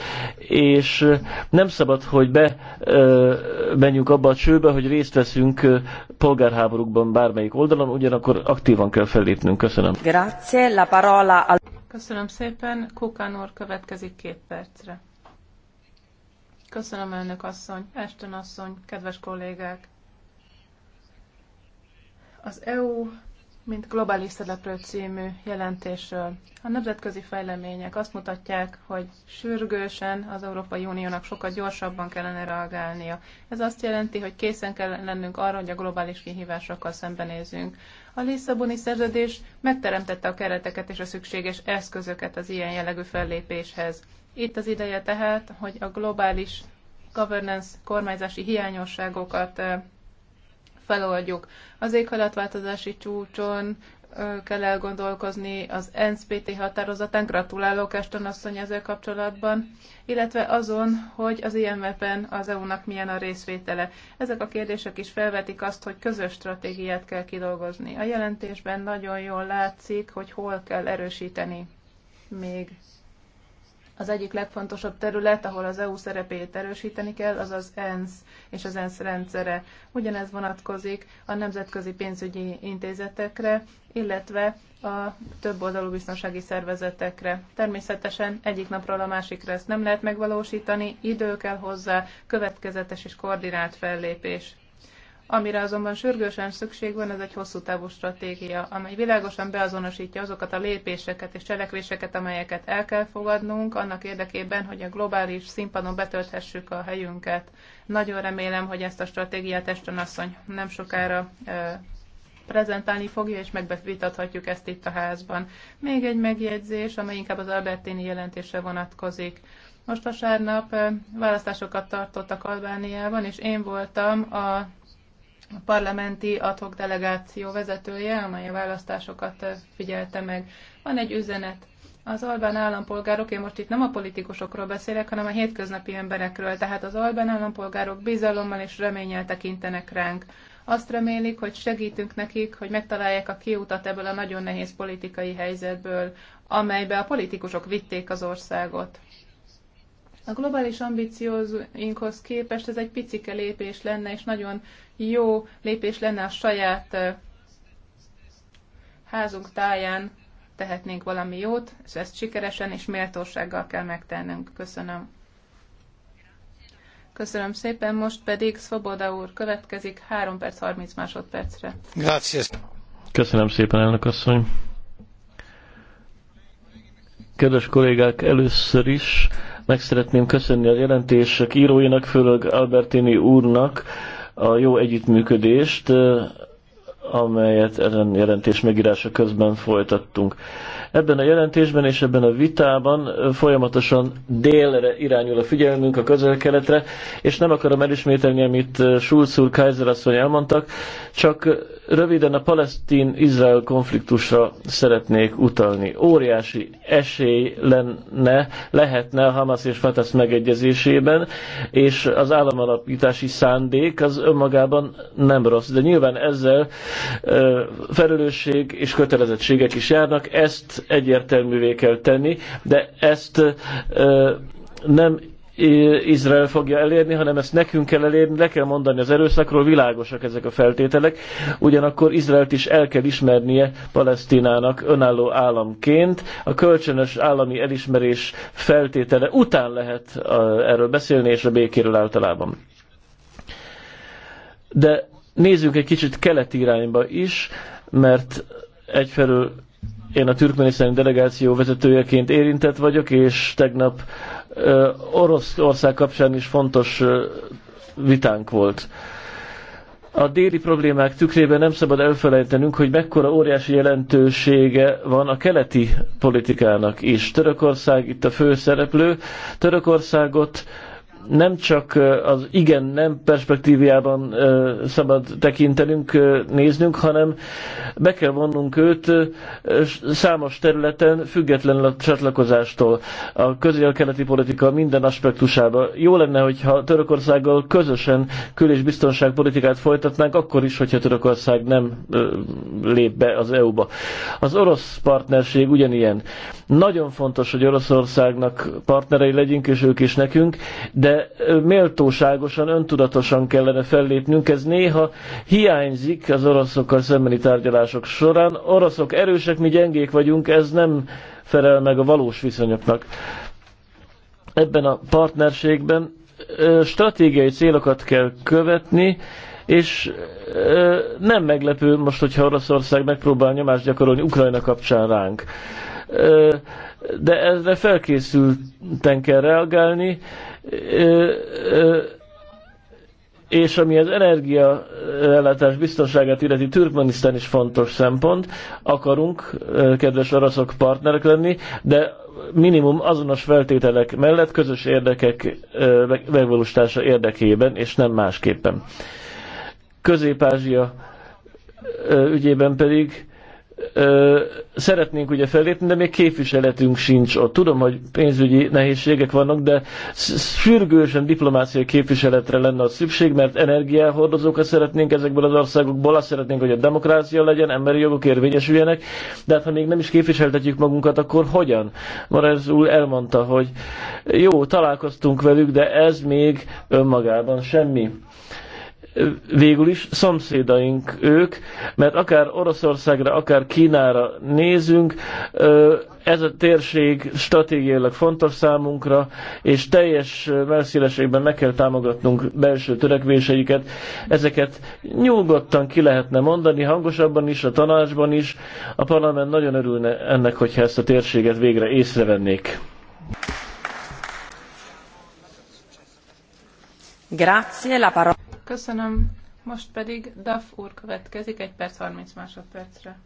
[SPEAKER 5] és nem szabad, hogy be menjünk abba a csőbe, hogy részt veszünk polgárháborúkban bármelyik oldalon, ugyanakkor aktívan kell fellépnünk. Köszönöm.
[SPEAKER 3] Grazie, la parola al... Köszönöm szépen. Kukánor következik két percre. Köszönöm, elnök asszony, Esten asszony, kedves kollégák! Az EU, mint globális szereplő című jelentésről. A nemzetközi fejlemények azt mutatják, hogy sürgősen az Európai Uniónak sokkal gyorsabban kellene reagálnia. Ez azt jelenti, hogy készen kell lennünk arra, hogy a globális kihívásokkal szembenézünk. A Lisszaboni szerződés megteremtette a kereteket és a szükséges eszközöket az ilyen jellegű fellépéshez. Itt az ideje tehát, hogy a globális governance kormányzási hiányosságokat eh, feloldjuk. Az éghajlatváltozási csúcson kell elgondolkozni az NSPT határozatán, gratulálok Eston asszony ezzel kapcsolatban, illetve azon, hogy az IMF-en az EU-nak milyen a részvétele. Ezek a kérdések is felvetik azt, hogy közös stratégiát kell kidolgozni. A jelentésben nagyon jól látszik, hogy hol kell erősíteni még az egyik legfontosabb terület, ahol az EU szerepét erősíteni kell, az az ENSZ és az ENSZ rendszere. Ugyanez vonatkozik a nemzetközi pénzügyi intézetekre, illetve a több oldalú biztonsági szervezetekre. Természetesen egyik napról a másikra ezt nem lehet megvalósítani, idő kell hozzá, következetes és koordinált fellépés. Amire azonban sürgősen szükség van, ez egy hosszú távú stratégia, amely világosan beazonosítja azokat a lépéseket és cselekvéseket, amelyeket el kell fogadnunk, annak érdekében, hogy a globális színpadon betölthessük a helyünket. Nagyon remélem, hogy ezt a stratégiát Eston asszony nem sokára e, prezentálni fogja, és megvitathatjuk ezt itt a házban. Még egy megjegyzés, amely inkább az Albertini jelentése vonatkozik. Most vasárnap választásokat tartottak Albániában, és én voltam a a parlamenti adhok delegáció vezetője, amely a választásokat figyelte meg. Van egy üzenet az albán állampolgárok, én most itt nem a politikusokról beszélek, hanem a hétköznapi emberekről, tehát az albán állampolgárok bizalommal és reménnyel tekintenek ránk. Azt remélik, hogy segítünk nekik, hogy megtalálják a kiutat ebből a nagyon nehéz politikai helyzetből, amelybe a politikusok vitték az országot. A globális ambícióinkhoz képest ez egy picike lépés lenne, és nagyon jó lépés lenne a saját házunk táján tehetnénk valami jót, és ezt sikeresen és méltósággal kell megtennünk. Köszönöm. Köszönöm szépen, most pedig Szoboda úr következik 3 perc 30 másodpercre.
[SPEAKER 4] Gracias.
[SPEAKER 5] Köszönöm szépen, elnök asszony. Kedves kollégák, először is meg szeretném köszönni a jelentések íróinak, főleg Albertini úrnak a jó együttműködést, eh, amelyet ezen jelentés megírása közben folytattunk. Ebben a jelentésben és ebben a vitában eh, folyamatosan délre irányul a figyelmünk a közel-keletre, és nem akarom elismételni, amit eh, Schulz úr, Kaiser asszony elmondtak, csak Röviden a palesztin-izrael konfliktusra szeretnék utalni. Óriási esély lenne, lehetne a Hamas és Fatah megegyezésében, és az államalapítási szándék az önmagában nem rossz, de nyilván ezzel ö, felelősség és kötelezettségek is járnak, ezt egyértelművé kell tenni, de ezt ö, nem Izrael fogja elérni, hanem ezt nekünk kell elérni, le kell mondani az erőszakról, világosak ezek a feltételek. Ugyanakkor Izraelt is el kell ismernie Palesztinának önálló államként. A kölcsönös állami elismerés feltétele után lehet erről beszélni, és a békéről általában. De nézzünk egy kicsit keleti irányba is, mert egyfelől én a türkmenisztáni delegáció vezetőjeként érintett vagyok, és tegnap Oroszország kapcsán is fontos vitánk volt. A déli problémák tükrében nem szabad elfelejtenünk, hogy mekkora óriási jelentősége van a keleti politikának is. Törökország itt a fő szereplő. Törökországot nem csak az igen-nem perspektíviában szabad tekintenünk, néznünk, hanem be kell vonnunk őt számos területen, függetlenül a csatlakozástól. A közél-keleti politika minden aspektusába. Jó lenne, hogyha Törökországgal közösen kül- és biztonságpolitikát folytatnánk, akkor is, hogyha Törökország nem lép be az EU-ba. Az orosz partnerség ugyanilyen. Nagyon fontos, hogy Oroszországnak partnerei legyünk, és ők is nekünk, de méltóságosan, öntudatosan kellene fellépnünk. Ez néha hiányzik az oroszokkal szembeni tárgyalások során. Oroszok erősek, mi gyengék vagyunk, ez nem felel meg a valós viszonyoknak. Ebben a partnerségben stratégiai célokat kell követni, és nem meglepő most, hogyha Oroszország megpróbál nyomást gyakorolni Ukrajna kapcsán ránk. De ezre felkészülten kell reagálni, és ami az ellátás biztonságát illeti Türkmenisztán is fontos szempont. Akarunk, kedves oroszok, partnerek lenni, de minimum azonos feltételek mellett közös érdekek megvalósítása érdekében, és nem másképpen. Közép-Ázsia ügyében pedig ö, szeretnénk ugye fellépni, de még képviseletünk sincs ott. Tudom, hogy pénzügyi nehézségek vannak, de sürgősen diplomáciai képviseletre lenne a szükség, mert energiáhordozókat szeretnénk ezekből az országokból, azt szeretnénk, hogy a demokrácia legyen, emberi jogok érvényesüljenek, de hát ha még nem is képviseltetjük magunkat, akkor hogyan? Marez úr elmondta, hogy jó, találkoztunk velük, de ez még önmagában semmi végül is szomszédaink ők, mert akár Oroszországra, akár Kínára nézünk, ez a térség stratégiailag fontos számunkra, és teljes melszélességben meg kell támogatnunk belső törekvéseiket. Ezeket nyugodtan ki lehetne mondani, hangosabban is, a tanácsban is. A parlament nagyon örülne ennek, hogyha ezt a térséget végre észrevennék.
[SPEAKER 3] Grazie, la parola. Köszönöm. Most pedig Duff úr következik egy perc 30 másodpercre.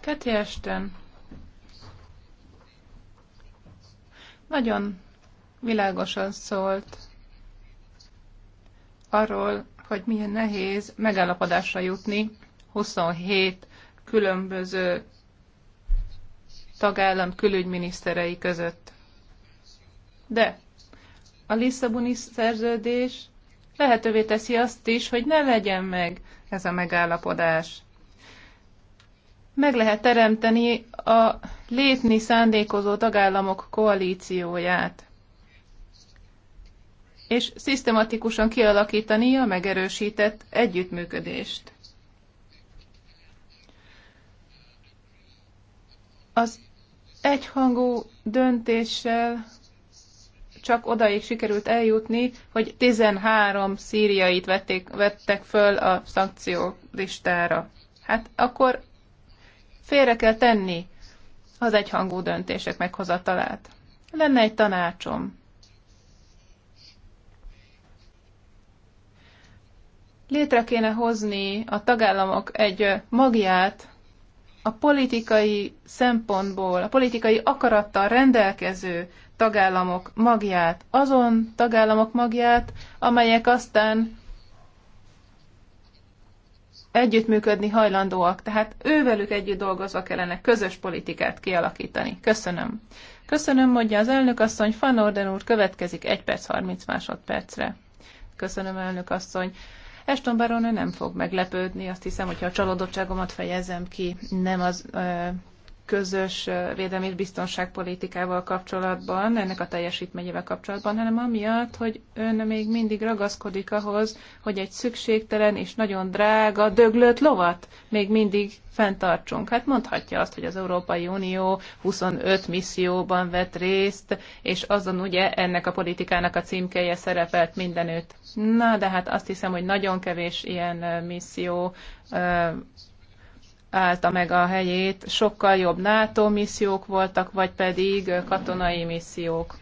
[SPEAKER 3] Keti Esten nagyon világosan szólt arról, hogy milyen nehéz megállapodásra jutni 27 különböző tagállam külügyminiszterei között. De a Lisszaboni szerződés lehetővé teszi azt is, hogy ne legyen meg ez a megállapodás. Meg lehet teremteni a létni szándékozó tagállamok koalícióját, és szisztematikusan kialakítani a megerősített együttműködést. Az egyhangú döntéssel csak odaig sikerült eljutni, hogy 13 szíriait vették, vettek föl a szankciók listára. Hát akkor félre kell tenni az egyhangú döntések meghozatalát. Lenne egy tanácsom. Létre kéne hozni a tagállamok egy magját, a politikai szempontból, a politikai akarattal rendelkező tagállamok magját, azon tagállamok magját, amelyek aztán együttműködni hajlandóak. Tehát ővelük együtt dolgozva kellene közös politikát kialakítani. Köszönöm. Köszönöm, mondja az elnök asszony. Fanorden úr következik 1 perc 30 másodpercre. Köszönöm, elnök asszony. Eston Baron ő nem fog meglepődni, azt hiszem, hogyha a csalódottságomat fejezem ki, nem az közös védelmi biztonságpolitikával kapcsolatban, ennek a teljesítményével kapcsolatban, hanem amiatt, hogy ön még mindig ragaszkodik ahhoz, hogy egy szükségtelen és nagyon drága döglött lovat még mindig fenntartsunk. Hát mondhatja azt, hogy az Európai Unió 25 misszióban vett részt, és azon ugye ennek a politikának a címkéje szerepelt mindenütt. Na, de hát azt hiszem, hogy nagyon kevés ilyen misszió állta meg a helyét, sokkal jobb NATO missziók voltak, vagy pedig katonai missziók.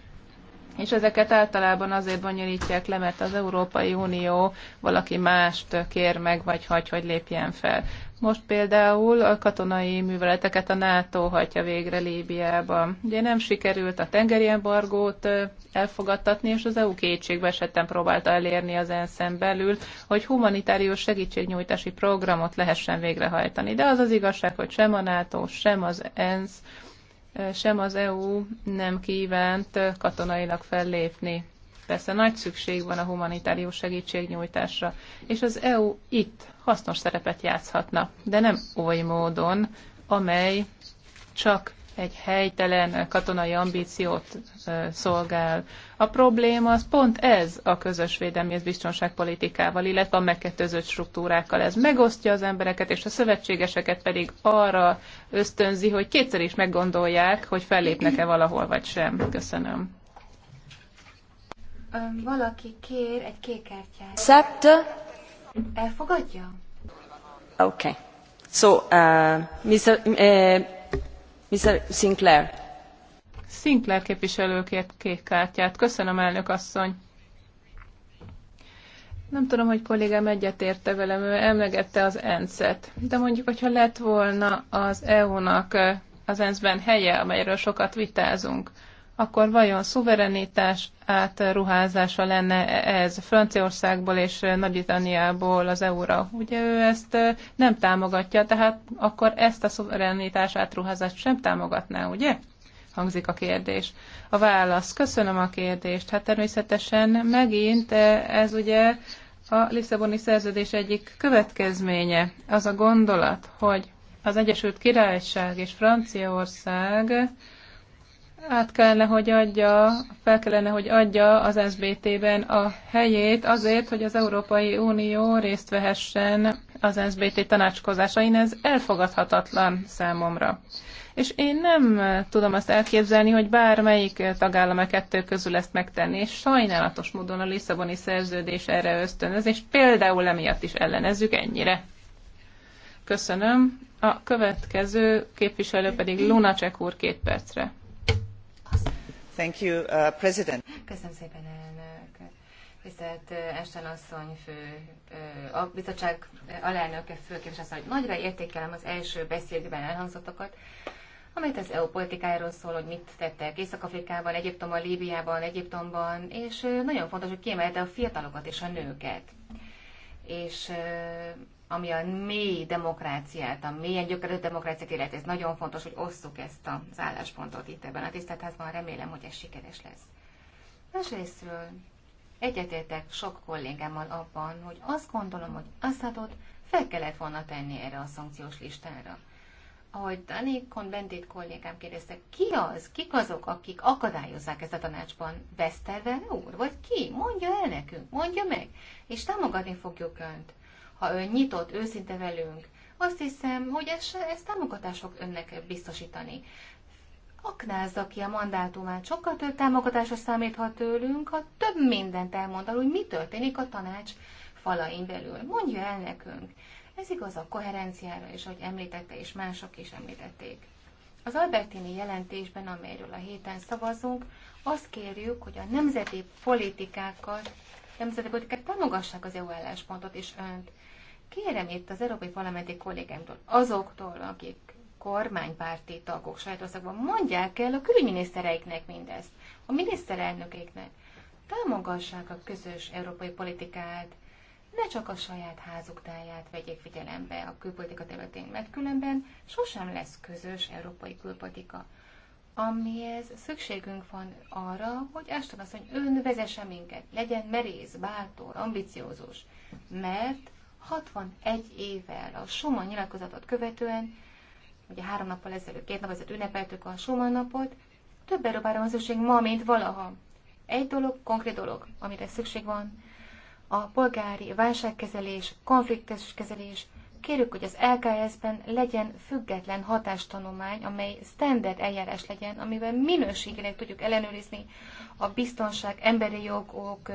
[SPEAKER 3] És ezeket általában azért bonyolítják le, mert az Európai Unió valaki mást kér meg, vagy hagy, hogy lépjen fel. Most például a katonai műveleteket a NATO hajtja végre Líbiában. Ugye nem sikerült a tengeri embargót elfogadtatni, és az EU kétségbe esetten próbálta elérni az ensz belül, hogy humanitárius segítségnyújtási programot lehessen végrehajtani. De az az igazság, hogy sem a NATO, sem az ENSZ, sem az EU nem kívánt katonailag fellépni Persze nagy szükség van a humanitárius segítségnyújtásra, és az EU itt hasznos szerepet játszhatna, de nem oly módon, amely csak egy helytelen katonai ambíciót szolgál. A probléma az pont ez a közös védelmi és biztonságpolitikával, illetve a megkettőzött struktúrákkal. Ez megosztja az embereket, és a szövetségeseket pedig arra ösztönzi, hogy kétszer is meggondolják, hogy fellépnek-e valahol vagy sem. Köszönöm.
[SPEAKER 1] Valaki kér egy kék kártyát.
[SPEAKER 3] Accept.
[SPEAKER 1] Elfogadja?
[SPEAKER 7] Okay. So, uh,
[SPEAKER 3] Mr. Uh, Mr. Sinclair. Sinclair képviselő kért kék kártyát. Köszönöm, elnök asszony. Nem tudom, hogy kollégám egyetérte velem, ő emlegette az ENSZ-et. De mondjuk, hogyha lett volna az EU-nak uh, az ENSZ-ben helye, amelyről sokat vitázunk, akkor vajon szuverenitás átruházása lenne ez Franciaországból és Nagy-Britanniából az eu Ugye ő ezt nem támogatja, tehát akkor ezt a szuverenitás átruházást sem támogatná, ugye? hangzik a kérdés. A válasz, köszönöm a kérdést. Hát természetesen megint ez ugye a Lisszaboni szerződés egyik következménye, az a gondolat, hogy az Egyesült Királyság és Franciaország át kellene, hogy adja, fel kellene, hogy adja az SBT-ben a helyét azért, hogy az Európai Unió részt vehessen az SBT tanácskozásain. Ez elfogadhatatlan számomra. És én nem tudom azt elképzelni, hogy bármelyik tagállam a kettő közül ezt megtenni, és sajnálatos módon a Lisszaboni szerződés erre ösztönöz, és például emiatt is ellenezzük ennyire. Köszönöm. A következő képviselő pedig Lunacek úr két percre. Thank
[SPEAKER 1] you, uh, President. Köszönöm szépen, elnök. Tisztelt uh, Esten asszony, fő, uh, a bizottság uh, alelnöke főként azt hogy nagyra értékelem az első beszédben elhangzottakat, amelyet az EU politikájáról szól, hogy mit tettek Észak-Afrikában, Egyiptomban, Líbiában, Egyiptomban, és nagyon fontos, hogy kiemelte a fiatalokat és a nőket. És ami a mély demokráciát, a mélyen gyökerő demokráciát illeti. Ez nagyon fontos, hogy osszuk ezt az álláspontot itt ebben a tiszteletházban. Remélem, hogy ez sikeres lesz. Másrésztről egyetértek sok kollégámmal abban, hogy azt gondolom, hogy Assadot fel kellett volna tenni erre a szankciós listára. Ahogy Dani Bendit kollégám kérdezte, ki az, kik azok, akik akadályozzák ezt a tanácsban? Westerwelle úr? Vagy ki? Mondja el nekünk, mondja meg, és támogatni fogjuk önt ha ön nyitott, őszinte velünk, azt hiszem, hogy ezt, ezt támogatás fog önnek biztosítani. Aknázza ki a mandátumát, sokkal több támogatásra számíthat tőlünk, ha több mindent elmond arról, hogy mi történik a tanács falain belül. Mondja el nekünk. Ez igaz a koherenciára és ahogy említette, és mások is említették. Az Albertini jelentésben, amelyről a héten szavazunk, azt kérjük, hogy a nemzeti politikákat, nemzeti politikák támogassák az EU álláspontot és önt. Kérem itt az európai parlamenti kollégámtól, azoktól, akik kormánypárti tagok országban, mondják el a külügyminisztereiknek mindezt, a miniszterelnökeiknek. Támogassák a közös európai politikát, ne csak a saját házuk táját vegyék figyelembe a külpolitika területén, mert különben sosem lesz közös európai külpolitika. Amihez szükségünk van arra, hogy Ashton asszony ön vezesse minket, legyen merész, bátor, ambiciózus, mert 61 évvel a Schumann nyilatkozatot követően, ugye három nappal ezelőtt, két nap ezelőtt ünnepeltük a Schumann napot, több Európára van szükség ma, mint valaha. Egy dolog, konkrét dolog, amire szükség van, a polgári válságkezelés, konfliktus kezelés, Kérjük, hogy az LKS-ben legyen független hatástanulmány, amely standard eljárás legyen, amivel minőségileg tudjuk ellenőrizni a biztonság, emberi jogok,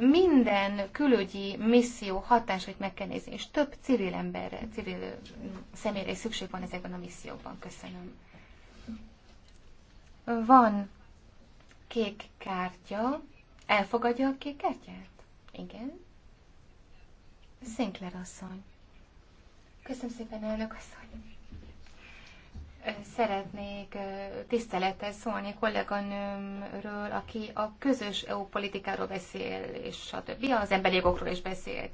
[SPEAKER 1] minden külügyi misszió hatásait meg kell nézni, és több civil emberre, civil személyre is szükség van ezekben a missziókban. Köszönöm. Van kék kártya. Elfogadja a kék kártyát? Igen. Sinclair asszony. Köszönöm szépen, elnök asszony. Szeretnék tisztelettel szólni kolléganőmről, aki a közös EU politikáról beszél, és a többi az emberi jogokról is beszélt.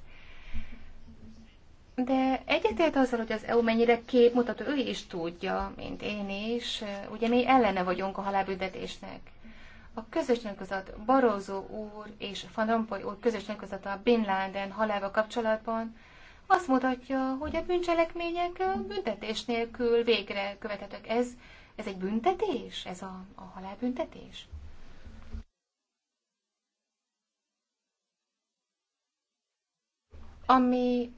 [SPEAKER 1] De egyetért azzal, hogy az EU mennyire képmutató, ő is tudja, mint én is, ugye mi ellene vagyunk a halálbüntetésnek. A közös nyilatkozat Barózó úr és Van Rompuy úr közös nyilatkozata Bin Laden halálba kapcsolatban azt mutatja, hogy a bűncselekmények büntetés nélkül végre követetek. Ez, ez egy büntetés? Ez a, a halálbüntetés? Ami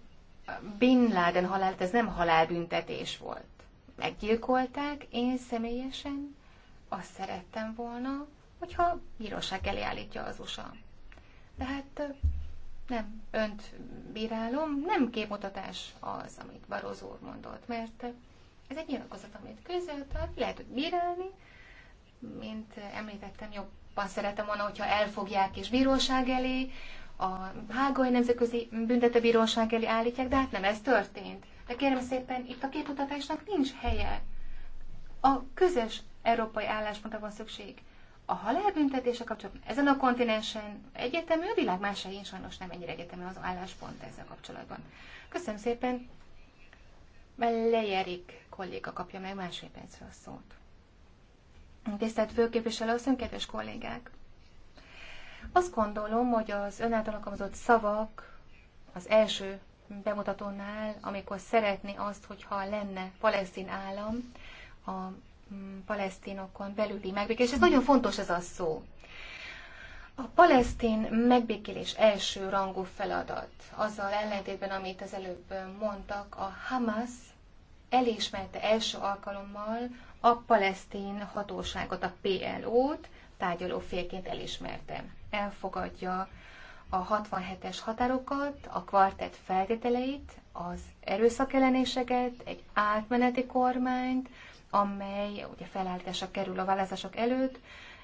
[SPEAKER 1] Bin Laden halált, ez nem halálbüntetés volt. Meggyilkolták, én személyesen azt szerettem volna, hogyha bíróság elé állítja az USA. De hát nem önt bírálom, nem képmutatás az, amit Barozó úr mondott, mert ez egy nyilatkozat, amit közöltött, lehet, hogy bírálni, mint említettem, jobban szeretem volna, hogyha elfogják és bíróság elé, a Hágai Nemzetközi Büntetőbíróság elé állítják, de hát nem ez történt. De kérem szépen, itt a képmutatásnak nincs helye. A közös európai álláspontra van szükség a halálbüntetése kapcsolatban ezen a kontinensen egyetemű, a világ más helyén sajnos nem ennyire egyetemű az álláspont ezzel kapcsolatban. Köszönöm szépen, mert Lejerik kolléga kapja meg másfél percre a szót. Tisztelt főképviselő, asszony, kedves kollégák! Azt gondolom, hogy az ön által alkalmazott szavak az első bemutatónál, amikor szeretné azt, hogyha lenne palesztin állam, a Mm, palesztinokon belüli megbékélés. Ez nagyon fontos ez a szó. A palesztin megbékélés első rangú feladat, azzal ellentétben, amit az előbb mondtak, a Hamas elismerte első alkalommal a palesztin hatóságot, a PLO-t, tárgyaló félként elismerte. Elfogadja a 67-es határokat, a kvartett feltételeit, az erőszak egy átmeneti kormányt, amely ugye felállításra kerül a választások előtt.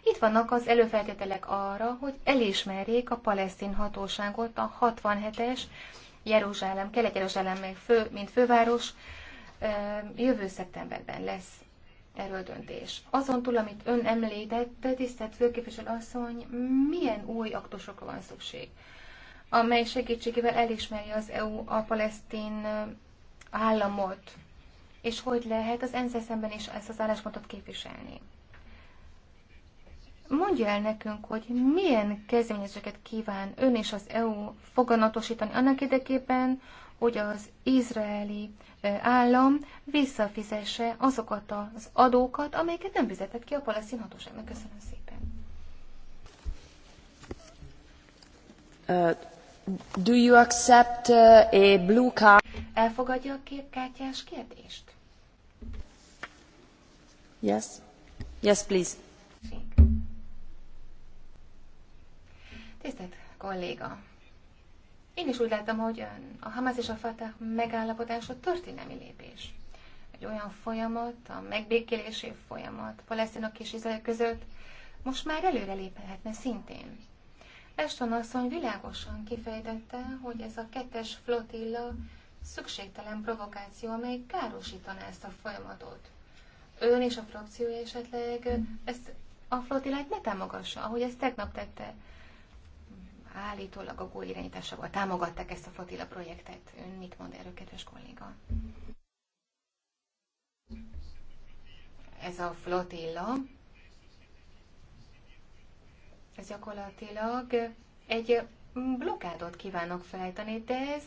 [SPEAKER 1] Itt vannak az előfeltételek arra, hogy elismerjék a palesztin hatóságot a 67-es Jeruzsálem, Kelet-Jeruzsálem fő, mint főváros, jövő szeptemberben lesz erről döntés. Azon túl, amit ön említett, tisztelt főképviselő asszony, milyen új aktusokra van szükség, amely segítségével elismeri az EU a palesztin államot, és hogy lehet az ENSZ szemben is ezt az álláspontot képviselni. Mondja el nekünk, hogy milyen kezdeményezőket kíván ön és az EU foganatosítani annak érdekében, hogy az izraeli állam visszafizesse azokat az adókat, amelyeket nem fizetett ki a palesztin hatóságnak. Köszönöm szépen.
[SPEAKER 7] Uh, do you accept uh, a blue card?
[SPEAKER 1] Elfogadja a kékkártyás kérdést? Tisztelt kolléga, én is úgy láttam, hogy ön, a Hamas és a Fatah megállapodása történelmi lépés. Egy olyan folyamat, a megbékélési folyamat palesztinok és izrael között most már előre léphetne szintén. Eston asszony világosan kifejtette, hogy ez a kettes flotilla szükségtelen provokáció, amely károsítaná ezt a folyamatot ön és a frakciója esetleg ezt a flotilát ne támogassa, ahogy ezt tegnap tette. Állítólag a gól irányításával támogatták ezt a flotilla projektet. Ön mit mond erről, kedves kolléga? Ez a flotilla, ez gyakorlatilag egy blokádot kívánok felejteni, de ez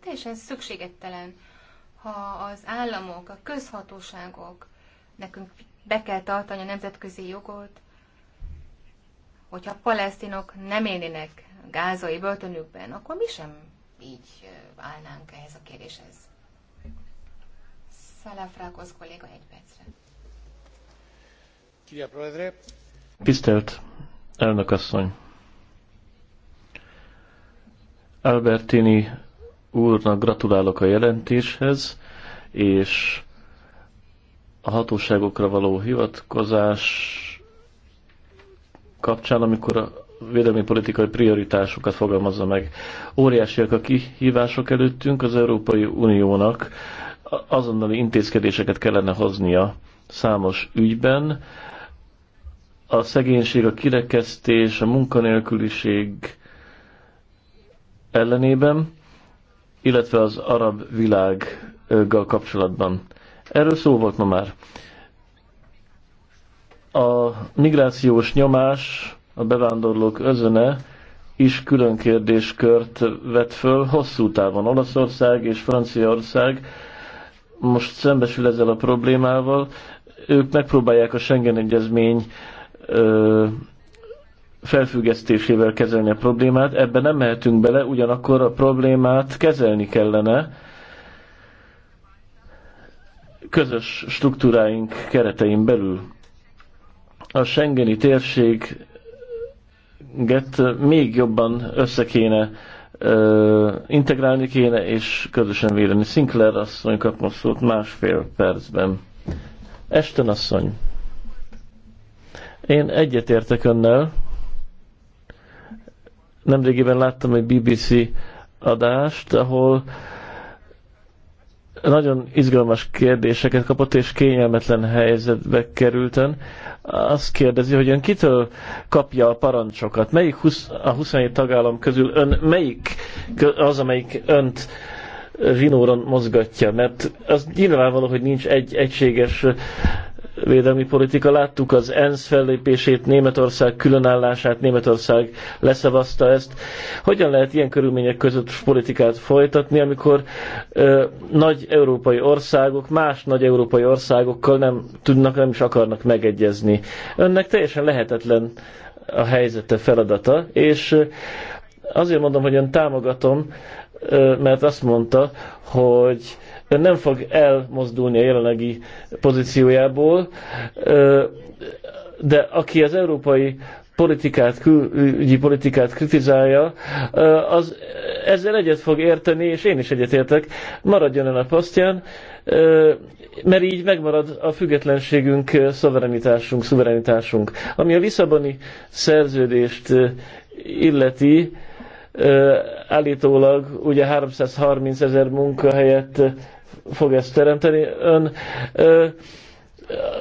[SPEAKER 1] teljesen szükségettelen, ha az államok, a közhatóságok, nekünk be kell tartani a nemzetközi jogot, hogyha a palesztinok nem élnének gázai börtönükben, akkor mi sem így állnánk ehhez a kérdéshez. Szalafrákosz
[SPEAKER 5] kolléga egy percre. Tisztelt elnökasszony! Albertini úrnak gratulálok a jelentéshez, és a hatóságokra való hivatkozás kapcsán, amikor a védelmi politikai prioritásokat fogalmazza meg. Óriásiak a kihívások előttünk, az Európai Uniónak azonnali intézkedéseket kellene hoznia számos ügyben. A szegénység, a kirekesztés, a munkanélküliség ellenében, illetve az arab világgal kapcsolatban Erről szó volt ma már. A migrációs nyomás, a bevándorlók özöne is külön kérdéskört vet föl hosszú távon. Olaszország és Franciaország most szembesül ezzel a problémával. Ők megpróbálják a Schengen Egyezmény ö, felfüggesztésével kezelni a problémát. Ebben nem mehetünk bele, ugyanakkor a problémát kezelni kellene közös struktúráink keretein belül. A Schengeni térséget még jobban össze kéne integrálni kéne, és közösen védeni. Sinclair asszony kap most szót másfél percben. Esten asszony, én egyetértek önnel. Nemrégiben láttam egy BBC adást, ahol uh, nagyon izgalmas kérdéseket kapott, és kényelmetlen helyzetbe kerülten. Azt kérdezi, hogy ön kitől kapja a parancsokat? Melyik husz, a 27 tagállam közül ön melyik az, amelyik önt zsinóron mozgatja? Mert az nyilvánvaló, hogy nincs egy egységes védelmi politika. Láttuk az ENSZ fellépését, Németország különállását, Németország leszavazta ezt. Hogyan lehet ilyen körülmények között politikát folytatni, amikor ö, nagy európai országok más nagy európai országokkal nem tudnak, nem is akarnak megegyezni? Önnek teljesen lehetetlen a helyzete, feladata, és azért mondom, hogy ön támogatom, mert azt mondta, hogy Ön nem fog elmozdulni a jelenlegi pozíciójából, de aki az európai politikát, külügyi politikát kritizálja, az ezzel egyet fog érteni, és én is egyetértek, maradjon el a posztján, mert így megmarad a függetlenségünk, szuverenitásunk, szuverenitásunk. Ami a Lisszaboni szerződést illeti, állítólag ugye 330 ezer munkahelyet fog ezt teremteni. Ön ö,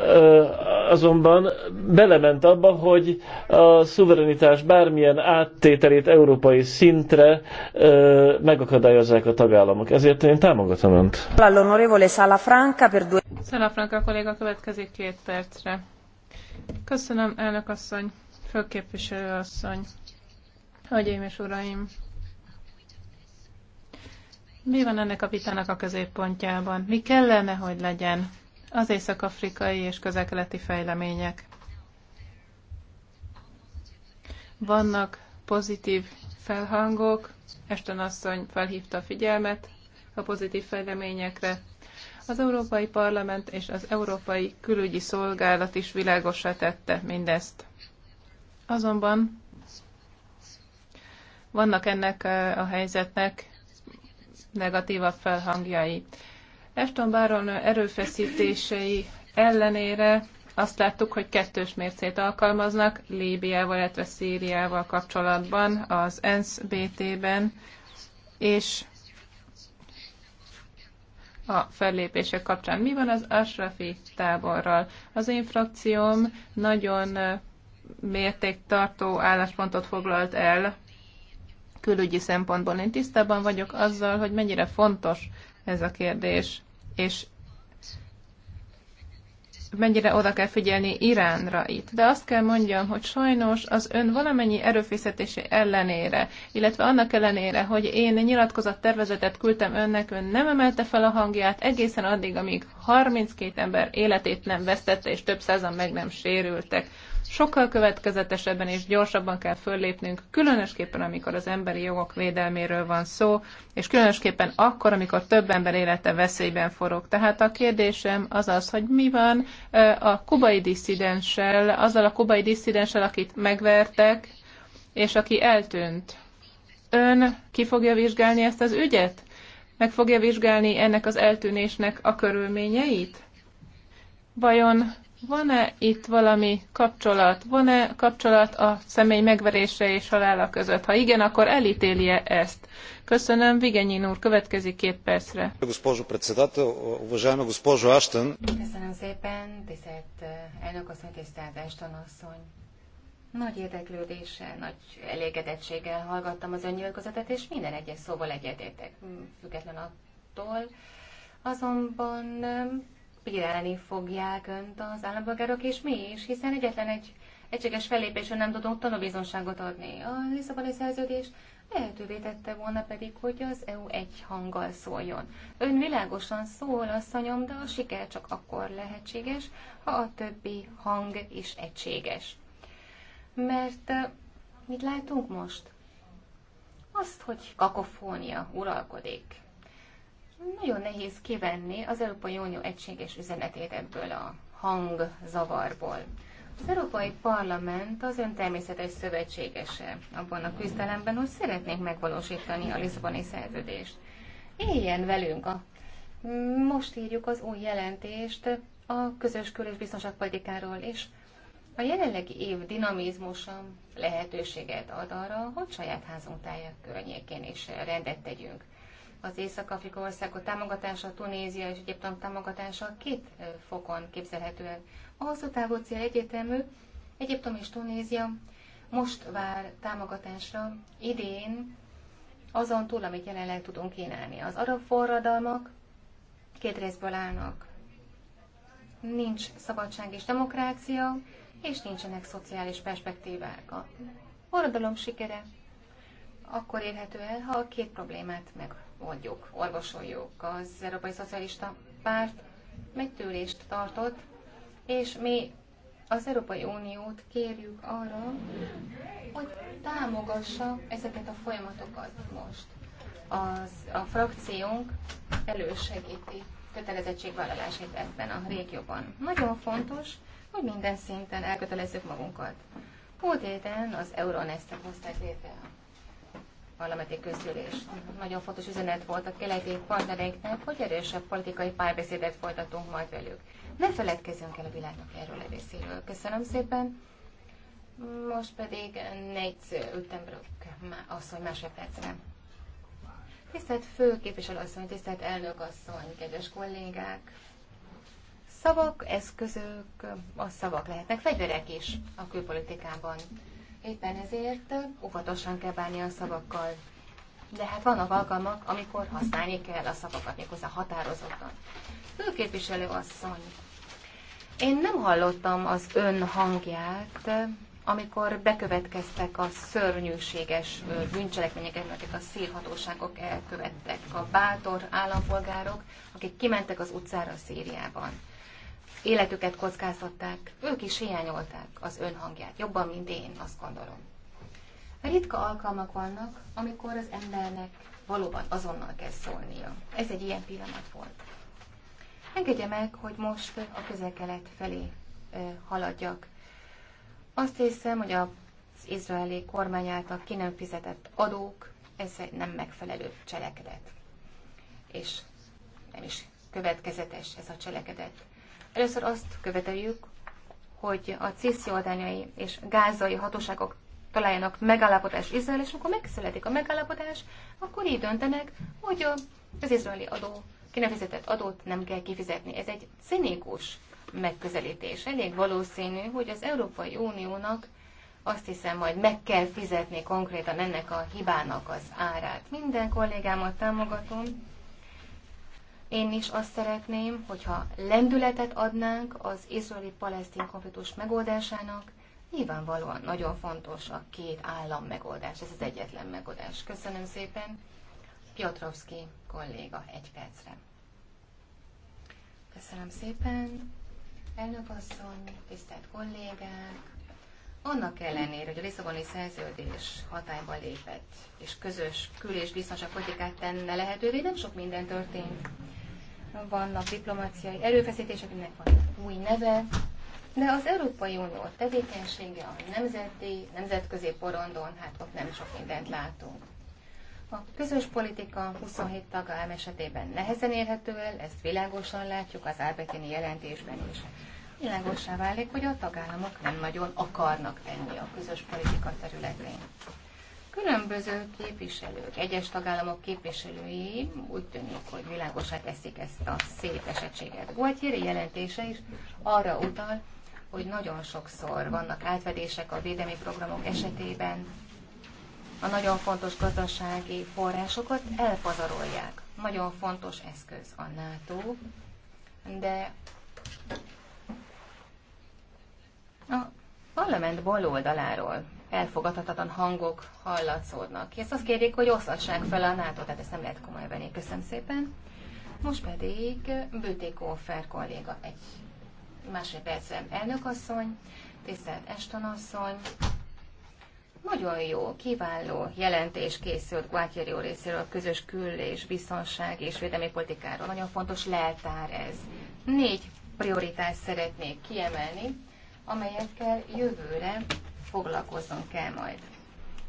[SPEAKER 5] ö, azonban belement abba, hogy a szuverenitás bármilyen áttételét európai szintre ö, megakadályozzák a tagállamok. Ezért én támogatom Önt.
[SPEAKER 3] Salafranca kolléga következik két percre. Köszönöm, elnök asszony, főképviselő asszony, hölgyeim és uraim! Mi van ennek a vitának a középpontjában? Mi kellene, hogy legyen az észak-afrikai és közelkeleti fejlemények? Vannak pozitív felhangok, Esten asszony felhívta a figyelmet a pozitív fejleményekre. Az Európai Parlament és az Európai Külügyi Szolgálat is világosra tette mindezt. Azonban vannak ennek eh, a helyzetnek negatívabb felhangjai. Eston Baron erőfeszítései ellenére azt láttuk, hogy kettős mércét alkalmaznak Líbiával, illetve Szíriával kapcsolatban az ENSZ BT-ben, és a fellépések kapcsán. Mi van az Ashrafi táborral? Az én frakcióm nagyon mértéktartó álláspontot foglalt el külügyi szempontból. Én tisztában vagyok azzal, hogy mennyire fontos ez a kérdés, és mennyire oda kell figyelni Iránra itt. De azt kell mondjam, hogy sajnos az ön valamennyi erőfészetési ellenére, illetve annak ellenére, hogy én nyilatkozat tervezetet küldtem önnek, ön nem emelte fel a hangját egészen addig, amíg 32 ember életét nem vesztette, és több százan meg nem sérültek. Sokkal következetesebben és gyorsabban kell föllépnünk, különösképpen amikor az emberi jogok védelméről van szó, és különösképpen akkor, amikor több ember élete veszélyben forog. Tehát a kérdésem az az, hogy mi van a kubai disszidenssel, azzal a kubai disszidenssel, akit megvertek, és aki eltűnt. Ön ki fogja vizsgálni ezt az ügyet? Meg fogja vizsgálni ennek az eltűnésnek a körülményeit? Vajon van-e itt valami kapcsolat, van-e kapcsolat a személy megverése és halála között? Ha igen, akkor elítéli ezt? Köszönöm, Vigenyin úr, következik két percre.
[SPEAKER 4] Köszönöm
[SPEAKER 1] szépen, tisztelt eh, elnök asszony, tisztelt Ashton asszony. Nagy érdeklődéssel, nagy elégedettséggel hallgattam az önnyilkozatot, és minden egyes szóval egyetértek, független attól. Azonban figyelni fogják önt az állampolgárok, és mi is, hiszen egyetlen egy egységes fellépésön nem tudunk tanúbizonságot adni. A Lisszaboni szerződés lehetővé tette volna pedig, hogy az EU egy hanggal szóljon. Ön világosan szól, asszonyom, de a siker csak akkor lehetséges, ha a többi hang is egységes. Mert eh, mit látunk most? Azt, hogy kakofónia uralkodik. Nagyon nehéz kivenni az Európai Unió egységes üzenetét ebből a hangzavarból. Az Európai Parlament az ön természetes szövetségese abban a küzdelemben, hogy szeretnék megvalósítani a Lisszaboni szerződést. Éljen velünk a most írjuk az új jelentést a közös kül- és biztonságpolitikáról, és a jelenlegi év dinamizmusa lehetőséget ad arra, hogy saját házunk táját környékén is rendet tegyünk az Észak-Afrika országok támogatása, Tunézia és Egyiptom támogatása két fokon képzelhetően. A hosszú távú cél egyértelmű, Egyiptom és Tunézia most vár támogatásra idén azon túl, amit jelenleg tudunk kínálni. Az arab forradalmak két részből állnak. Nincs szabadság és demokrácia, és nincsenek szociális perspektívák. A forradalom sikere akkor érhető el, ha a két problémát meg mondjuk, orvosoljuk az Európai Szocialista Párt megtűrést tartott, és mi az Európai Uniót kérjük arra, hogy támogassa ezeket a folyamatokat most. Az, a frakciónk elősegíti kötelezettségvállalásait ebben a régióban. Nagyon fontos, hogy minden szinten elkötelezzük magunkat. Múlt héten az Euronestet hozták létre parlamenti közgyűlés. Nagyon fontos üzenet volt a keleti partnereinknek, hogy erősebb politikai párbeszédet folytatunk majd velük. Ne feledkezzünk el a világnak erről a részéről. Köszönöm szépen. Most pedig négy Ütenbrück asszony másodpercre. Tisztelt főképviselő asszony, tisztelt elnök asszony, kedves kollégák! Szavak, eszközök, a szavak lehetnek fegyverek is a külpolitikában. Éppen ezért óvatosan kell bánni a szavakkal. De hát vannak alkalmak, amikor használni kell a szavakat, méghozzá határozottan. Főképviselő asszony, én nem hallottam az ön hangját, amikor bekövetkeztek a szörnyűséges bűncselekmények, amiket a szírhatóságok elkövettek, a bátor állampolgárok, akik kimentek az utcára Szíriában életüket kockáztatták, ők is hiányolták az önhangját, jobban, mint én, azt gondolom. Ritka alkalmak vannak, amikor az embernek valóban azonnal kell szólnia. Ez egy ilyen pillanat volt. Engedje meg, hogy most a közel-kelet felé haladjak. Azt hiszem, hogy az izraeli kormány által ki nem fizetett adók, ez egy nem megfelelő cselekedet. És nem is következetes ez a cselekedet. Először azt követeljük, hogy a cisziordániai és gázai hatóságok találjanak megállapodás Izrael, és amikor megszületik a megállapodás, akkor így döntenek, hogy a, az izraeli adó, kinevezetett adót nem kell kifizetni. Ez egy cinikus megközelítés. Elég valószínű, hogy az Európai Uniónak azt hiszem, majd meg kell fizetni konkrétan ennek a hibának az árát. Minden kollégámat támogatom, én is azt szeretném, hogyha lendületet adnánk az izraeli-palesztin konfliktus megoldásának, nyilvánvalóan nagyon fontos a két állam megoldás, ez az egyetlen megoldás. Köszönöm szépen. Piotrowski kolléga, egy percre. Köszönöm szépen. Elnök asszony, tisztelt kollégák! Annak ellenére, hogy a Lisszaboni szerződés hatályba lépett, és közös kül- és biztonságpolitikát tenne lehetővé, nem sok minden történt vannak diplomáciai erőfeszítések, ennek van új neve, de az Európai Unió tevékenysége a nemzeti, nemzetközi porondon, hát ott nem sok mindent látunk. A közös politika 27 tagállam esetében nehezen érhető el, ezt világosan látjuk az árbetini jelentésben is. Világosá válik, hogy a tagállamok nem nagyon akarnak tenni a közös politika területén. Különböző képviselők, egyes tagállamok képviselői úgy tűnik, hogy világosá teszik ezt a szétesettséget. Gualtieri jelentése is arra utal, hogy nagyon sokszor vannak átvedések a védelmi programok esetében, a nagyon fontos gazdasági forrásokat elpazarolják. Nagyon fontos eszköz a NATO, de a parlament bal oldaláról elfogadhatatlan hangok hallatszódnak. Ezt azt kérjék, hogy oszlassák fel a NATO, tehát ezt nem lehet komolyan venni. Köszönöm szépen. Most pedig Kófer kolléga egy másfél percben elnökasszony, tisztelt Estonasszony. Nagyon jó, kiváló jelentés készült Guátyerió részéről a közös kül- és biztonság és védelmi politikáról. Nagyon fontos leltár ez. Négy prioritást szeretnék kiemelni, amelyekkel jövőre foglalkoznunk kell majd.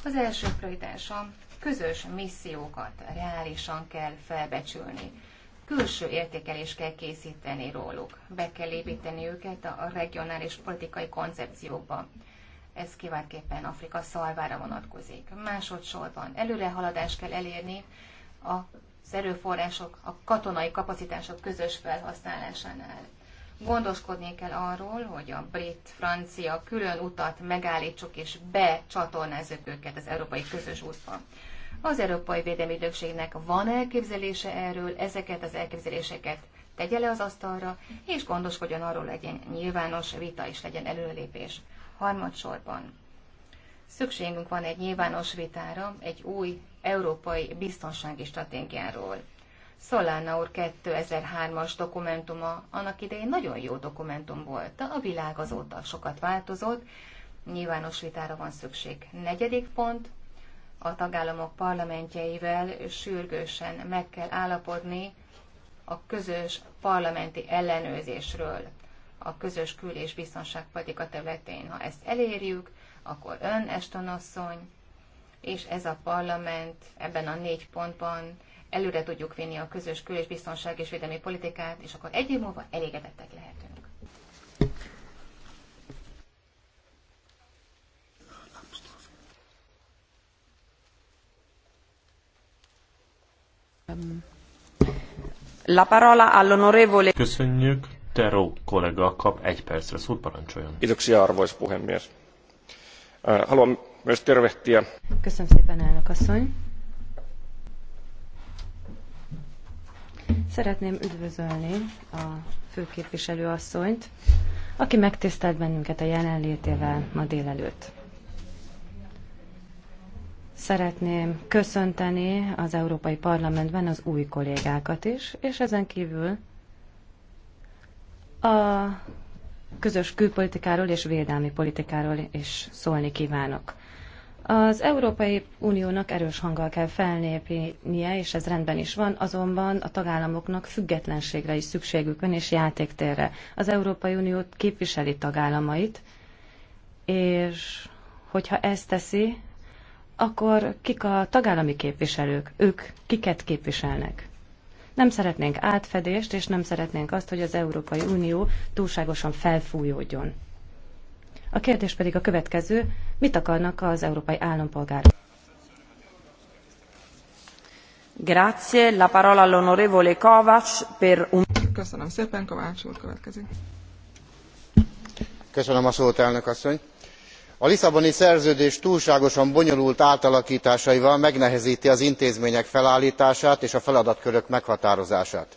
[SPEAKER 1] Az első prioritásom, közös missziókat reálisan kell felbecsülni. Külső értékelés kell készíteni róluk, be kell építeni őket a regionális politikai koncepciókba. Ez kiváltképpen Afrika szalvára vonatkozik. Másodszorban előrehaladás kell elérni a az erőforrások, a katonai kapacitások közös felhasználásánál. Gondoskodni kell arról, hogy a brit-francia külön utat megállítsuk és becsatornázzuk őket az európai közös útba. Az Európai Védelmi Ügynökségnek van elképzelése erről, ezeket az elképzeléseket tegye le az asztalra, és gondoskodjon arról legyen nyilvános vita és legyen előlépés. Harmadsorban szükségünk van egy nyilvános vitára, egy új európai biztonsági stratégiáról. Szolána úr 2003-as dokumentuma annak idején nagyon jó dokumentum volt, de a világ azóta sokat változott, nyilvános vitára van szükség. Negyedik pont, a tagállamok parlamentjeivel sürgősen meg kell állapodni a közös parlamenti ellenőrzésről a közös kül- és biztonságpolitika területén. Ha ezt elérjük, akkor ön, Estonasszony, és ez a parlament ebben a négy pontban előre tudjuk vinni a közös kül- és biztonság és védelmi politikát, és akkor egy év múlva elégedettek lehetünk.
[SPEAKER 7] La parola all'onorevole...
[SPEAKER 6] Köszönjük. Teró kollega kap egy percre szót, parancsoljon. Kiitoksia, arvoisa puhemies. Haluan myös tervehtiä.
[SPEAKER 7] Köszönöm szépen, elnök asszony. Szeretném üdvözölni a főképviselő asszonyt, aki megtisztelt bennünket a jelenlétével ma délelőtt. Szeretném köszönteni az Európai Parlamentben az új kollégákat is, és ezen kívül a közös külpolitikáról és védelmi politikáról is szólni kívánok. Az Európai Uniónak erős hanggal kell felnépnie, és ez rendben is van, azonban a tagállamoknak függetlenségre is szükségük van, és játéktérre. Az Európai Unió képviseli tagállamait, és hogyha ezt teszi, akkor kik a tagállami képviselők? Ők kiket képviselnek? Nem szeretnénk átfedést, és nem szeretnénk azt, hogy az Európai Unió túlságosan felfújódjon. A kérdés pedig a következő, mit akarnak az európai állampolgárok?
[SPEAKER 2] Grazie, la parola all'onorevole Kovács per un... Köszönöm szépen, Kovács úr következik.
[SPEAKER 4] Köszönöm a szót, elnök asszony a lisszaboni szerződés túlságosan bonyolult átalaktásaival megnehezti az intézmények felállítását és a feladatkörök meghatározását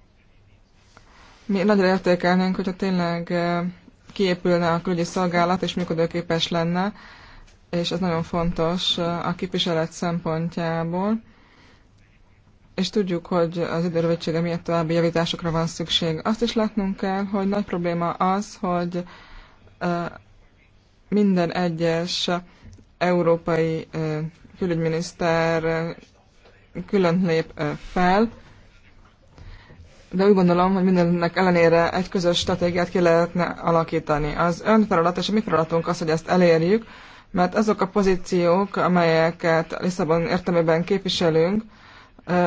[SPEAKER 2] mi nagyra értékelnénk, hogyha tényleg eh, kiépülne a külügyi szolgálat, és működőképes lenne, és ez nagyon fontos eh, a képviselet szempontjából. És tudjuk, hogy az időrövetsége miatt további javításokra van szükség. Azt is látnunk kell, hogy nagy probléma az, hogy eh, minden egyes európai külügyminiszter külön lép fel, de úgy gondolom, hogy mindennek ellenére egy közös stratégiát ki lehetne alakítani. Az ön feladat és a mi feladatunk az, hogy ezt elérjük, mert azok a pozíciók, amelyeket Lisszabon értelmében képviselünk,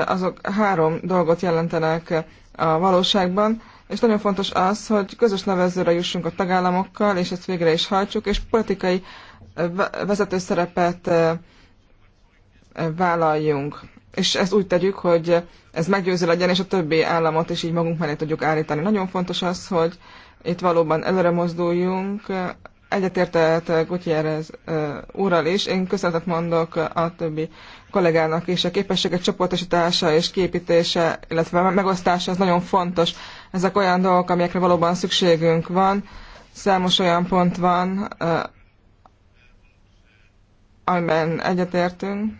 [SPEAKER 2] azok három dolgot jelentenek a valóságban, és nagyon fontos az, hogy közös nevezőre jussunk a tagállamokkal, és ezt végre is hajtsuk, és politikai vezetőszerepet vállaljunk és ezt úgy tegyük, hogy ez meggyőző legyen, és a többi államot is így magunk mellé tudjuk állítani. Nagyon fontos az, hogy itt valóban előre mozduljunk. Egyetértett Gutierrez úrral is. Én köszönetet mondok a többi kollégának is. A képességek csoportosítása és képítése, illetve megosztása, az nagyon fontos. Ezek olyan dolgok, amelyekre valóban szükségünk van. Számos olyan pont van, amiben egyetértünk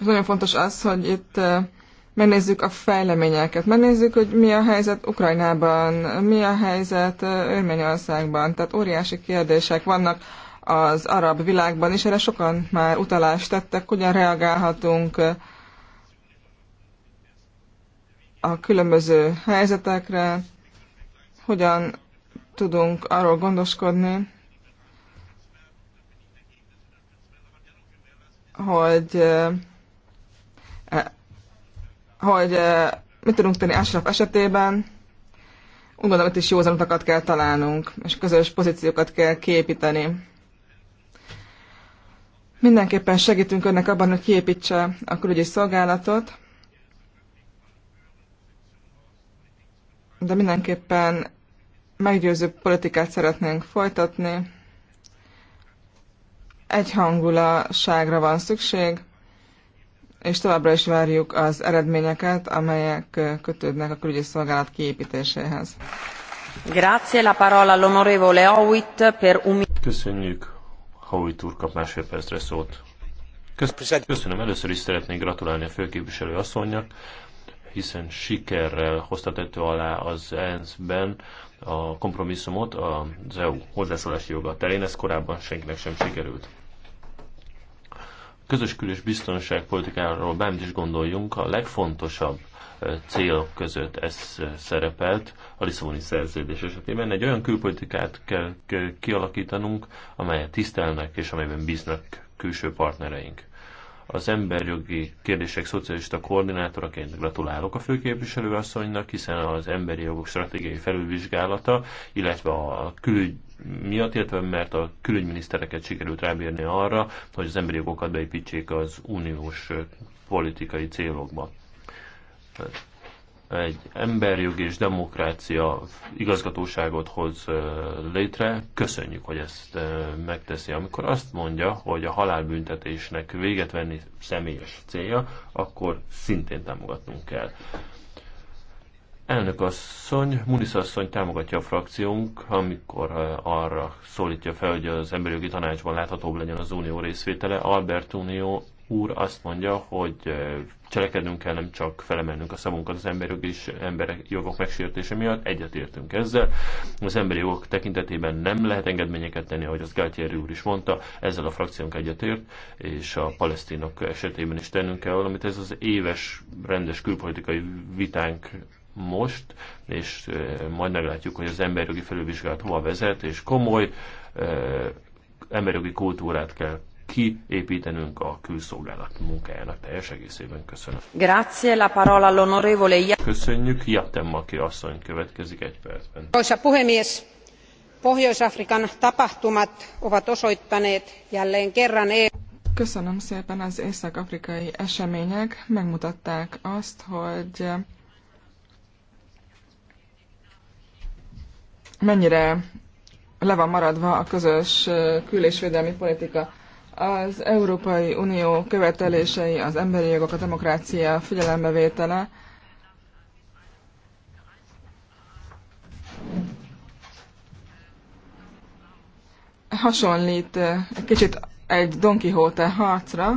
[SPEAKER 2] nagyon fontos az, hogy itt megnézzük a fejleményeket, megnézzük, hogy mi a helyzet Ukrajnában, mi a helyzet Örményországban, tehát óriási kérdések vannak az arab világban, és erre sokan már utalást tettek, hogyan reagálhatunk a különböző helyzetekre, hogyan tudunk arról gondoskodni, hogy hogy mit tudunk tenni Ashraf esetében, úgy gondolom, itt is józan utakat kell találnunk, és közös pozíciókat kell kiépíteni. Mindenképpen segítünk önnek abban, hogy kiépítse a külügyi szolgálatot, de mindenképpen meggyőző politikát szeretnénk folytatni. Egyhangulaságra van szükség és továbbra is várjuk az eredményeket, amelyek kötődnek a külügyi szolgálat kiépítéséhez. Grazie la parola all'onorevole Howitt per umi.
[SPEAKER 6] Köszönjük. Howitt úr kap másfél percre szót. Köszönöm. Először is szeretnék gratulálni a főképviselő asszonynak, hiszen sikerrel hozta tető alá az ENSZ-ben a kompromisszumot az EU hozzászólási joga terén. Ez korábban senkinek sem sikerült közös külös biztonságpolitikáról bármit is gondoljunk, a legfontosabb célok között ez szerepelt a Lisszaboni szerződés esetében. Egy olyan külpolitikát kell kialakítanunk, amelyet tisztelnek és amelyben bíznak külső partnereink. Az emberjogi kérdések szocialista koordinátoraként gratulálok a főképviselőasszonynak, hiszen az emberi jogok stratégiai felülvizsgálata, illetve a külügy miatt, illetve mert a külügyminisztereket sikerült rábírni arra, hogy az emberi jogokat beépítsék az uniós politikai célokba. Egy emberjog és demokrácia igazgatóságot hoz létre. Köszönjük, hogy ezt megteszi. Amikor azt mondja, hogy a halálbüntetésnek véget venni személyes célja, akkor szintén támogatnunk kell. Elnök asszony, Munisz asszony támogatja a frakciónk, amikor arra szólítja fel, hogy az emberi jogi tanácsban láthatóbb legyen az unió részvétele. Albert Unió úr azt mondja, hogy cselekednünk kell, nem csak felemelnünk a szavunkat az emberi jog és emberek jogok megsértése miatt, egyetértünk ezzel. Az emberi jogok tekintetében nem lehet engedményeket tenni, ahogy az Gátyéri úr is mondta, ezzel a frakciónk egyetért, és a palesztinok esetében is tennünk kell valamit. Ez az éves rendes külpolitikai vitánk most, és majd meglátjuk, hogy az emberjogi felülvizsgálat hova vezet, és komoly emberjogi kultúrát kell kiépítenünk a külszolgálat munkájának teljes egészében. Köszönöm.
[SPEAKER 7] Grazie la parola all'onorevole
[SPEAKER 6] Köszönjük, Maki asszony következik egy percben.
[SPEAKER 7] Arvoisa
[SPEAKER 2] puhemies, Pohjois-Afrikan tapahtumat ovat osoittaneet jälleen kerran EU. Köszönöm szépen az észak-afrikai események megmutatták azt, hogy mennyire le van maradva a közös kül- és védelmi politika. Az Európai Unió követelései, az emberi jogok, a demokrácia figyelembevétele hasonlít kicsit egy Don Quixote harcra,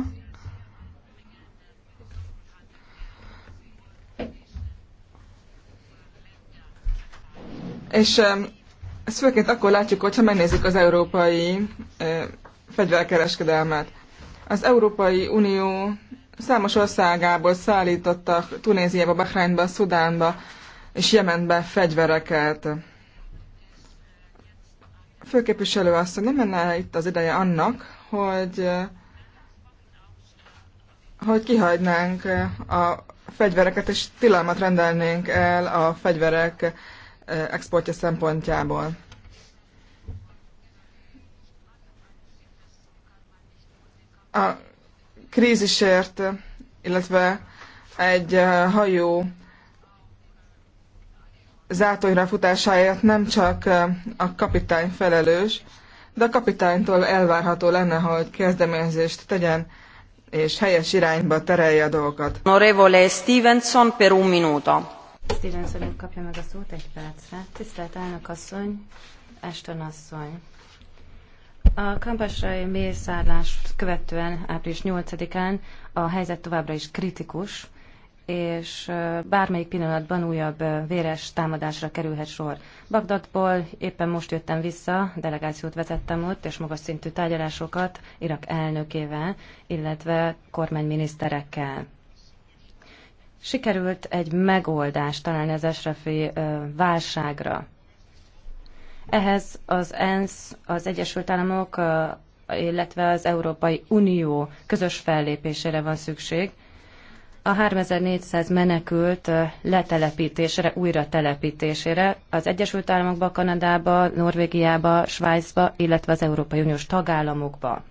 [SPEAKER 2] És ezt főként akkor látjuk, hogyha megnézzük az európai fegyverkereskedelmet. Az Európai Unió számos országából szállítottak Tunéziába, Bahreinba, Szudánba és Jemenbe fegyvereket. Főképviselő azt, hogy nem menne itt az ideje annak, hogy, hogy kihagynánk a fegyvereket, és tilalmat rendelnénk el a fegyverek exportja szempontjából. A krízisért, illetve egy hajó zátonyra futásáért nem csak a kapitány felelős, de a kapitánytól elvárható lenne, hogy kezdeményezést tegyen, és helyes irányba terelje a dolgokat. Honorevole Stevenson per un minuto
[SPEAKER 7] Stevenson úr kapja meg a szót egy percre. Tisztelt elnök asszony, Ashton asszony. A kampasrai mészárlást követően április 8-án a helyzet továbbra is kritikus, és bármelyik pillanatban újabb véres támadásra kerülhet sor. Bagdadból éppen most jöttem vissza, delegációt vezettem ott, és magas szintű tárgyalásokat Irak elnökével, illetve kormányminiszterekkel sikerült egy megoldást találni az esrefi válságra. Ehhez az ENSZ, az Egyesült Államok, illetve az Európai Unió közös fellépésére van szükség. A 3400 menekült letelepítésére, újra telepítésére az Egyesült Államokba, Kanadába, Norvégiába, Svájcba, illetve az Európai Uniós tagállamokba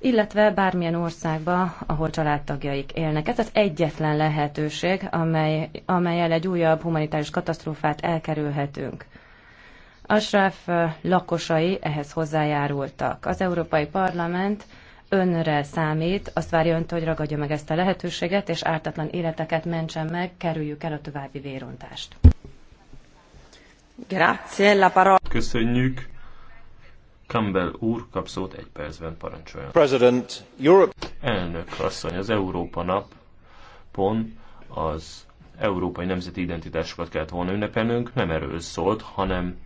[SPEAKER 7] illetve bármilyen országba, ahol családtagjaik élnek. Ez az egyetlen lehetőség, amely, amelyel egy újabb humanitárius katasztrófát elkerülhetünk. Ashraf lakosai ehhez hozzájárultak. Az Európai Parlament önre számít, azt várja önt, hogy ragadja meg ezt a lehetőséget, és ártatlan életeket mentsen meg, kerüljük el a további vérontást.
[SPEAKER 6] Grazie, la parola. Köszönjük. Campbell úr kap szót egy percben parancsoljon. President, Europe... Elnök asszony, az Európa nap, pon az európai nemzeti identitásokat kellett volna ünnepelnünk, nem erről szólt, hanem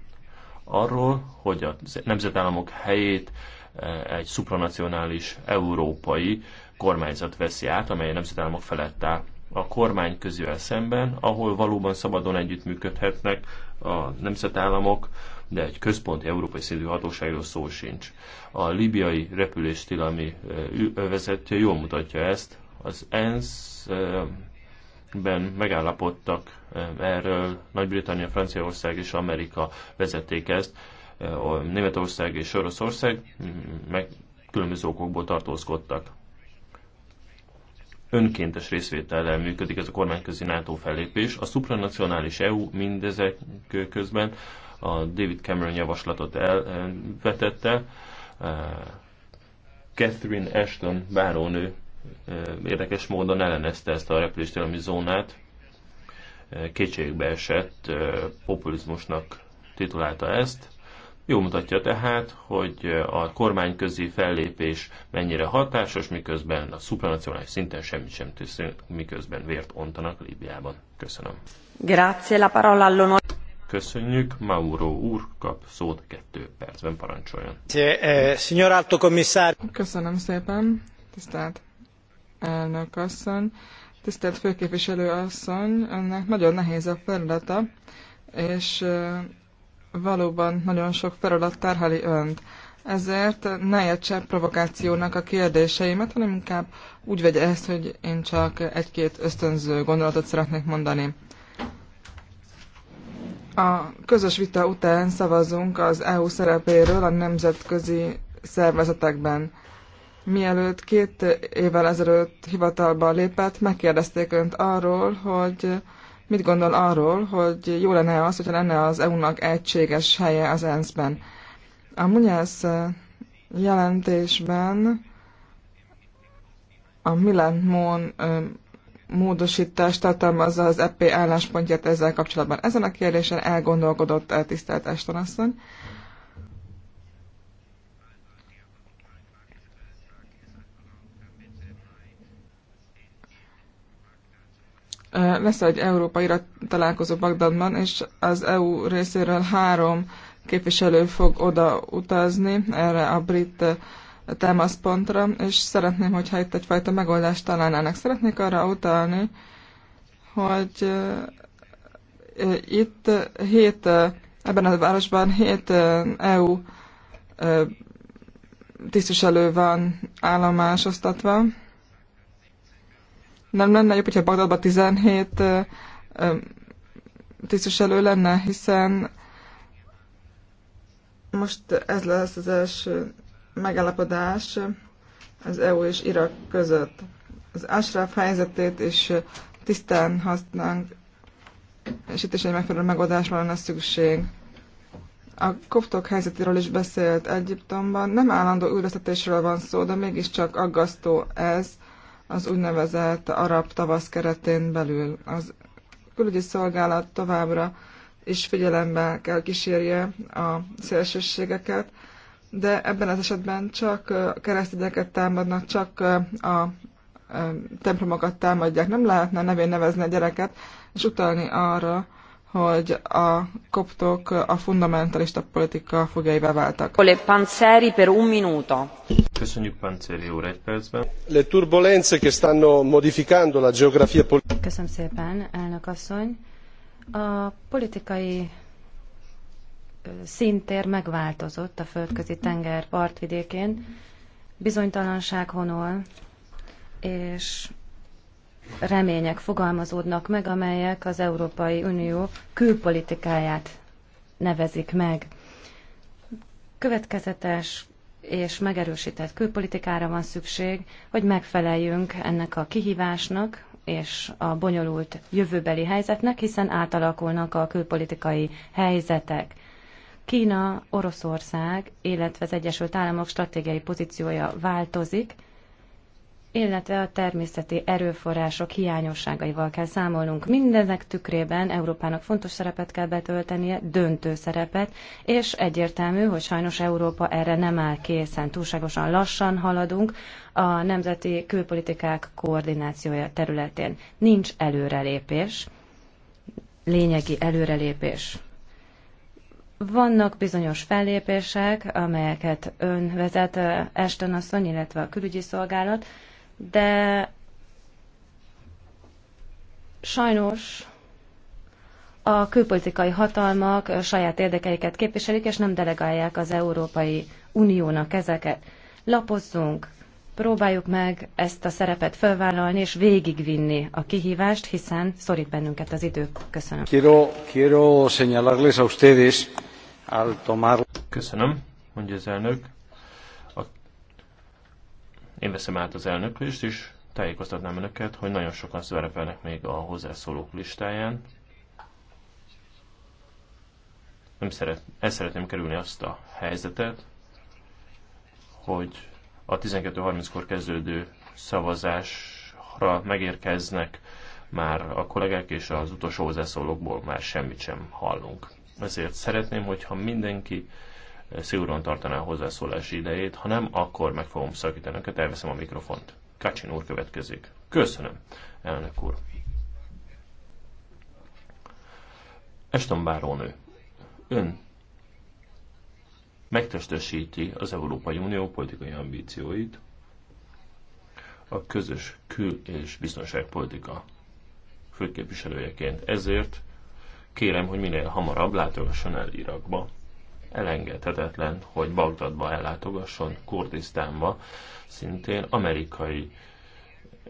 [SPEAKER 6] arról, hogy a nemzetállamok helyét eh, egy supranacionális európai kormányzat veszi át, amely a nemzetállamok felett áll a kormány közül szemben, ahol valóban szabadon együttműködhetnek a nemzetállamok, de egy központi európai szintű hatóságról szó sincs. A libiai repüléstilalmi eh, övezetje jól mutatja ezt. Az ENSZ-ben megállapodtak eh, erről Nagy-Britannia, Franciaország és Amerika vezették ezt. Eh, a Németország és Oroszország mm, meg különböző okokból tartózkodtak önkéntes részvétellel működik ez a kormányközi NATO fellépés. A szupranacionális EU mindezek közben a David Cameron javaslatot elvetette. Catherine Ashton bárónő érdekes módon ellenezte ezt a repülésterelmi zónát, kétségbe esett populizmusnak titulálta ezt. Jó mutatja tehát, hogy a kormányközi fellépés mennyire hatásos, miközben a szupranacionális szinten semmit sem tűzünk, miközben vért ontanak Líbiában. Köszönöm.
[SPEAKER 7] Grazie la parola all'onore.
[SPEAKER 6] Köszönjük. Mauro úr kap szót kettő percben, parancsoljon.
[SPEAKER 2] Eh, eh, signor Alto Commissar. Köszönöm szépen, tisztelt elnök asszony. Tisztelt főképviselő asszony, önnek nagyon nehéz a feladata, és eh, valóban nagyon sok feladat terheli önt. Ezért ne értse provokációnak a kérdéseimet, hanem inkább úgy vegye ezt, hogy én csak egy-két ösztönző gondolatot szeretnék mondani. A közös vita után szavazunk az EU szerepéről a nemzetközi szervezetekben. Mielőtt két évvel ezelőtt hivatalba lépett, megkérdezték önt arról, hogy mit gondol arról, hogy jó lenne az, hogyha lenne az EU-nak egységes helye az ENSZ-ben. A Munyász jelentésben a Milan Mon módosítást tartalmazza az EP álláspontját ezzel kapcsolatban. Ezen a kérdésen elgondolkodott a tisztelt Estonasszony. Lesz egy európai találkozó Bagdadban, és az EU részéről három képviselő fog oda utazni erre a brit uh, támaszpontra, és szeretném, hogyha itt egyfajta megoldást találnának. Szeretnék arra utalni, hogy itt hét, ebben a városban hét EU tisztviselő van állomásosztatva. Nem lenne jobb, hogyha Bagdadban 17 tisztviselő lenne, hiszen most ez lesz az első megállapodás az EU és Irak között. Az Ashraf helyzetét is tisztán használunk, és itt is egy megfelelő megoldásra lenne szükség. A koptok helyzetéről is beszélt Egyiptomban. Nem állandó üldöztetésről van szó, de mégiscsak aggasztó ez az úgynevezett arab tavasz keretén belül. Az külügyi szolgálat továbbra is figyelembe kell kísérje a szélsőségeket, de ebben az esetben csak keresztényeket támadnak, csak a templomokat támadják. Nem lehetne nevén nevezni a gyereket, és utalni arra, hogy a koptok a fundamentalista politika fogjaivá váltak. Panzeri per un minuto.
[SPEAKER 6] Köszönjük
[SPEAKER 4] Panzeri úr egy percben. Le turbulenze che stanno modificando la geografia
[SPEAKER 6] politica.
[SPEAKER 7] Köszönöm szépen, elnök asszony. A politikai szintér megváltozott a földközi tenger partvidékén. Bizonytalanság honol, és remények fogalmazódnak meg, amelyek az Európai Unió külpolitikáját nevezik meg. Következetes és megerősített külpolitikára van szükség, hogy megfeleljünk ennek a kihívásnak és a bonyolult jövőbeli helyzetnek, hiszen átalakulnak a külpolitikai helyzetek. Kína, Oroszország, illetve az Egyesült Államok stratégiai pozíciója változik, illetve a természeti erőforrások hiányosságaival kell számolnunk. Mindezek tükrében Európának fontos szerepet kell betöltenie, döntő szerepet, és egyértelmű, hogy sajnos Európa erre nem áll készen. Túlságosan lassan haladunk a nemzeti külpolitikák koordinációja területén. Nincs előrelépés, lényegi előrelépés. Vannak bizonyos fellépések, amelyeket ön vezet, eh, Ashton asszony, illetve a külügyi szolgálat, de sajnos a külpolitikai hatalmak saját érdekeiket képviselik, és nem delegálják az Európai Uniónak ezeket. Lapozzunk, próbáljuk meg ezt a szerepet felvállalni és végigvinni a kihívást, hiszen szorít bennünket az idő. Köszönöm.
[SPEAKER 4] Quiero, quiero señalarles a ustedes Köszönöm, mondja az elnök. A...
[SPEAKER 6] Én veszem át az elnöklést, és tájékoztatnám önöket, hogy nagyon sokan szerepelnek még a hozzászólók listáján. Nem szeret, el szeretném kerülni azt a helyzetet, hogy a 12.30-kor kezdődő szavazásra megérkeznek már a kollégák, és az utolsó hozzászólókból már semmit sem hallunk. Ezért szeretném, hogyha mindenki eh, szigorúan tartaná a hozzászólási idejét, ha nem, akkor meg fogom szakítani őket, elveszem a mikrofont. Kacsin úr következik. Köszönöm, elnök úr. Eston Bárónő, ön megtestesíti az Európai Unió politikai ambícióit, a közös kül- és biztonságpolitika főképviselőjeként. Ezért kérem, hogy minél hamarabb látogasson el Irakba. Elengedhetetlen, hogy Bagdadba ellátogasson, Kurdisztánba, szintén amerikai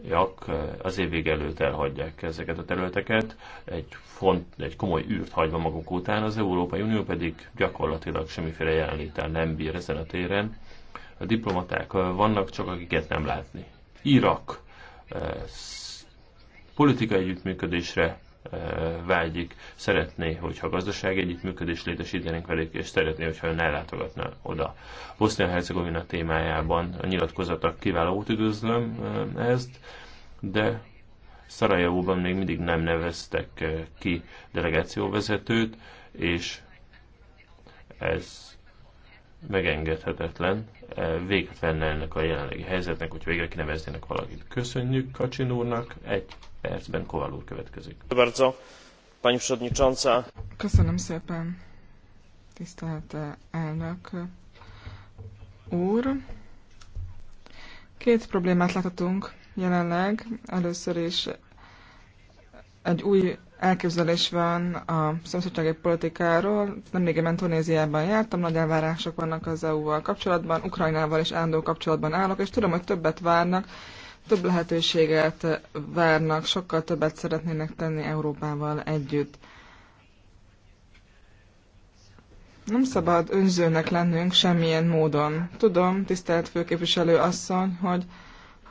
[SPEAKER 6] jak eh, az év előtt elhagyják ezeket a területeket, egy, font, egy komoly űrt hagyva maguk után, az Európai Unió pedig gyakorlatilag semmiféle jelenlétel nem bír ezen a téren. A diplomaták eh, vannak, csak akiket nem látni. Irak eh, politikai együttműködésre vágyik, szeretné, hogyha gazdasági együttműködés létesítenénk velük, és szeretné, hogyha ön ellátogatna oda. Bosznia-Hercegovina témájában a nyilatkozatok kiváló út üdvözlöm ezt, de Szarajevóban még mindig nem neveztek ki delegációvezetőt, és ez megengedhetetlen, e, véget venne ennek a jelenlegi helyzetnek, hogy végre kineveznének valakit. Köszönjük Kacsin úrnak, egy percben Kovál úr következik.
[SPEAKER 2] Köszönöm szépen, tisztelt e, elnök úr. Két problémát láthatunk jelenleg. Először is egy új elképzelés van a szomszédsági politikáról. Nemrégiben Tunéziában jártam, nagy elvárások vannak az EU-val kapcsolatban, Ukrajnával is állandó kapcsolatban állok, és tudom, hogy többet várnak, több lehetőséget várnak, sokkal többet szeretnének tenni Európával együtt. Nem szabad önzőnek lennünk semmilyen módon. Tudom, tisztelt főképviselő asszony, hogy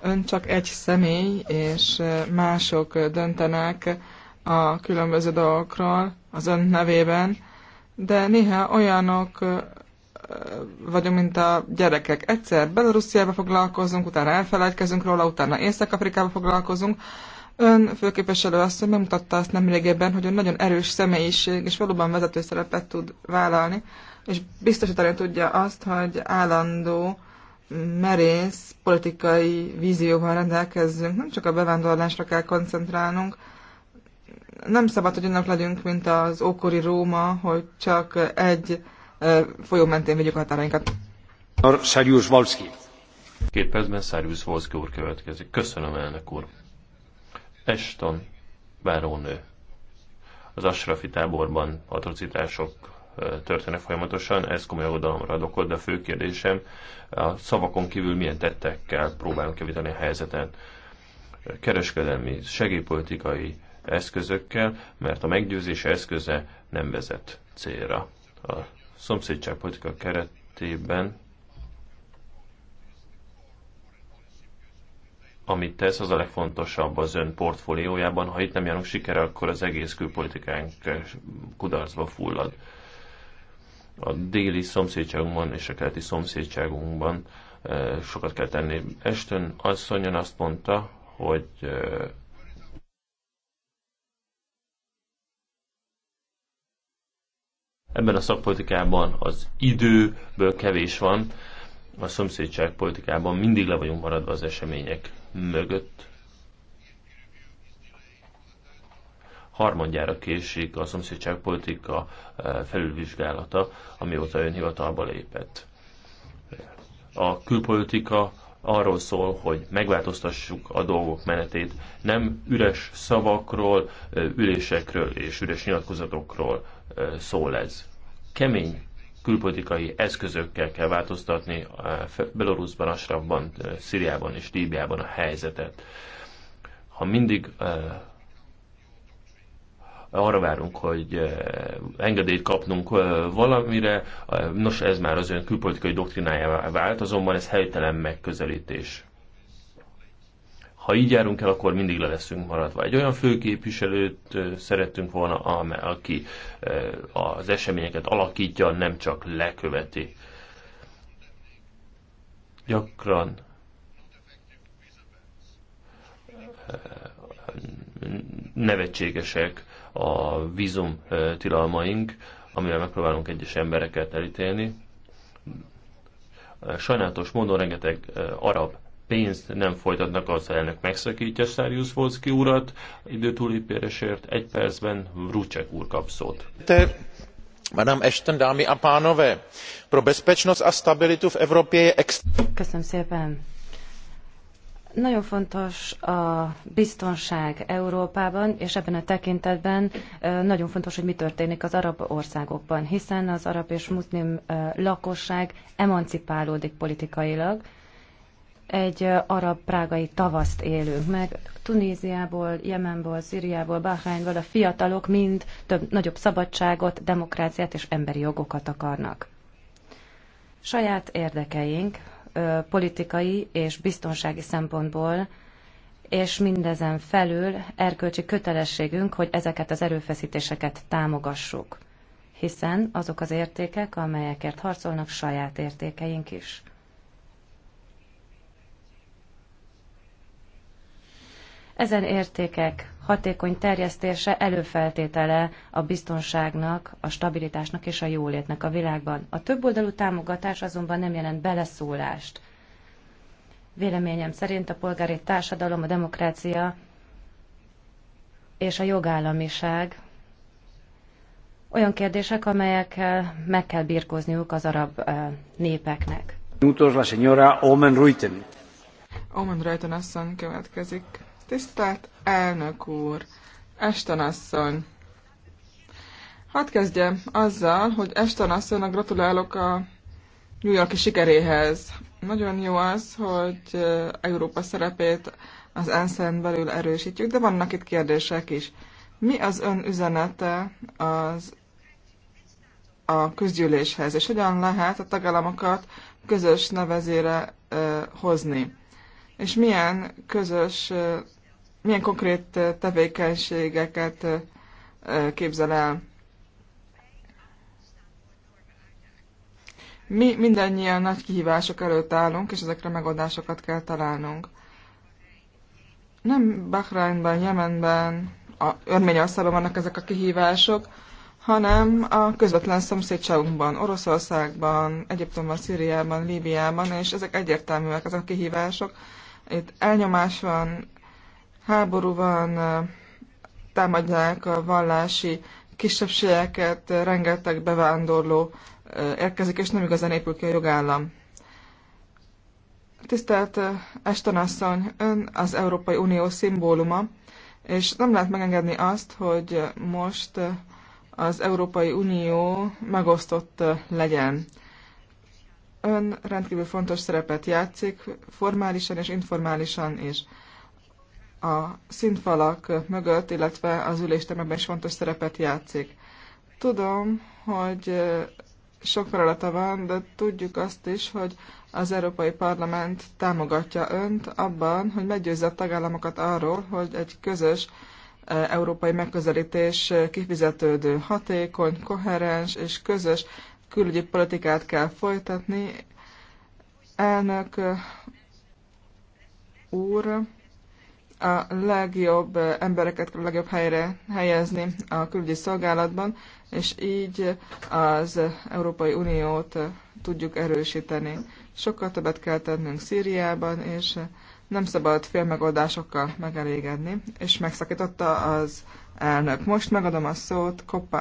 [SPEAKER 2] ön csak egy személy, és mások döntenek, a különböző dolgokról az ön nevében, de néha olyanok vagyunk, mint a gyerekek. Egyszer Belarusziába foglalkozunk, utána elfelejtkezünk róla, utána Észak-Afrikába foglalkozunk. Ön főképviselő hogy megmutatta azt nemrégében, hogy ön nagyon erős személyiség, és valóban vezető szerepet tud vállalni, és biztosítani tudja azt, hogy állandó, merész politikai vízióval rendelkezzünk. Nem csak a bevándorlásra kell koncentrálnunk, nem szabad, hogy önök legyünk, mint az ókori Róma, hogy csak egy folyó mentén vegyük a határainkat.
[SPEAKER 4] Szerjus Valszki.
[SPEAKER 6] Két percben Szerjus Valszki úr következik. Köszönöm, elnök úr. Eston, bárónő. Az Asrafi táborban atrocitások történnek folyamatosan, ez komoly aggodalomra ad okot, de a fő kérdésem a szavakon kívül milyen tettekkel próbálunk javítani a helyzeten. Kereskedelmi, segélypolitikai, eszközökkel, mert a meggyőzés eszköze nem vezet célra. A szomszédságpolitika keretében amit tesz, az a legfontosabb az ön portfóliójában. Ha itt nem járunk sikere, akkor az egész külpolitikánk kudarcba fullad. A déli szomszédságunkban és a keleti szomszédságunkban eh, sokat kell tenni. Estön asszonyon azt mondta, hogy eh, Ebben a szakpolitikában az időből kevés van, a szomszédság politikában mindig le vagyunk maradva az események mögött. Harmadjára késik a szomszédság politika eh, felülvizsgálata, amióta ön hivatalba lépett. A külpolitika arról szól, hogy megváltoztassuk a dolgok menetét. Nem üres szavakról, eh, ülésekről és üres nyilatkozatokról szól ez. Kemény külpolitikai eszközökkel kell változtatni Belarusban, Asrabban, Szíriában és Líbiában a helyzetet. Ha mindig arra várunk, hogy engedélyt kapnunk valamire, nos ez már az ön külpolitikai doktrinájává vált, azonban ez helytelen megközelítés ha így járunk el, akkor mindig le leszünk maradva. Egy olyan főképviselőt szerettünk volna, aki az eseményeket alakítja, nem csak leköveti. Gyakran nevetségesek a vízum tilalmaink, amivel megpróbálunk egyes embereket elítélni. Sajnálatos módon rengeteg arab pénzt nem folytatnak, az elnök megszakítja Szárius Volszki urat, időtúlépérésért egy percben Rucsek úr kap szót. Te... Madame Ashton, dámy a pánové, pro bezpečnost a stabilitu v Evropě je Köszönöm szépen.
[SPEAKER 7] Nagyon fontos a biztonság Európában, és ebben a tekintetben nagyon fontos, hogy mi történik az arab országokban, hiszen az arab és muszlim lakosság emancipálódik politikailag, egy arab-prágai tavaszt élünk meg. Tunéziából, Jemenből, Szíriából, Bahrányból a fiatalok mind több, nagyobb szabadságot, demokráciát és emberi jogokat akarnak. Saját érdekeink politikai és biztonsági szempontból és mindezen felül erkölcsi kötelességünk, hogy ezeket az erőfeszítéseket támogassuk, hiszen azok az értékek, amelyekért harcolnak, saját értékeink is. Ezen értékek hatékony terjesztése előfeltétele a biztonságnak, a stabilitásnak és a jólétnek a világban. A többoldalú támogatás azonban nem jelent beleszólást. Véleményem szerint a polgári társadalom, a demokrácia és a jogállamiság olyan kérdések, amelyekkel meg kell birkózniuk az arab népeknek.
[SPEAKER 4] Omen Ruiten.
[SPEAKER 2] asszony következik Tisztelt elnök úr, Esten asszony. Hadd kezdjem azzal, hogy Esten asszonynak gratulálok a New Yorki sikeréhez. Nagyon jó az, hogy Európa szerepét az ensz belül erősítjük, de vannak itt kérdések is. Mi az ön üzenete az a közgyűléshez, és hogyan lehet a tagállamokat közös nevezére ö, hozni? És milyen közös milyen konkrét tevékenységeket képzel el? Mi mindannyian nagy kihívások előtt állunk, és ezekre megoldásokat kell találnunk. Nem Bahreinben, Jemenben, a Örményországban vannak ezek a kihívások, hanem a közvetlen szomszédságunkban, Oroszországban, Egyiptomban, Szíriában, Líbiában, és ezek egyértelműek, ezek a kihívások. Itt elnyomás van, háborúban támadják a vallási kisebbségeket, rengeteg bevándorló érkezik, és nem igazán épül ki a jogállam. Tisztelt Estonasszony, ön az Európai Unió szimbóluma, és nem lehet megengedni azt, hogy most az Európai Unió megosztott legyen. Ön rendkívül fontos szerepet játszik, formálisan és informálisan is a szintfalak mögött, illetve az üléstemben is fontos szerepet játszik. Tudom, hogy sok feladata van, de tudjuk azt is, hogy az Európai Parlament támogatja önt abban, hogy meggyőzze a tagállamokat arról, hogy egy közös európai megközelítés kifizetődő, hatékony, koherens és közös külügyi politikát kell folytatni. Elnök úr, a legjobb embereket kell a legjobb helyre helyezni a külügyi szolgálatban, és így az Európai Uniót tudjuk erősíteni. Sokkal többet kell tennünk Szíriában, és nem szabad félmegoldásokkal megelégedni, és megszakította az elnök. Most megadom a szót Koppa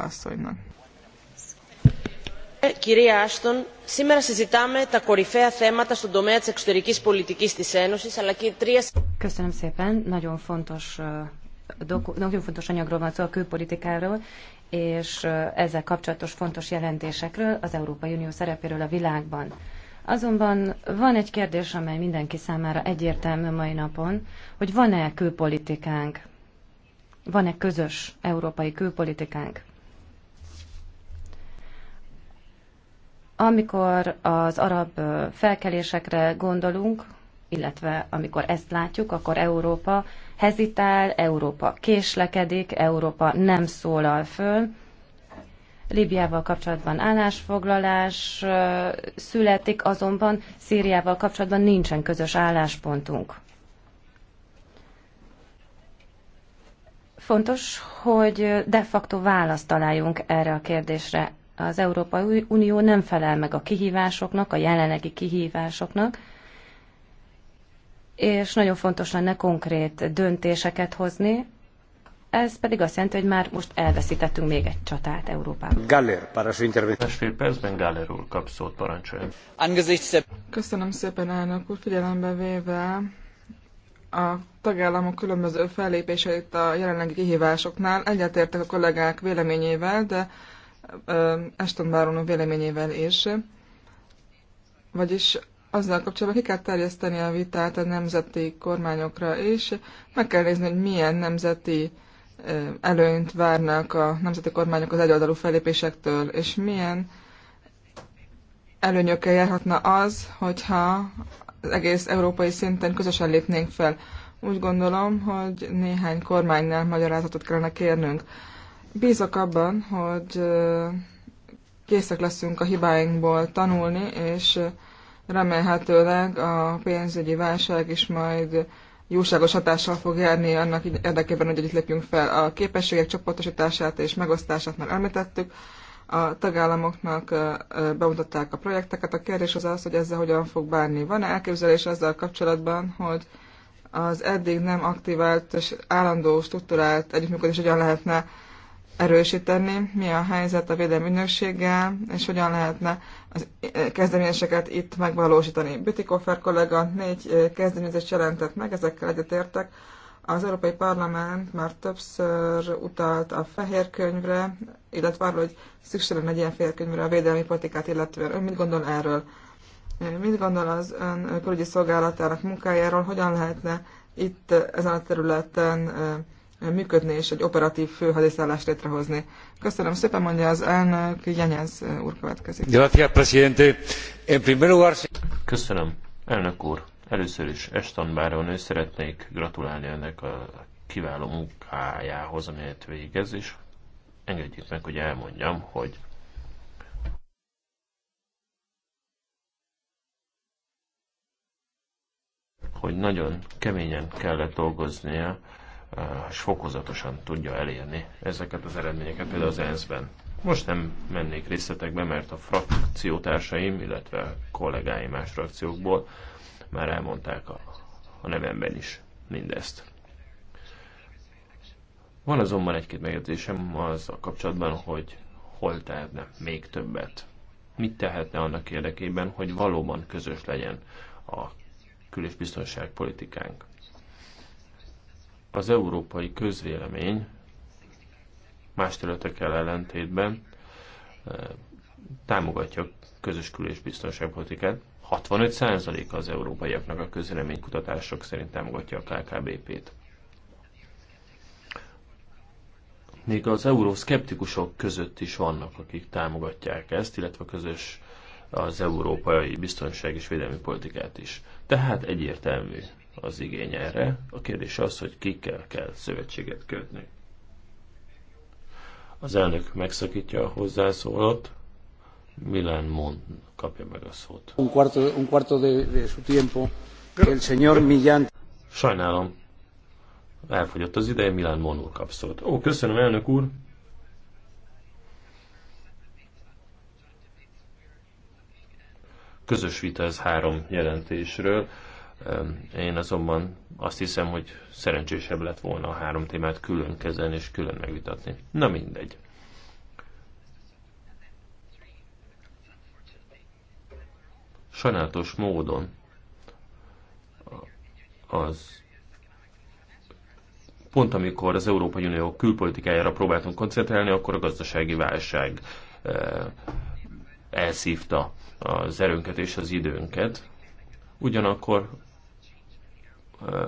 [SPEAKER 2] Κυρία Άστον, σήμερα συζητάμε τα κορυφαία θέματα στον τομέα της εξωτερικής πολιτικής της Ένωσης, αλλά και τρία...
[SPEAKER 7] Köszönöm szépen, nagyon fontos, nagyon fontos anyagról van szó a külpolitikáról, és ezzel kapcsolatos fontos jelentésekről az Európai Unió szerepéről a világban. Azonban van egy kérdés, amely mindenki számára egyértelmű mai napon, hogy van-e külpolitikánk? Van-e közös európai külpolitikánk? Amikor az arab felkelésekre gondolunk, illetve amikor ezt látjuk, akkor Európa hezitál, Európa késlekedik, Európa nem szólal föl. Libiával kapcsolatban állásfoglalás születik, azonban Szíriával kapcsolatban nincsen közös álláspontunk. Fontos, hogy de facto választ találjunk erre a kérdésre az Európai Unió nem felel meg a kihívásoknak, a jelenlegi kihívásoknak, és nagyon fontos lenne konkrét döntéseket hozni, ez pedig azt jelenti, hogy már most elveszítettünk még egy csatát Európában.
[SPEAKER 6] Galler, para su intervención. Másfél percben Galler úr kap szót, parancsoljon.
[SPEAKER 2] Köszönöm szépen, elnök úr, figyelembe véve a tagállamok különböző fellépéseit a jelenlegi kihívásoknál. Egyetértek a kollégák véleményével, de Aston Baron véleményével is. Vagyis azzal kapcsolatban ki kell terjeszteni a vitát a nemzeti kormányokra, és meg kell nézni, hogy milyen nemzeti előnyt várnak a nemzeti kormányok az egyoldalú felépésektől és milyen előnyökkel járhatna az, hogyha az egész európai szinten közösen lépnénk fel. Úgy gondolom, hogy néhány kormánynál magyarázatot kellene kérnünk. Bízok abban, hogy készek leszünk a hibáinkból tanulni, és remélhetőleg a pénzügyi válság is majd jóságos hatással fog járni annak érdekében, hogy együtt lépjünk fel. A képességek csoportosítását és megosztását már említettük, a tagállamoknak bemutatták a projekteket. A kérdés az az, hogy ezzel hogyan fog bánni. Van-e elképzelés azzal kapcsolatban, hogy az eddig nem aktivált és állandó struktúrált együttműködés hogyan lehetne erősíteni, mi a helyzet a védelmi ügynökséggel, és hogyan lehetne az eh, kezdeményezéseket itt megvalósítani. Bütikofer kollega négy eh, kezdeményezést jelentett meg, ezekkel egyetértek. Az Európai Parlament már többször utalt a fehér könyvre, illetve arra, hogy szükség lenne egy ilyen fehér könyvre a védelmi politikát, illetve ön mit gondol erről? Mit gondol az ön külügyi szolgálatának munkájáról, hogyan lehetne itt eh, ezen a területen működni, és egy operatív főhadiszállást létrehozni. Köszönöm szépen, mondja az elnök, Jenyez úr következik.
[SPEAKER 6] Köszönöm, elnök úr. Először is Eston Báron, ő szeretnék gratulálni ennek a kiváló munkájához, amelyet végez, és engedjék meg, hogy elmondjam, hogy hogy nagyon keményen kellett dolgoznia Eh, és fokozatosan tudja elérni ezeket az eredményeket, például az ENSZ-ben. Most nem mennék részletekbe, mert a frakciótársaim, illetve a kollégáim más frakciókból már elmondták a, a nevemben is mindezt. Van azonban egy-két megjegyzésem az a kapcsolatban, hogy hol tehetne még többet. Mit tehetne annak érdekében, hogy valóban közös legyen a kül- és biztonságpolitikánk az európai közvélemény más területekkel ellentétben eh, támogatja a közös kül- és biztonságpolitikát. 65% az európaiaknak a közvéleménykutatások szerint támogatja a KKBP-t. Még az euroszkeptikusok között is vannak, akik támogatják ezt, illetve a közös az európai biztonság és védelmi politikát is. Tehát egyértelmű az igény erre. A kérdés az, hogy kikkel kell szövetséget kötni. Az elnök megszakítja a hozzászólót. Milán Mon kapja meg a szót.
[SPEAKER 4] Un cuarto, un cuarto de, de su tiempo. El señor Millán.
[SPEAKER 6] Sajnálom. Elfogyott az ideje, Milán Mon úr kap szót. Ó, köszönöm, elnök úr. Közös vita ez három jelentésről. Én azonban azt hiszem, hogy szerencsésebb lett volna a három témát külön kezelni és külön megvitatni. Na mindegy. Sajnálatos módon az pont amikor az Európai Unió külpolitikájára próbáltunk koncentrálni, akkor a gazdasági válság elszívta az erőnket és az időnket. Ugyanakkor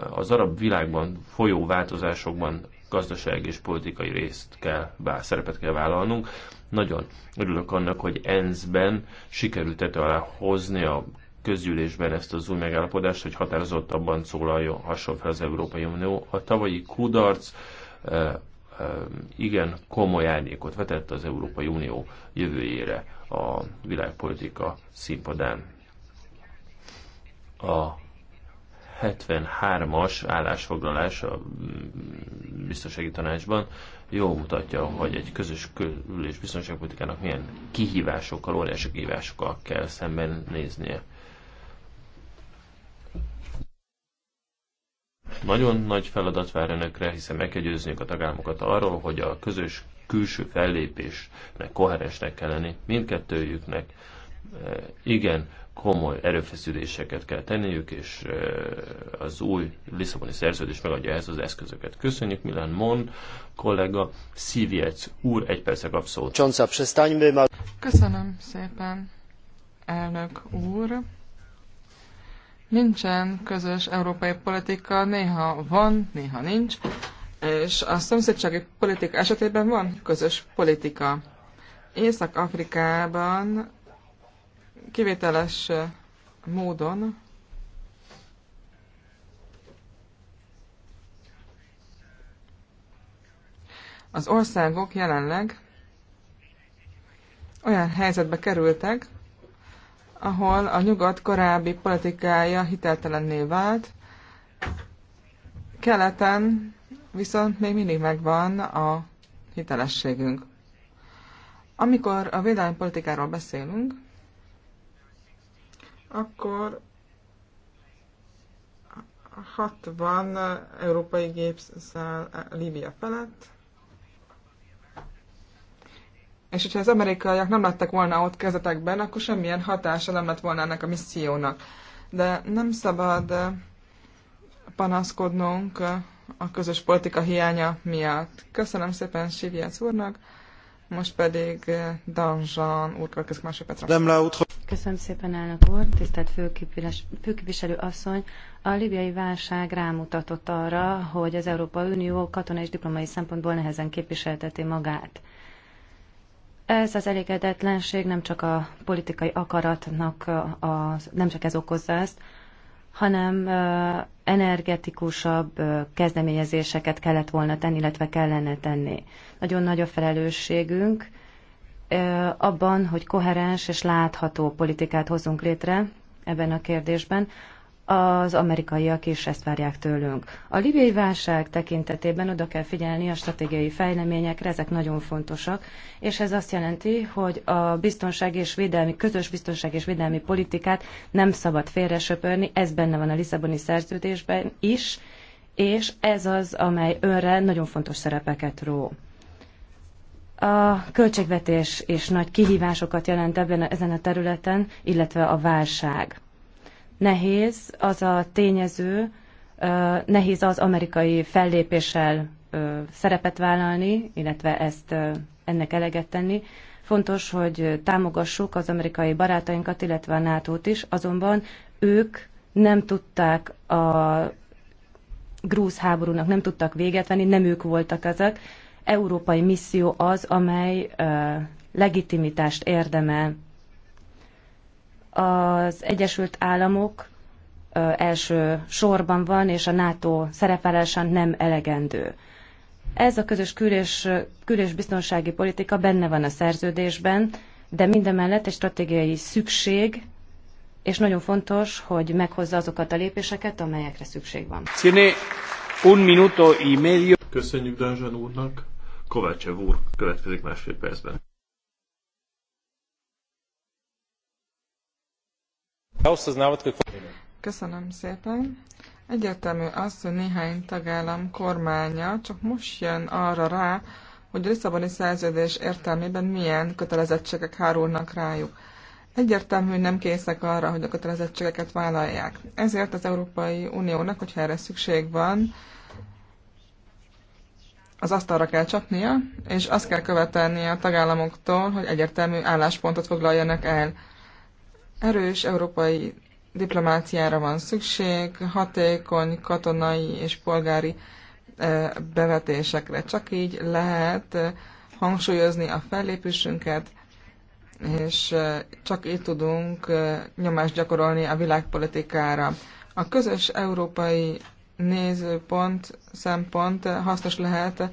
[SPEAKER 6] az arab világban folyó változásokban gazdaság és politikai részt kell, bár szerepet kell vállalnunk. Nagyon örülök annak, hogy ENSZ-ben sikerült tető alá hozni a közgyűlésben ezt az új megállapodást, hogy határozottabban szólaljon hasonló fel az Európai Unió. A tavalyi kudarc igen komoly árnyékot vetett az Európai Unió jövőjére a világpolitika színpadán. A 73-as állásfoglalás a mm, biztonsági tanácsban jól mutatja, hogy egy közös külülés biztonságpolitikának milyen kihívásokkal, óriási kihívásokkal kell szemben néznie. Nagyon nagy feladat vár önökre, hiszen meg kell győzniük a tagállamokat arról, hogy a közös külső fellépésnek koherensnek kell lenni mindkettőjüknek. E, igen, komoly erőfeszüléseket kell tenniük, és az új Lisszaboni szerződés megadja ezt az eszközöket. Köszönjük, Milan Mon, kollega, Szívjec úr, egy percre kap szót.
[SPEAKER 2] Köszönöm szépen, elnök úr. Nincsen közös európai politika, néha van, néha nincs, és a szomszédsági politika esetében van közös politika. Észak-Afrikában kivételes módon az országok jelenleg olyan helyzetbe kerültek, ahol a nyugat korábbi politikája hiteltelenné vált, keleten viszont még mindig megvan a hitelességünk. Amikor a védelmi politikáról beszélünk, akkor 60 európai gép száll eh, Líbia felett. És hogyha az amerikaiak nem lettek volna ott kezetekben, akkor semmilyen hatása nem lett volna ennek a missziónak. De nem szabad eh, panaszkodnunk eh, a közös politika hiánya miatt. Köszönöm szépen Siviac úrnak, most pedig Danzsan úrkal köszönöm másodpercre. Köszönöm szépen, elnök úr, tisztelt főképviselő asszony. A
[SPEAKER 7] libiai válság rámutatott arra, hogy az európai Unió katonai és diplomai szempontból nehezen képviselteti magát. Ez az elégedetlenség nem csak a politikai akaratnak, a, nem csak ez okozza ezt, hanem energetikusabb kezdeményezéseket kellett volna tenni, illetve kellene tenni. Nagyon nagy a felelősségünk, abban, hogy koherens és látható politikát hozunk létre ebben a kérdésben, az amerikaiak is ezt várják tőlünk. A libiai válság tekintetében oda kell figyelni a stratégiai fejleményekre, ezek nagyon fontosak, és ez azt jelenti, hogy a biztonság és védelmi, közös biztonság és védelmi politikát nem szabad félresöpörni, ez benne van a Lisszaboni szerződésben is, és ez az, amely önre nagyon fontos szerepeket ró. A költségvetés és nagy kihívásokat jelent ebben, ezen a területen, illetve a válság. Nehéz az a tényező, nehéz az amerikai fellépéssel szerepet vállalni, illetve ezt ennek eleget tenni. Fontos, hogy támogassuk az amerikai barátainkat, illetve a nato is, azonban ők nem tudták a grúz háborúnak, nem tudtak véget venni, nem ők voltak ezek, európai misszió az, amely legitimitást érdemel. Az Egyesült Államok első sorban van, és a NATO szerepelésen nem elegendő. Ez a közös külés, külés biztonsági politika benne van a szerződésben, de mindemellett egy stratégiai szükség, és nagyon fontos, hogy meghozza azokat a lépéseket, amelyekre szükség van.
[SPEAKER 6] un minuto medio. Köszönjük Dázsán úrnak. Kovácsev úr következik másfél percben.
[SPEAKER 2] Köszönöm szépen. Egyértelmű az, hogy néhány tagállam kormánya csak most jön arra rá, hogy a Lisszaboni szerződés értelmében milyen kötelezettségek hárulnak rájuk. Egyértelmű nem készek arra, hogy a kötelezettségeket vállalják. Ezért az Európai Uniónak, hogyha erre szükség van, az asztalra kell csapnia, és azt kell követelnie a tagállamoktól, hogy egyértelmű álláspontot foglaljanak el. Erős európai diplomáciára van szükség, hatékony katonai és polgári e, bevetésekre. Csak így lehet e, hangsúlyozni a fellépésünket, és e, csak így tudunk nyomást gyakorolni a világpolitikára. A közös európai nézőpont, szempont hasznos lehet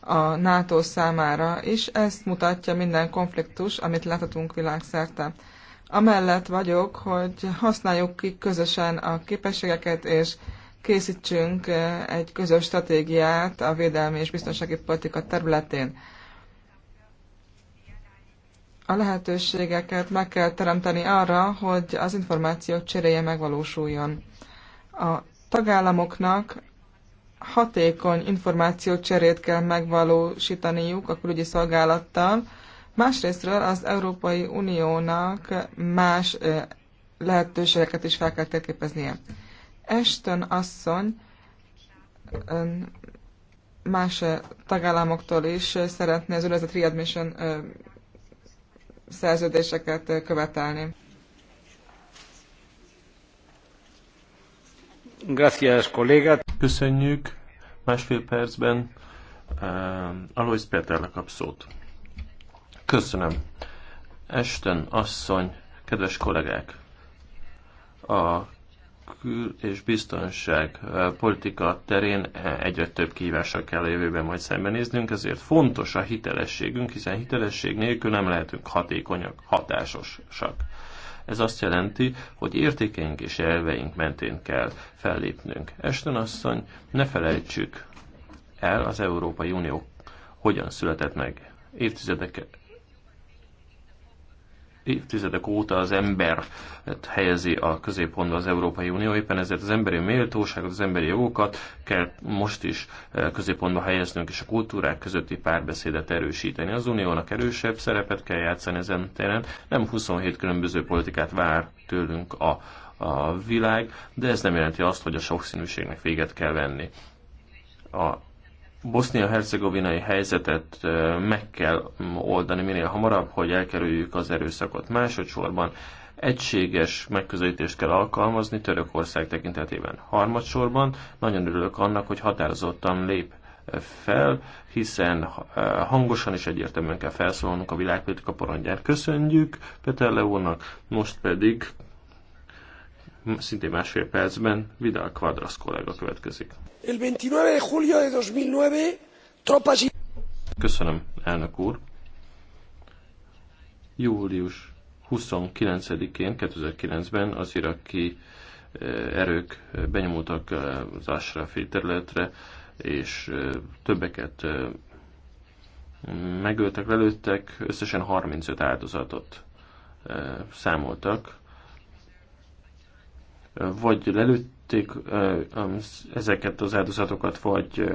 [SPEAKER 2] a NATO számára is. Ezt mutatja minden konfliktus, amit láthatunk világszerte. Amellett vagyok, hogy használjuk ki közösen a képességeket, és készítsünk eh, egy közös stratégiát a védelmi és biztonsági politika területén. A lehetőségeket meg kell teremteni arra, hogy az információ cseréje megvalósuljon. A tagállamoknak hatékony információcserét kell megvalósítaniuk a külügyi szolgálattal, másrésztről az Európai Uniónak más lehetőségeket is fel kell térképeznie. Ashton asszony más tagállamoktól is szeretné az úgynevezett readmission szerződéseket követelni.
[SPEAKER 6] Gracias, Köszönjük. Másfél percben uh, Alois Péternek kap szót. Köszönöm. Esten, asszony, kedves kollégák! A kül- és biztonság uh, politika terén uh, egyre több kihívással kell a jövőben majd szembenéznünk, ezért fontos a hitelességünk, hiszen hitelesség nélkül nem lehetünk hatékonyak, hatásosak. Ez azt jelenti, hogy értékeink és elveink mentén kell fellépnünk. Esten asszony, ne felejtsük el az Európai Unió hogyan született meg évtizedek évtizedek óta az ember helyezi a középpontba az Európai Unió, éppen ezért az emberi méltóságot, az emberi jogokat kell most is eh, középpontba helyeznünk, és a kultúrák közötti párbeszédet erősíteni. Az uniónak erősebb szerepet kell játszani ezen téren, nem 27 különböző politikát vár tőlünk a, a világ, de ez nem jelenti azt, hogy a sokszínűségnek véget kell venni. A Bosznia-hercegovinai helyzetet meg kell oldani minél hamarabb, hogy elkerüljük az erőszakot. Másodszorban egységes megközelítést kell alkalmazni Törökország tekintetében. Harmadsorban nagyon örülök annak, hogy határozottan lép fel, hiszen hangosan és egyértelműen kell felszólalnunk a világpolitika porondját. Köszönjük Peter Leónak, most pedig szintén másfél percben Vidal Quadras kollega következik
[SPEAKER 2] el veintinueve de julio de dos mil nueve tropas y
[SPEAKER 6] Köszönöm, elnök úr. Július 29-én, 2009-ben az iraki eh, erők eh, benyomultak eh, az Ashrafi területre, és többeket megöltek, lelőttek, összesen 35 áldozatot számoltak. Vagy lelőtt, ezeket az áldozatokat, vagy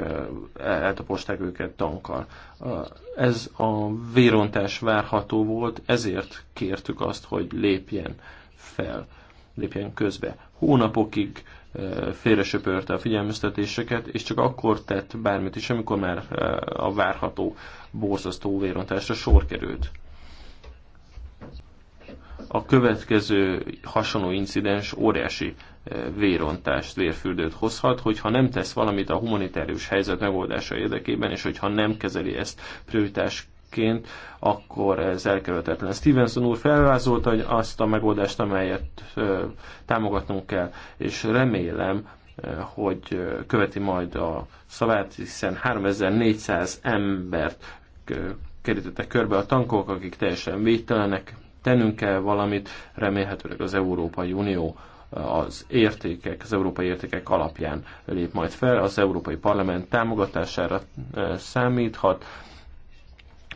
[SPEAKER 6] eltaposták őket tankkal. Ez a vérontás várható volt, ezért kértük azt, hogy lépjen fel, lépjen közbe. Hónapokig félresöpörte a figyelmeztetéseket, és csak akkor tett bármit is, amikor már a várható borzasztó vérontásra sor került a következő hasonló incidens óriási eh, vérontást, vérfürdőt hozhat, hogyha nem tesz valamit a humanitárius helyzet megoldása érdekében, és hogyha nem kezeli ezt prioritás ként, akkor ez elkerülhetetlen. Stevenson úr felvázolta hogy azt a megoldást, amelyet ö, eh, támogatnunk kell, és remélem, ö, eh, hogy követi majd a szavát, hiszen 3400 embert kerítettek körbe a tankok, akik teljesen védtelenek, tennünk kell valamit, remélhetőleg az Európai Unió eh, az értékek, az európai értékek alapján lép majd fel, az Európai Parlament támogatására eh, számíthat,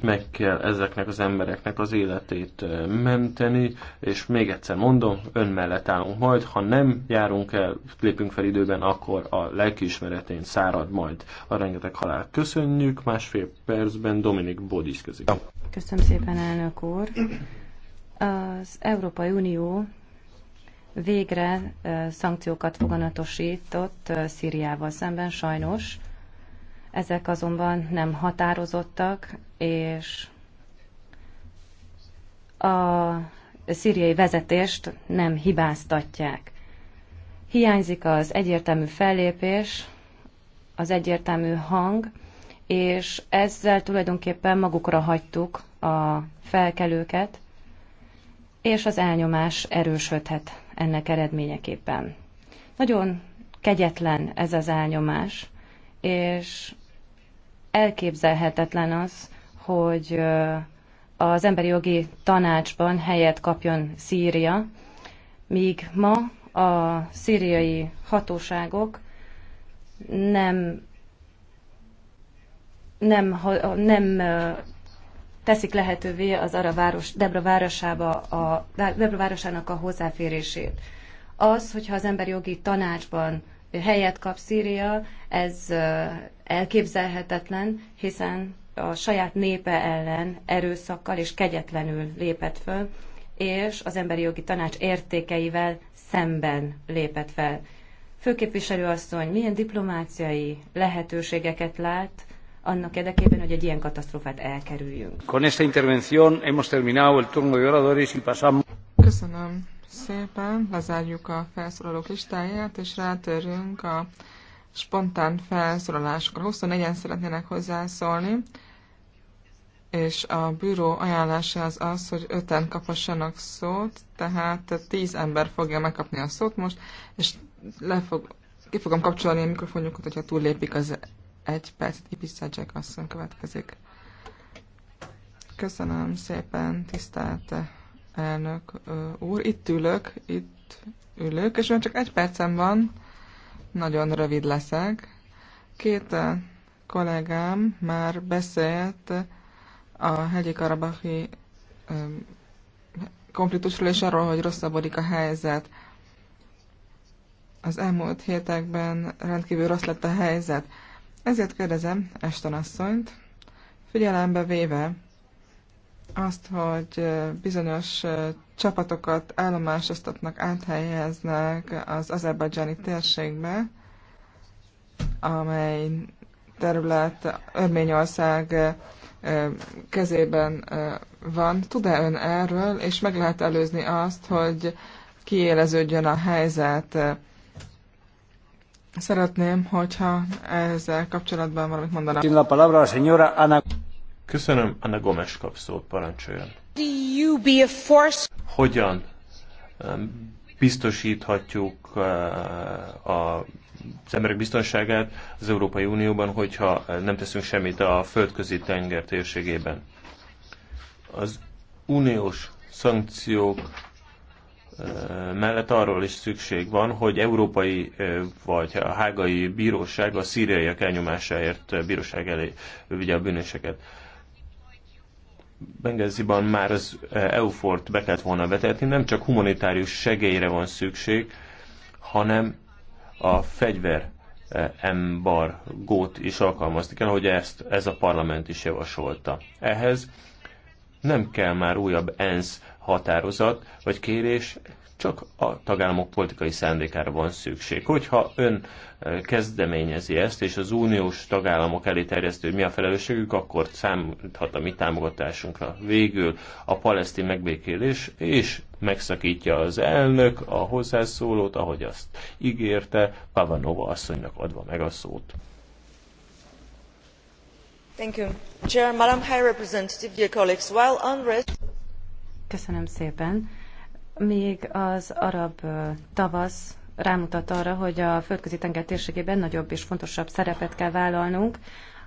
[SPEAKER 6] meg kell ezeknek az embereknek az életét eh, menteni, és még egyszer mondom, ön mellett állunk majd, ha nem járunk el, lépünk fel időben, akkor a lelkiismeretén szárad majd a rengeteg halál. Köszönjük, másfél percben Dominik Bodis közé.
[SPEAKER 7] Köszönöm szépen, elnök úr. Az Európai Unió végre szankciókat foganatosított Szíriával szemben, sajnos. Ezek azonban nem határozottak, és a szíriai vezetést nem hibáztatják. Hiányzik az egyértelmű fellépés, az egyértelmű hang, és ezzel tulajdonképpen magukra hagytuk a felkelőket, és az elnyomás erősödhet ennek eredményeképpen. Nagyon kegyetlen ez az elnyomás, és elképzelhetetlen az, hogy az emberi jogi tanácsban helyet kapjon Szíria, míg ma a szíriai hatóságok nem nem, nem teszik lehetővé az Ara város, Debra, városába a, Debra városának a hozzáférését. Az, hogyha az emberi jogi tanácsban helyet kap Szíria, ez elképzelhetetlen, hiszen a saját népe ellen erőszakkal és kegyetlenül lépett föl, és az emberi jogi tanács értékeivel szemben lépett fel. Főképviselő asszony milyen diplomáciai lehetőségeket lát annak érdekében, hogy egy ilyen
[SPEAKER 2] katasztrófát elkerüljünk.
[SPEAKER 7] Con esta intervención hemos terminado el turno de oradores y pasamos...
[SPEAKER 2] Köszönöm szépen, lezárjuk a felszólalók listáját, és rátérünk a spontán felszólalásokra. 24-en szeretnének hozzászólni, és a bűró ajánlása az az, hogy öten kapassanak szót, tehát 10 ember fogja megkapni a szót most, és le fog, ki fogom kapcsolni a mikrofonjukat, hogyha túllépik az egy percet Ipiszadzsek asszony következik. Köszönöm szépen, tisztelt elnök úr. Itt ülök, itt ülök, és olyan csak egy percem van, nagyon rövid leszek. Két kollégám már beszélt a hegyi karabahi konfliktusról és arról, hogy rosszabbodik a helyzet. Az elmúlt hétekben rendkívül rossz lett a helyzet. Ezért kérdezem Eston asszonyt, figyelembe véve azt, hogy bizonyos csapatokat állomásoztatnak, áthelyeznek az azerbajdzsáni térségbe, amely terület Örményország kezében van. Tud-e ön erről, és meg lehet előzni azt, hogy kiéleződjön a helyzet Szeretném, hogyha ezzel kapcsolatban valamit
[SPEAKER 4] mondaná.
[SPEAKER 6] Köszönöm, Anna Gomes kap szót, parancsoljon. Hogyan biztosíthatjuk eh, a az emberek biztonságát az Európai Unióban, hogyha nem teszünk semmit a földközi tenger térségében. Az uniós szankciók mellett arról is szükség van, hogy európai vagy a hágai bíróság a szíriaiak elnyomásáért bíróság elé vigye a bűnöseket. Bengeziban már az EUFORT be kellett volna vetetni, nem csak humanitárius segélyre van szükség, hanem a fegyver embargót is alkalmazni kell, hogy ezt ez a parlament is javasolta. Ehhez nem kell már újabb ENSZ határozat vagy kérés csak a tagállamok politikai szándékára van szükség. Hogyha ön e, kezdeményezi ezt, és az uniós tagállamok elé terjesztő, hogy mi a felelősségük, akkor számíthat a mi támogatásunkra. Végül a palesztin megbékélés, és megszakítja az elnök a hozzászólót, ahogy azt ígérte, Pavanova asszonynak adva meg a szót.
[SPEAKER 2] Thank you. Chair, Madam High Representative, dear colleagues, while unrest
[SPEAKER 6] Köszönöm szépen.
[SPEAKER 7] Még az arab tavasz rámutat arra, hogy a földközi tenger térségében nagyobb és fontosabb szerepet kell vállalnunk.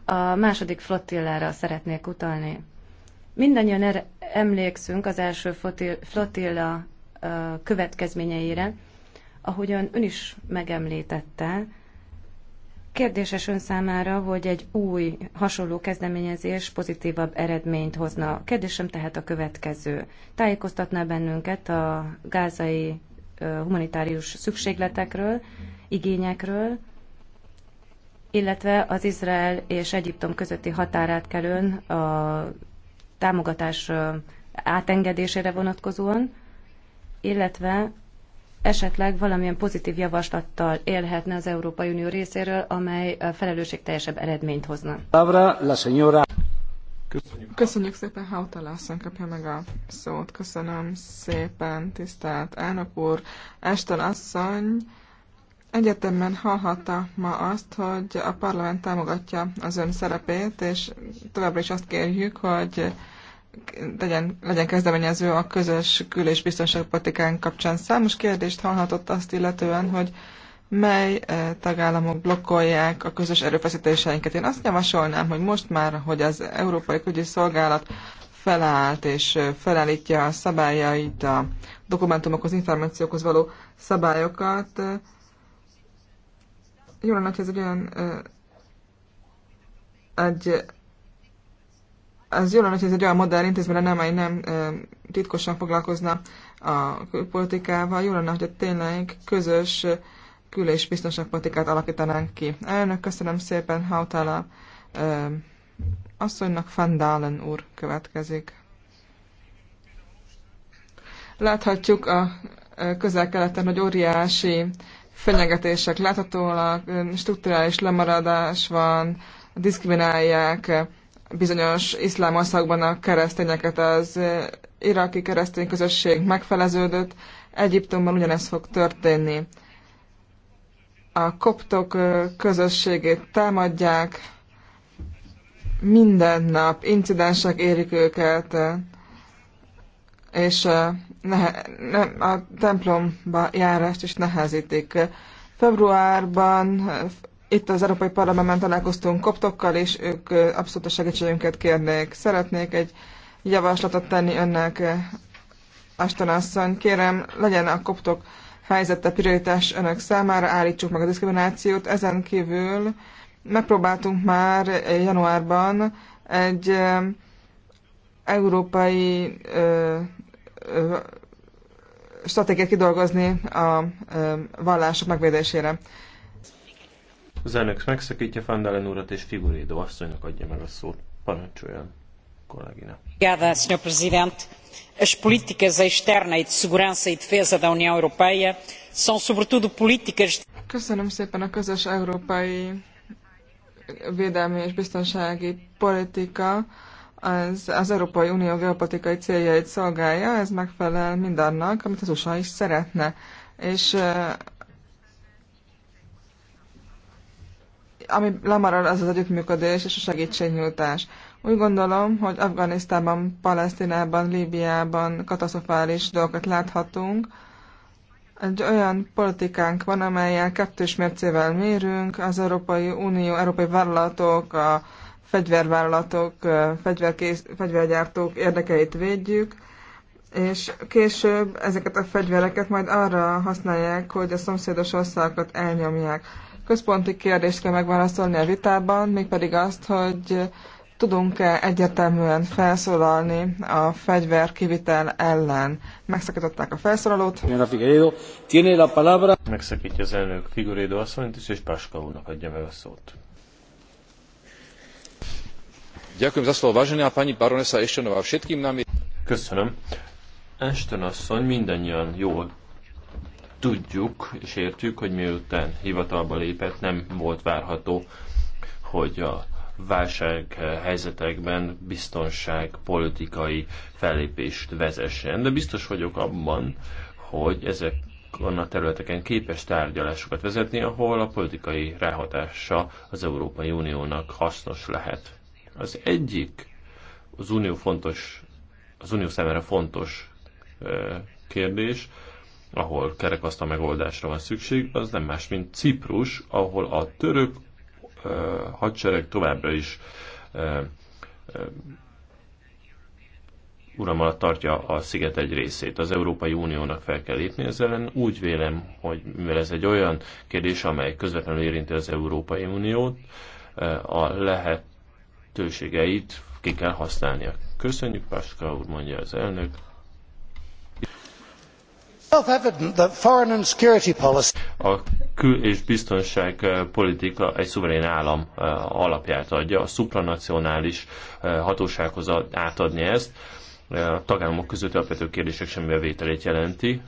[SPEAKER 7] A második flottillára szeretnék utalni. Mindannyian er- emlékszünk az első flottilla következményeire, ahogyan ön is megemlítette, Kérdéses ön számára, hogy egy új, hasonló kezdeményezés pozitívabb eredményt hozna. Kérdésem tehát a következő. Tájékoztatná bennünket a gázai humanitárius szükségletekről, igényekről, illetve az Izrael és Egyiptom közötti határátkelőn a támogatás átengedésére vonatkozóan, illetve esetleg valamilyen pozitív javaslattal élhetne az Európai Unió részéről, amely felelősségteljesebb eredményt hozna.
[SPEAKER 4] Köszönjük.
[SPEAKER 2] Köszönjük szépen, Hautala asszony kapja meg a szót. Köszönöm szépen, tisztelt elnök úr. Ashton asszony egyetemben hallhatta ma azt, hogy a parlament támogatja az ön szerepét, és továbbra is azt kérjük, hogy legyen, legyen kezdeményező a közös kül- és biztonságpolitikán kapcsán. Számos kérdést hallhatott azt illetően, hogy mely eh, tagállamok blokkolják a közös erőfeszítéseinket. Én azt javasolnám, hogy most már, hogy az Európai Külügyi Szolgálat felállt és eh, felállítja a szabályait, a dokumentumokhoz, információkhoz való szabályokat, eh, jó lenne, hogy ez egy olyan egy az jól lenne, hogy ez egy olyan modern intézmény nem, amely nem titkosan foglalkozna a politikával. Jól lenne, hogy tényleg közös kül- és biztonságpolitikát alakítanánk ki. Elnök, köszönöm szépen, Hautala asszonynak Van Dalen úr következik. Láthatjuk a közel-keleten, hogy óriási fenyegetések láthatólag, strukturális lemaradás van, diszkriminálják bizonyos iszlám országban a keresztényeket az eh, iraki keresztény közösség megfeleződött, Egyiptomban ugyanez fog történni. A koptok eh, közösségét támadják, minden nap incidensek érik őket, eh, és a templomba járást is nehezítik. Februárban itt az Európai Parlamentben találkoztunk koptokkal, és ők abszolút a segítségünket kérnék. Szeretnék egy javaslatot tenni önnek, Aston asszony. Kérem, legyen a koptok helyzete prioritás önök számára, állítsuk meg a diszkriminációt. Ezen kívül megpróbáltunk már januárban egy európai ö, ö, stratégiát kidolgozni a ö, vallások megvédésére.
[SPEAKER 6] Az elnök megszakítja Fandalen urat és Figurédo asszonynak adja meg a szót. Parancsoljon,
[SPEAKER 2] kollégina.
[SPEAKER 3] Obrigada, Sr. Presidente. As políticas externa e de segurança e defesa da União Europeia são sobretudo políticas...
[SPEAKER 2] Köszönöm szépen a közös európai védelmi és biztonsági politika az, az Európai Unió geopolitikai céljait szolgálja, ez megfelel mindannak, amit az USA is szeretne. És ami lemarad, az az együttműködés és a segítségnyújtás. Úgy gondolom, hogy Afganisztánban, Palesztinában, Líbiában katasztrofális dolgokat láthatunk. Egy olyan politikánk van, amelyel kettős mércével mérünk, az Európai Unió, európai vállalatok, a fegyvervállalatok, fegyverkész, fegyvergyártók érdekeit védjük, és később ezeket a fegyvereket majd arra használják, hogy a szomszédos országokat elnyomják központi kérdést kell megválaszolni a vitában, mégpedig azt, hogy tudunk-e egyeteműen felszólalni a fegyver kivitel ellen. Megszakították a felszólalót.
[SPEAKER 6] Megszakítja az elnök Figueredo asszonyt is, és Paska úrnak adja meg a szót. Köszönöm. Ashton asszony, mindannyian jól tudjuk és értjük, hogy miután hivatalba lépett, nem volt várható, hogy a válság helyzetekben biztonság politikai fellépést vezessen. De biztos vagyok abban, hogy ezek a területeken képes tárgyalásokat vezetni, ahol a politikai ráhatása az Európai Uniónak hasznos lehet. Az egyik az unió fontos, az unió számára fontos eh, kérdés, ahol kerekasztal megoldásra van szükség, az nem más, mint Ciprus, ahol a török uh, hadsereg továbbra is uh, uh, uram alatt tartja a sziget egy részét. Az Európai Uniónak fel kell lépni ezzel ellen. Úgy vélem, hogy mivel ez egy olyan kérdés, amely közvetlenül érinti az Európai Uniót, a lehetőségeit ki kell használnia. Köszönjük, Páska úr, mondja az elnök. A kül- és biztonságpolitika eh, egy szuverén állam eh, alapját adja, a supranacionális eh, hatósághoz átadni ezt. A tagállamok között alapvető kérdések semmi bevételét jelenti,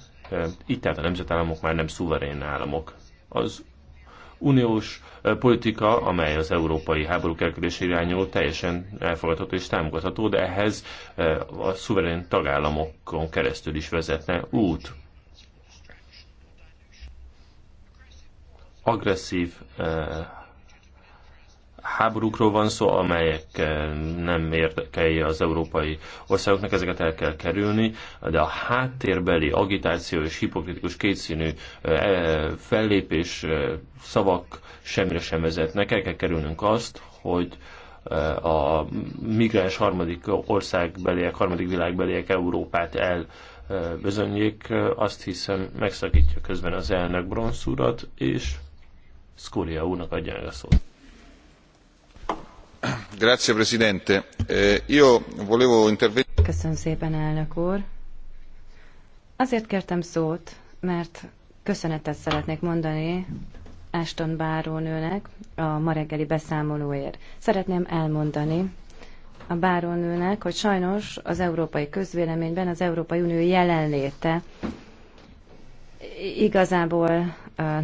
[SPEAKER 6] Itt tehát a nemzetállamok már nem szuverén államok. Az uniós politika, amely az európai háborúk elkerülésére irányuló, teljesen elfogadható és támogatható, de ehhez a szuverén tagállamokon keresztül is vezetne út. agresszív eh, háborúkról van szó, amelyek eh, nem érdekelje az európai országoknak, ezeket el kell kerülni, de a háttérbeli agitáció és hipokritikus kétszínű eh, fellépés szavak semmire sem vezetnek. El kell kerülnünk azt, hogy a migráns harmadik országbeliek, harmadik világbeliek Európát el bizonyék, azt hiszem megszakítja közben az elnök bronzúrat, és úrnak adja a szót. Grazie, Presidente. Eh,
[SPEAKER 5] io volevo intervenire.
[SPEAKER 7] Köszönöm szépen, elnök úr. Azért kértem szót, mert köszönetet szeretnék mondani Ashton bárónőnek a ma reggeli beszámolóért. Szeretném elmondani a bárónőnek, hogy sajnos az európai közvéleményben az Európai Unió jelenléte igazából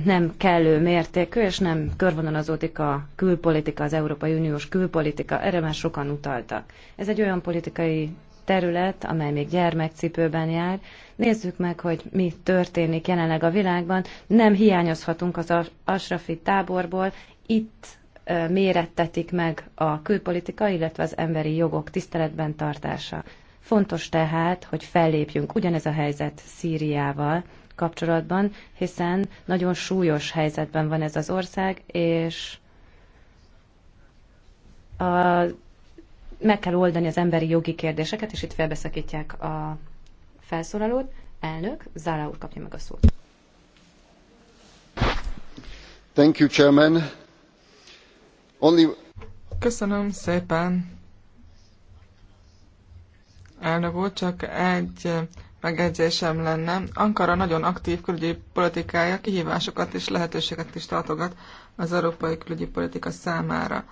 [SPEAKER 7] nem kellő mértékű, és nem körvonalazódik a külpolitika, az Európai Uniós külpolitika, erre már sokan utaltak. Ez egy olyan politikai terület, amely még gyermekcipőben jár. Nézzük meg, hogy mi történik jelenleg a világban. Nem hiányozhatunk az Asrafi táborból. Itt mérettetik meg a külpolitika, illetve az emberi jogok tiszteletben tartása. Fontos tehát, hogy fellépjünk. Ugyanez a helyzet Szíriával kapcsolatban, hiszen nagyon súlyos helyzetben van ez az ország, és a, meg kell oldani az emberi jogi kérdéseket, és itt felbeszakítják a felszólalót. Elnök,
[SPEAKER 2] Zála úr kapja meg a szót.
[SPEAKER 4] Thank you, Chairman. Only...
[SPEAKER 2] Köszönöm szépen. Elnök úr, csak egy megjegyzésem lenne. Ankara nagyon aktív külügyi politikája kihívásokat és lehetőséget is tartogat az európai külügyi politika számára.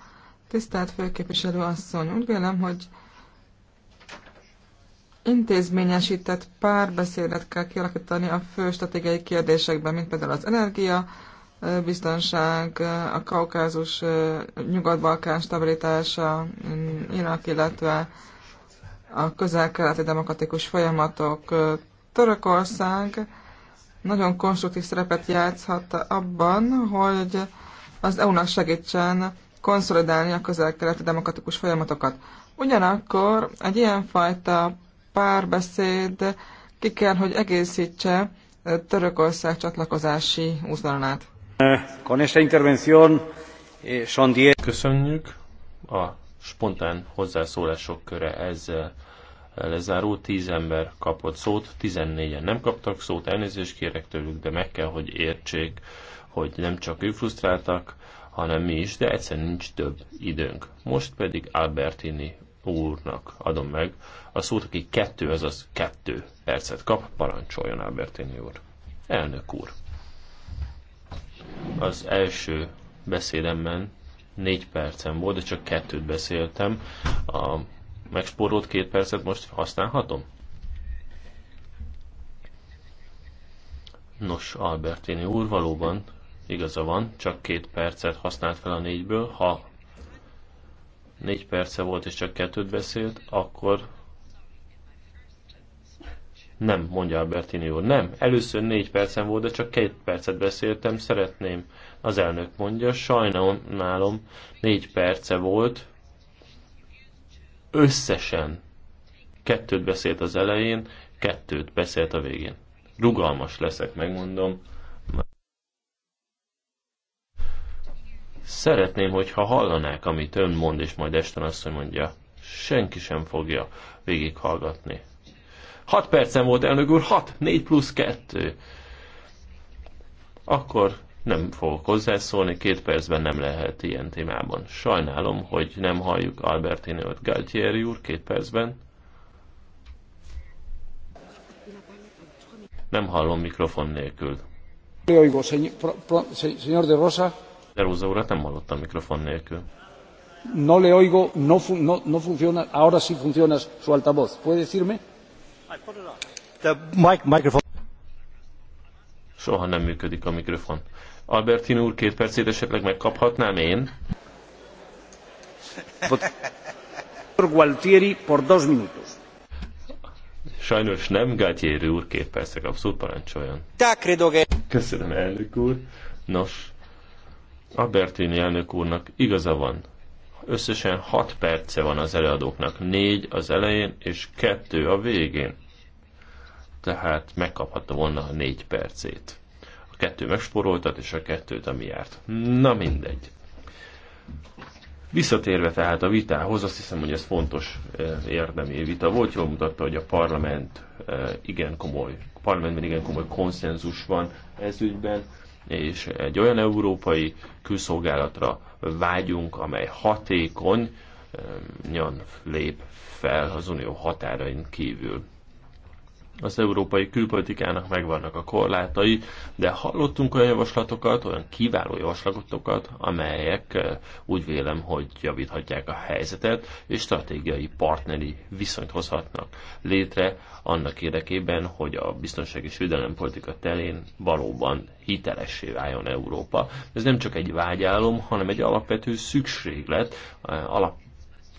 [SPEAKER 2] Tisztelt főképviselő asszony, úgy vélem, hogy intézményesített párbeszédet kell kialakítani a fő stratégiai kérdésekben, mint például az energia, biztonság, a kaukázus, nyugat-balkán stabilitása, Irak, illetve a közel-keleti demokratikus folyamatok. Törökország nagyon konstruktív szerepet játszhat abban, hogy az EU-nak segítsen konszolidálni a közel-keleti demokratikus folyamatokat. Ugyanakkor egy ilyenfajta párbeszéd ki kell, hogy egészítse Törökország csatlakozási útvonalát.
[SPEAKER 4] Eh,
[SPEAKER 6] Köszönjük a spontán hozzászólások köre ezzel lezáró, tíz ember kapott szót, tizennégyen nem kaptak szót, elnézést kérek tőlük, de meg kell, hogy értsék, hogy nem csak ők frusztráltak, hanem mi is, de egyszerűen nincs több időnk. Most pedig Albertini úrnak adom meg a szót, aki kettő, azaz kettő percet kap, parancsoljon Albertini úr. Elnök úr. Az első beszédemben négy percem volt, de csak kettőt beszéltem. A megspórolt két percet most használhatom? Nos, Albertini úr, valóban igaza van, csak két percet használt fel a négyből. Ha négy perce volt és csak kettőt beszélt, akkor nem, mondja Albertini úr, nem. Először négy percen volt, de csak két percet beszéltem, szeretném. Az elnök mondja, sajnálom, négy perce volt, összesen kettőt beszélt az elején, kettőt beszélt a végén. Rugalmas leszek, megmondom. Szeretném, hogyha hallanák, amit ön mond, és majd este azt mondja. Senki sem fogja végighallgatni. Hat percen volt, elnök úr, hat, négy plusz kettő. Akkor nem fogok hozzászólni, két percben nem lehet ilyen témában. Sajnálom, hogy nem halljuk Albertinőt Galtieri úr két percben. Nem hallom mikrofon nélkül.
[SPEAKER 4] Oigo, señor de Rosa.
[SPEAKER 6] De Rosa urat nem hallottam mikrofon nélkül.
[SPEAKER 4] No le oigo, no, fun, no, no funciona, ahora sí funciona su altavoz. ¿Puede decirme? The mic, microphone.
[SPEAKER 6] Soha nem működik a mikrofon. Albertin úr két percét esetleg megkaphatnám én?
[SPEAKER 4] Gualtieri por dos minutos.
[SPEAKER 6] Sajnos nem, Gátyéri úr két percre abszolút parancsoljon. Köszönöm, elnök úr. Nos, Albertini elnök úrnak igaza van. Összesen hat perce van az előadóknak, Négy az elején és kettő a végén. Tehát megkaphatta volna a négy percét kettő megspóroltat, és a kettőt, ami járt. Na mindegy. Visszatérve tehát a vitához, azt hiszem, hogy ez fontos eh, érdemi vita volt, jól mutatta, hogy a parlament eh, igen komoly, parlamentben igen komoly konszenzus van ez ügyben, és egy olyan európai külszolgálatra vágyunk, amely hatékony, eh, nyan lép fel az unió határain kívül az európai külpolitikának megvannak a korlátai, de hallottunk olyan javaslatokat, olyan kiváló javaslatokat, amelyek úgy vélem, hogy javíthatják a helyzetet, és stratégiai partneri viszonyt hozhatnak létre annak érdekében, hogy a biztonság és politika terén valóban hitelessé váljon Európa. Ez nem csak egy vágyálom, hanem egy alapvető szükséglet, alap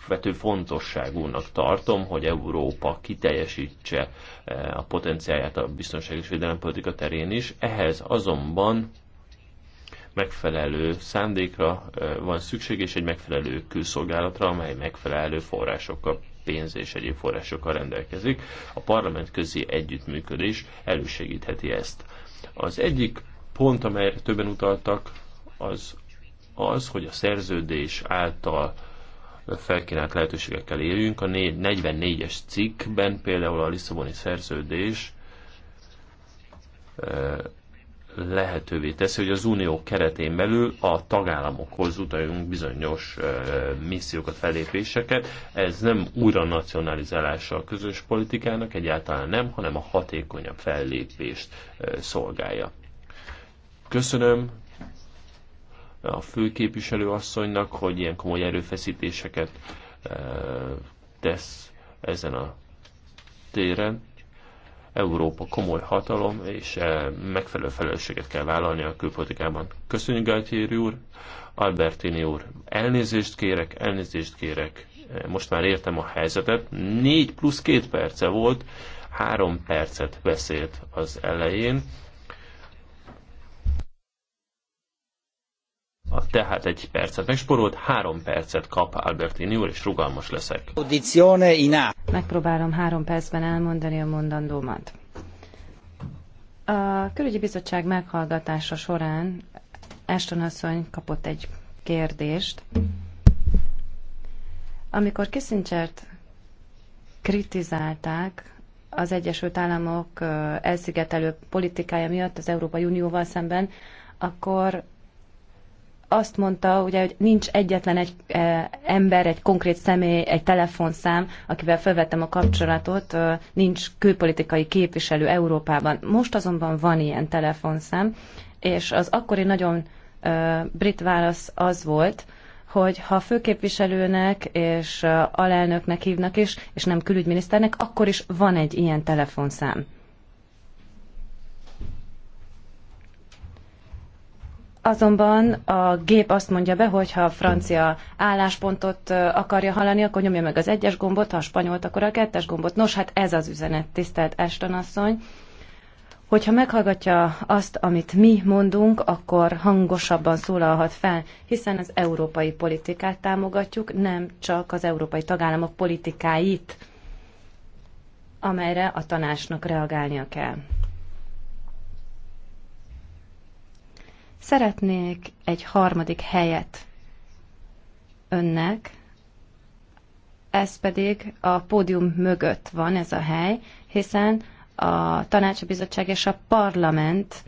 [SPEAKER 6] alapvető fontosságúnak tartom, hogy Európa kiteljesítse eh, a potenciáját a biztonság és védelempolitika terén is. Ehhez azonban megfelelő szándékra eh, van szükség, és egy megfelelő külszolgálatra, amely megfelelő forrásokkal pénz és egyéb forrásokkal rendelkezik. A parlament közi együttműködés elősegítheti ezt. Az egyik pont, amelyre többen utaltak, az az, hogy a szerződés által felkínált lehetőségekkel éljünk. A 44-es cikkben például a Lisszaboni szerződés lehetővé teszi, hogy az unió keretén belül a tagállamokhoz utaljunk bizonyos missziókat, felépéseket. Ez nem újra nacionalizálása a közös politikának, egyáltalán nem, hanem a hatékonyabb fellépést szolgálja. Köszönöm, a főképviselő asszonynak, hogy ilyen komoly erőfeszítéseket eh, tesz ezen a téren. Európa komoly hatalom, és eh, megfelelő felelősséget kell vállalni a külpolitikában. Köszönjük, Galtieri úr! Albertini úr, elnézést kérek, elnézést kérek, eh, most már értem a helyzetet. Négy plusz két perce volt, három percet beszélt az elején. A tehát egy percet megsporolt, három percet kap Albertini úr, és rugalmas leszek.
[SPEAKER 7] Megpróbálom három percben elmondani a mondandómat. A külügyi bizottság meghallgatása során Ashton asszony kapott egy kérdést. Amikor kissinger kritizálták az Egyesült Államok elszigetelő politikája miatt az Európai Unióval szemben, akkor azt mondta, ugye, hogy nincs egyetlen egy e, ember, egy konkrét személy, egy telefonszám, akivel felvettem a kapcsolatot, nincs külpolitikai képviselő Európában. Most azonban van ilyen telefonszám, és az akkori nagyon brit válasz az volt, hogy ha főképviselőnek és alelnöknek hívnak is, és nem külügyminiszternek, akkor is van egy ilyen telefonszám. Azonban a gép azt mondja be, hogy ha a francia álláspontot akarja hallani, akkor nyomja meg az egyes gombot, ha a spanyolt, akkor a kettes gombot. Nos, hát ez az üzenet, tisztelt Ashton asszony. Hogyha meghallgatja azt, amit mi mondunk, akkor hangosabban szólalhat fel, hiszen az európai politikát támogatjuk, nem csak az európai tagállamok politikáit, amelyre a tanácsnak reagálnia kell. Szeretnék egy harmadik helyet önnek, ez pedig a pódium mögött van ez a hely, hiszen a tanácsbizottság és a parlament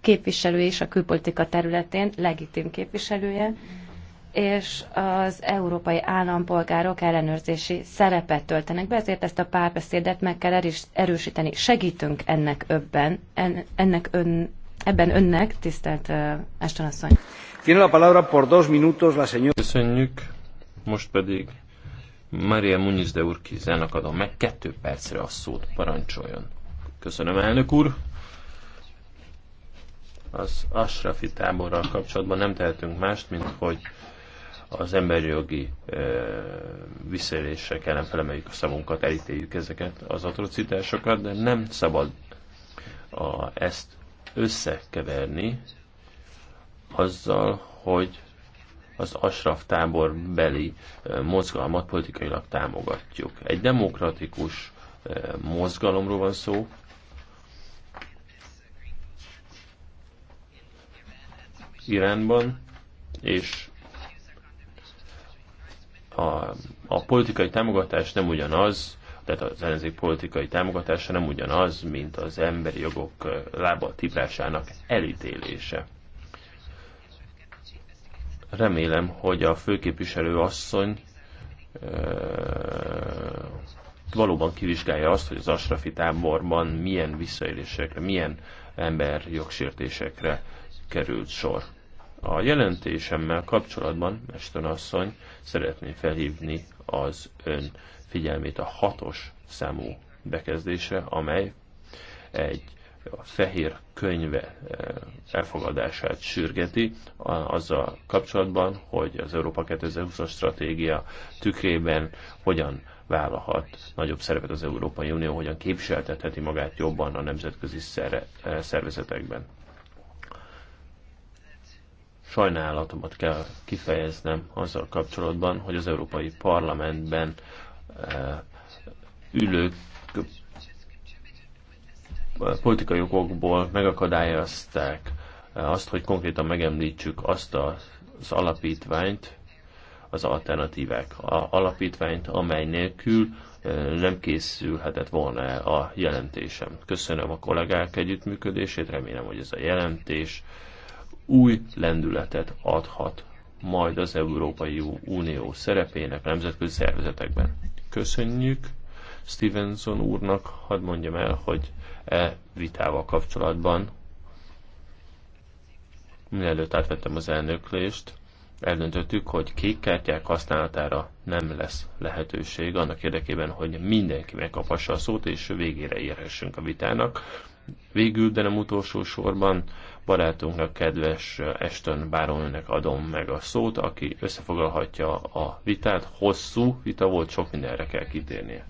[SPEAKER 7] képviselő és a külpolitika területén legitim képviselője, és az európai állampolgárok ellenőrzési szerepet töltenek be, ezért ezt a párbeszédet meg kell erősíteni. Segítünk ennek öbben, ennek ön, ebben önnek, tisztelt Ashton asszony.
[SPEAKER 6] Tiene la
[SPEAKER 4] palabra por dos minutos la señora. Köszönjük,
[SPEAKER 6] most pedig Maria Muniz de Urquizának adom meg kettő percre a szót, parancsoljon. Köszönöm, elnök úr. Az Ashrafi táborral kapcsolatban nem tehetünk mást, mint hogy az emberi jogi visszaélések ellen felemeljük a szavunkat, elítéljük ezeket az atrocitásokat, de nem szabad a, ezt összekeverni azzal, hogy az Asraf tábor beli mozgalmat politikailag támogatjuk. Egy demokratikus mozgalomról van szó, Iránban, és a, a politikai támogatás nem ugyanaz, tehát az ellenzék politikai támogatása nem ugyanaz, mint az emberi jogok lába tiprásának elítélése. Remélem, hogy a főképviselő asszony valóban kivizsgálja azt, hogy az Asrafi táborban milyen visszaélésekre, milyen ember jogsértésekre került sor. A jelentésemmel kapcsolatban, Mesten asszony, szeretném felhívni az ön figyelmét a hatos számú bekezdésre, amely egy a fehér könyve eh, elfogadását sürgeti, azzal kapcsolatban, hogy az Európa 2020-as stratégia tükrében hogyan vállalhat nagyobb szerepet az Európai Unió, hogyan képviseltetheti magát jobban a nemzetközi eh, szervezetekben. Sajnálatomat kell kifejeznem azzal kapcsolatban, hogy az Európai Parlamentben ülők politikai okokból megakadályozták azt, hogy konkrétan megemlítsük azt az alapítványt, az alternatívák a alapítványt, amely nélkül nem készülhetett volna a jelentésem. Köszönöm a kollégák együttműködését, remélem, hogy ez a jelentés új lendületet adhat majd az Európai Unió szerepének nemzetközi szervezetekben. Köszönjük Stevenson úrnak, hadd mondjam el, hogy e vitával kapcsolatban mielőtt átvettem az elnöklést, eldöntöttük, hogy kék kártyák használatára nem lesz lehetőség annak érdekében, hogy mindenki megkaphassa a szót, és végére érhessünk a vitának. Végül, de nem utolsó sorban a kedves Eston Báronőnek adom meg a szót, aki összefoglalhatja a vitát. Hosszú vita volt, sok mindenre kell kitérnie.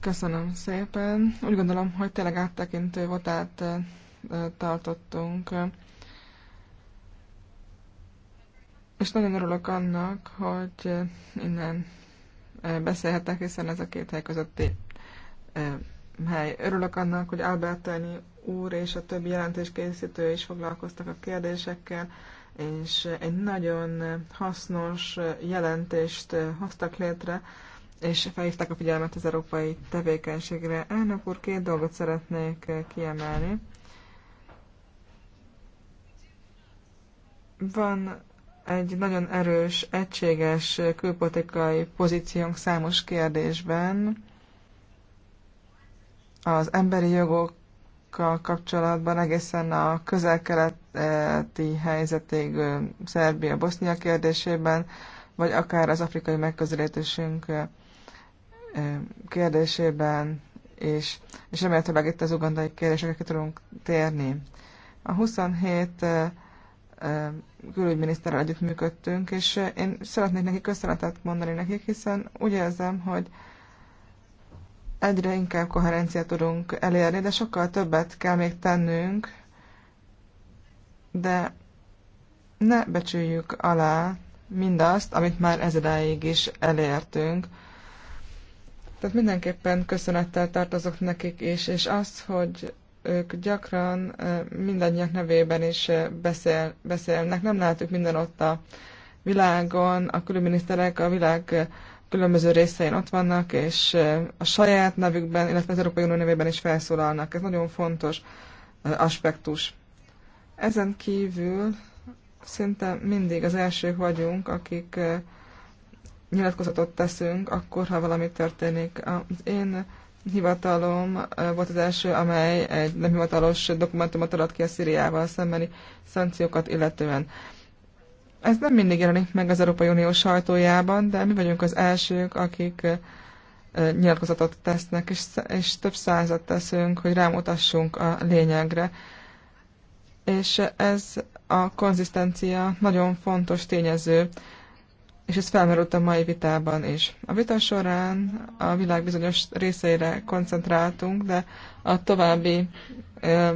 [SPEAKER 2] Köszönöm szépen. Úgy gondolom, hogy tényleg áttekintő votát tartottunk. És nagyon örülök annak, hogy innen beszélhetek, hiszen ez a két hely közötti hely. Örülök annak, hogy Albertani úr és a többi jelentéskészítő is foglalkoztak a kérdésekkel, és egy nagyon hasznos jelentést hoztak létre, és felhívták a figyelmet az európai tevékenységre. Elnök úr, két dolgot szeretnék kiemelni. Van egy nagyon erős, egységes külpolitikai pozíciónk számos kérdésben, az emberi jogokkal kapcsolatban egészen a közel-keleti helyzetig Szerbia-Bosznia kérdésében, vagy akár az afrikai megközelítésünk kérdésében és, és remélhetőleg itt az ugandai kérdésekre ki tudunk térni. A 27 külügyminiszterrel együttműködtünk, és én szeretnék neki köszönetet mondani nekik, hiszen úgy érzem, hogy egyre inkább koherenciát tudunk elérni, de sokkal többet kell még tennünk, de ne becsüljük alá mindazt, amit már ezedáig is elértünk. Tehát mindenképpen köszönettel tartozok nekik is, és az, hogy ők gyakran mindannyiak nevében is beszél, beszélnek. Nem látjuk minden ott a világon, a külügyminiszterek a világ különböző részein ott vannak, és a saját nevükben, illetve az Európai Unió nevében is felszólalnak. Ez nagyon fontos aspektus. Ezen kívül szinte mindig az elsők vagyunk, akik nyilatkozatot teszünk, akkor, ha valami történik. Az én hivatalom volt az első, amely egy nem hivatalos dokumentumot adott ki a Szíriával szembeni szankciókat illetően. Ez nem mindig jelenik meg az Európai Unió sajtójában, de mi vagyunk az elsők, akik nyilatkozatot tesznek, és, és több százat teszünk, hogy rámutassunk a lényegre. És ez a konzisztencia nagyon fontos tényező, és ez felmerült a mai vitában is. A vita során a világ bizonyos részeire koncentráltunk, de a további ö,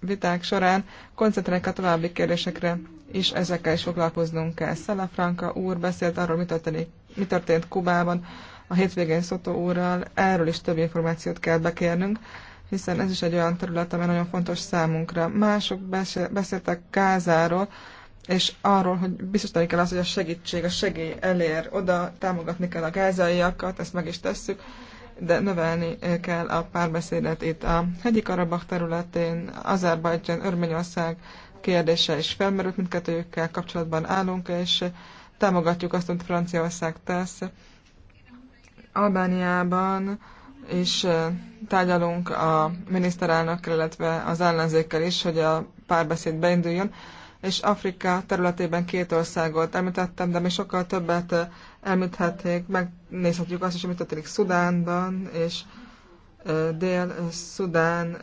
[SPEAKER 2] viták során koncentrálunk a további kérdésekre és ezekkel is foglalkoznunk kell. Franka úr beszélt arról, mi történt, mi történt Kubában a hétvégén Szotó úrral, erről is több információt kell bekérnünk, hiszen ez is egy olyan terület, amely nagyon fontos számunkra. Mások beszéltek Gázáról, és arról, hogy biztosítani kell az, hogy a segítség, a segély elér oda, támogatni kell a gázaiakat, ezt meg is tesszük, de növelni kell a párbeszédet itt. A hegyi Karabakh területén, Azerbajdzsán, Örményország, kérdése is felmerült, mindkettőjükkel kapcsolatban állunk, és támogatjuk azt, amit Franciaország tesz. Albániában és tárgyalunk a miniszterelnök, illetve az ellenzékkel is, hogy a párbeszéd beinduljon, és Afrika területében két országot említettem, de még sokkal többet említhetnék, megnézhetjük azt is, amit történik Szudánban, és Dél-Szudán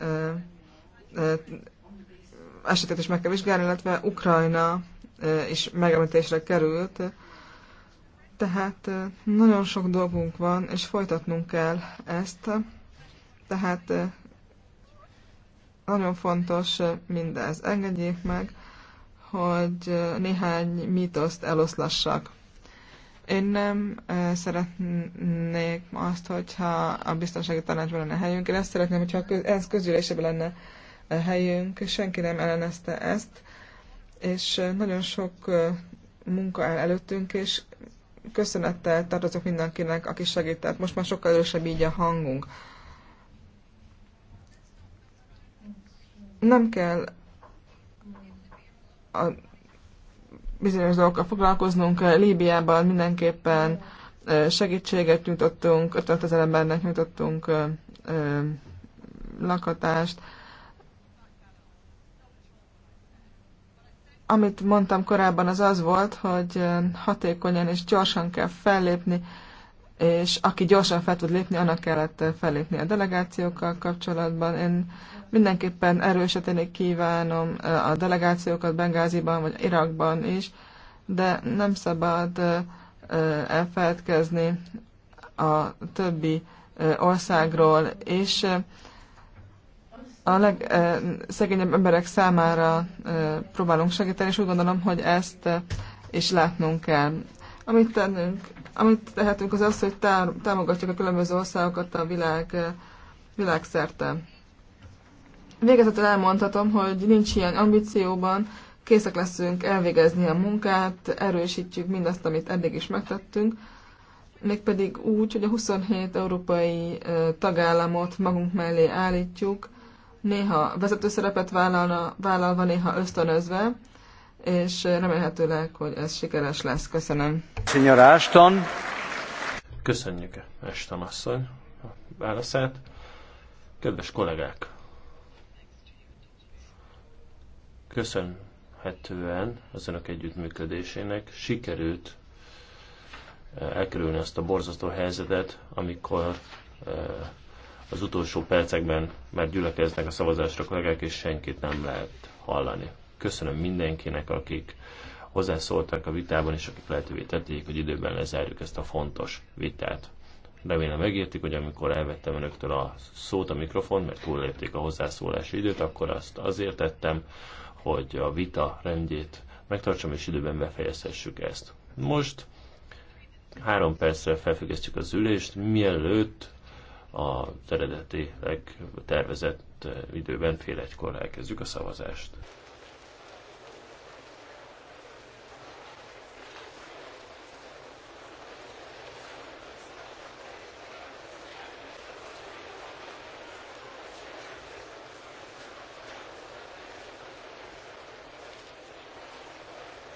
[SPEAKER 2] esetét is meg kell vizsgálni, illetve Ukrajna is megemlítésre került. Tehát nagyon sok dolgunk van, és folytatnunk kell ezt. Tehát nagyon fontos mindez. Engedjék meg, hogy néhány mítoszt eloszlassak. Én nem szeretnék azt, hogyha a biztonsági tanácsban lenne helyünk, én azt szeretném, hogyha ez közülésében lenne helyünk, senki nem ellenezte ezt, és nagyon sok munka áll előttünk, és köszönettel tartozok mindenkinek, aki segített. Most már sokkal erősebb így a hangunk. Nem kell a bizonyos dolgokkal foglalkoznunk. Líbiában mindenképpen segítséget nyújtottunk, 50 ezer embernek nyújtottunk lakatást, Amit mondtam korábban, az az volt, hogy hatékonyan és gyorsan kell fellépni, és aki gyorsan fel tud lépni, annak kellett fellépni a delegációkkal kapcsolatban. Én mindenképpen erősíteni kívánom a delegációkat Bengáziban vagy Irakban is, de nem szabad elfeledkezni a többi országról, és a legszegényebb emberek számára próbálunk segíteni, és úgy gondolom, hogy ezt is látnunk kell. Amit tennünk, amit tehetünk az az, hogy támogatjuk a különböző országokat a világ, világszerte. Végezetül elmondhatom, hogy nincs ilyen ambícióban, készek leszünk elvégezni a munkát, erősítjük mindazt, amit eddig is megtettünk, mégpedig úgy, hogy a 27 európai tagállamot magunk mellé állítjuk, néha vezető szerepet vállalna, vállalva, néha ösztönözve, és remélhetőleg, hogy ez sikeres lesz. Köszönöm.
[SPEAKER 6] Signora Ashton. Köszönjük, Ashton asszony, a válaszát. Kedves kollégák, köszönhetően az önök együttműködésének sikerült eh, elkerülni azt a borzasztó helyzetet, amikor eh, az utolsó percekben már gyülekeznek a szavazásra kollégák, és senkit nem lehet hallani. Köszönöm mindenkinek, akik hozzászóltak a vitában, és akik lehetővé tették, hogy időben lezárjuk ezt a fontos vitát. Remélem megértik, hogy amikor elvettem önöktől a szót, a mikrofon, mert túllépték a hozzászólási időt, akkor azt azért tettem, hogy a vita rendjét megtartsam, és időben befejezhessük ezt. Most három percre felfüggesztjük az ülést, mielőtt az eredetileg tervezett eh, időben fél egykor elkezdjük a szavazást.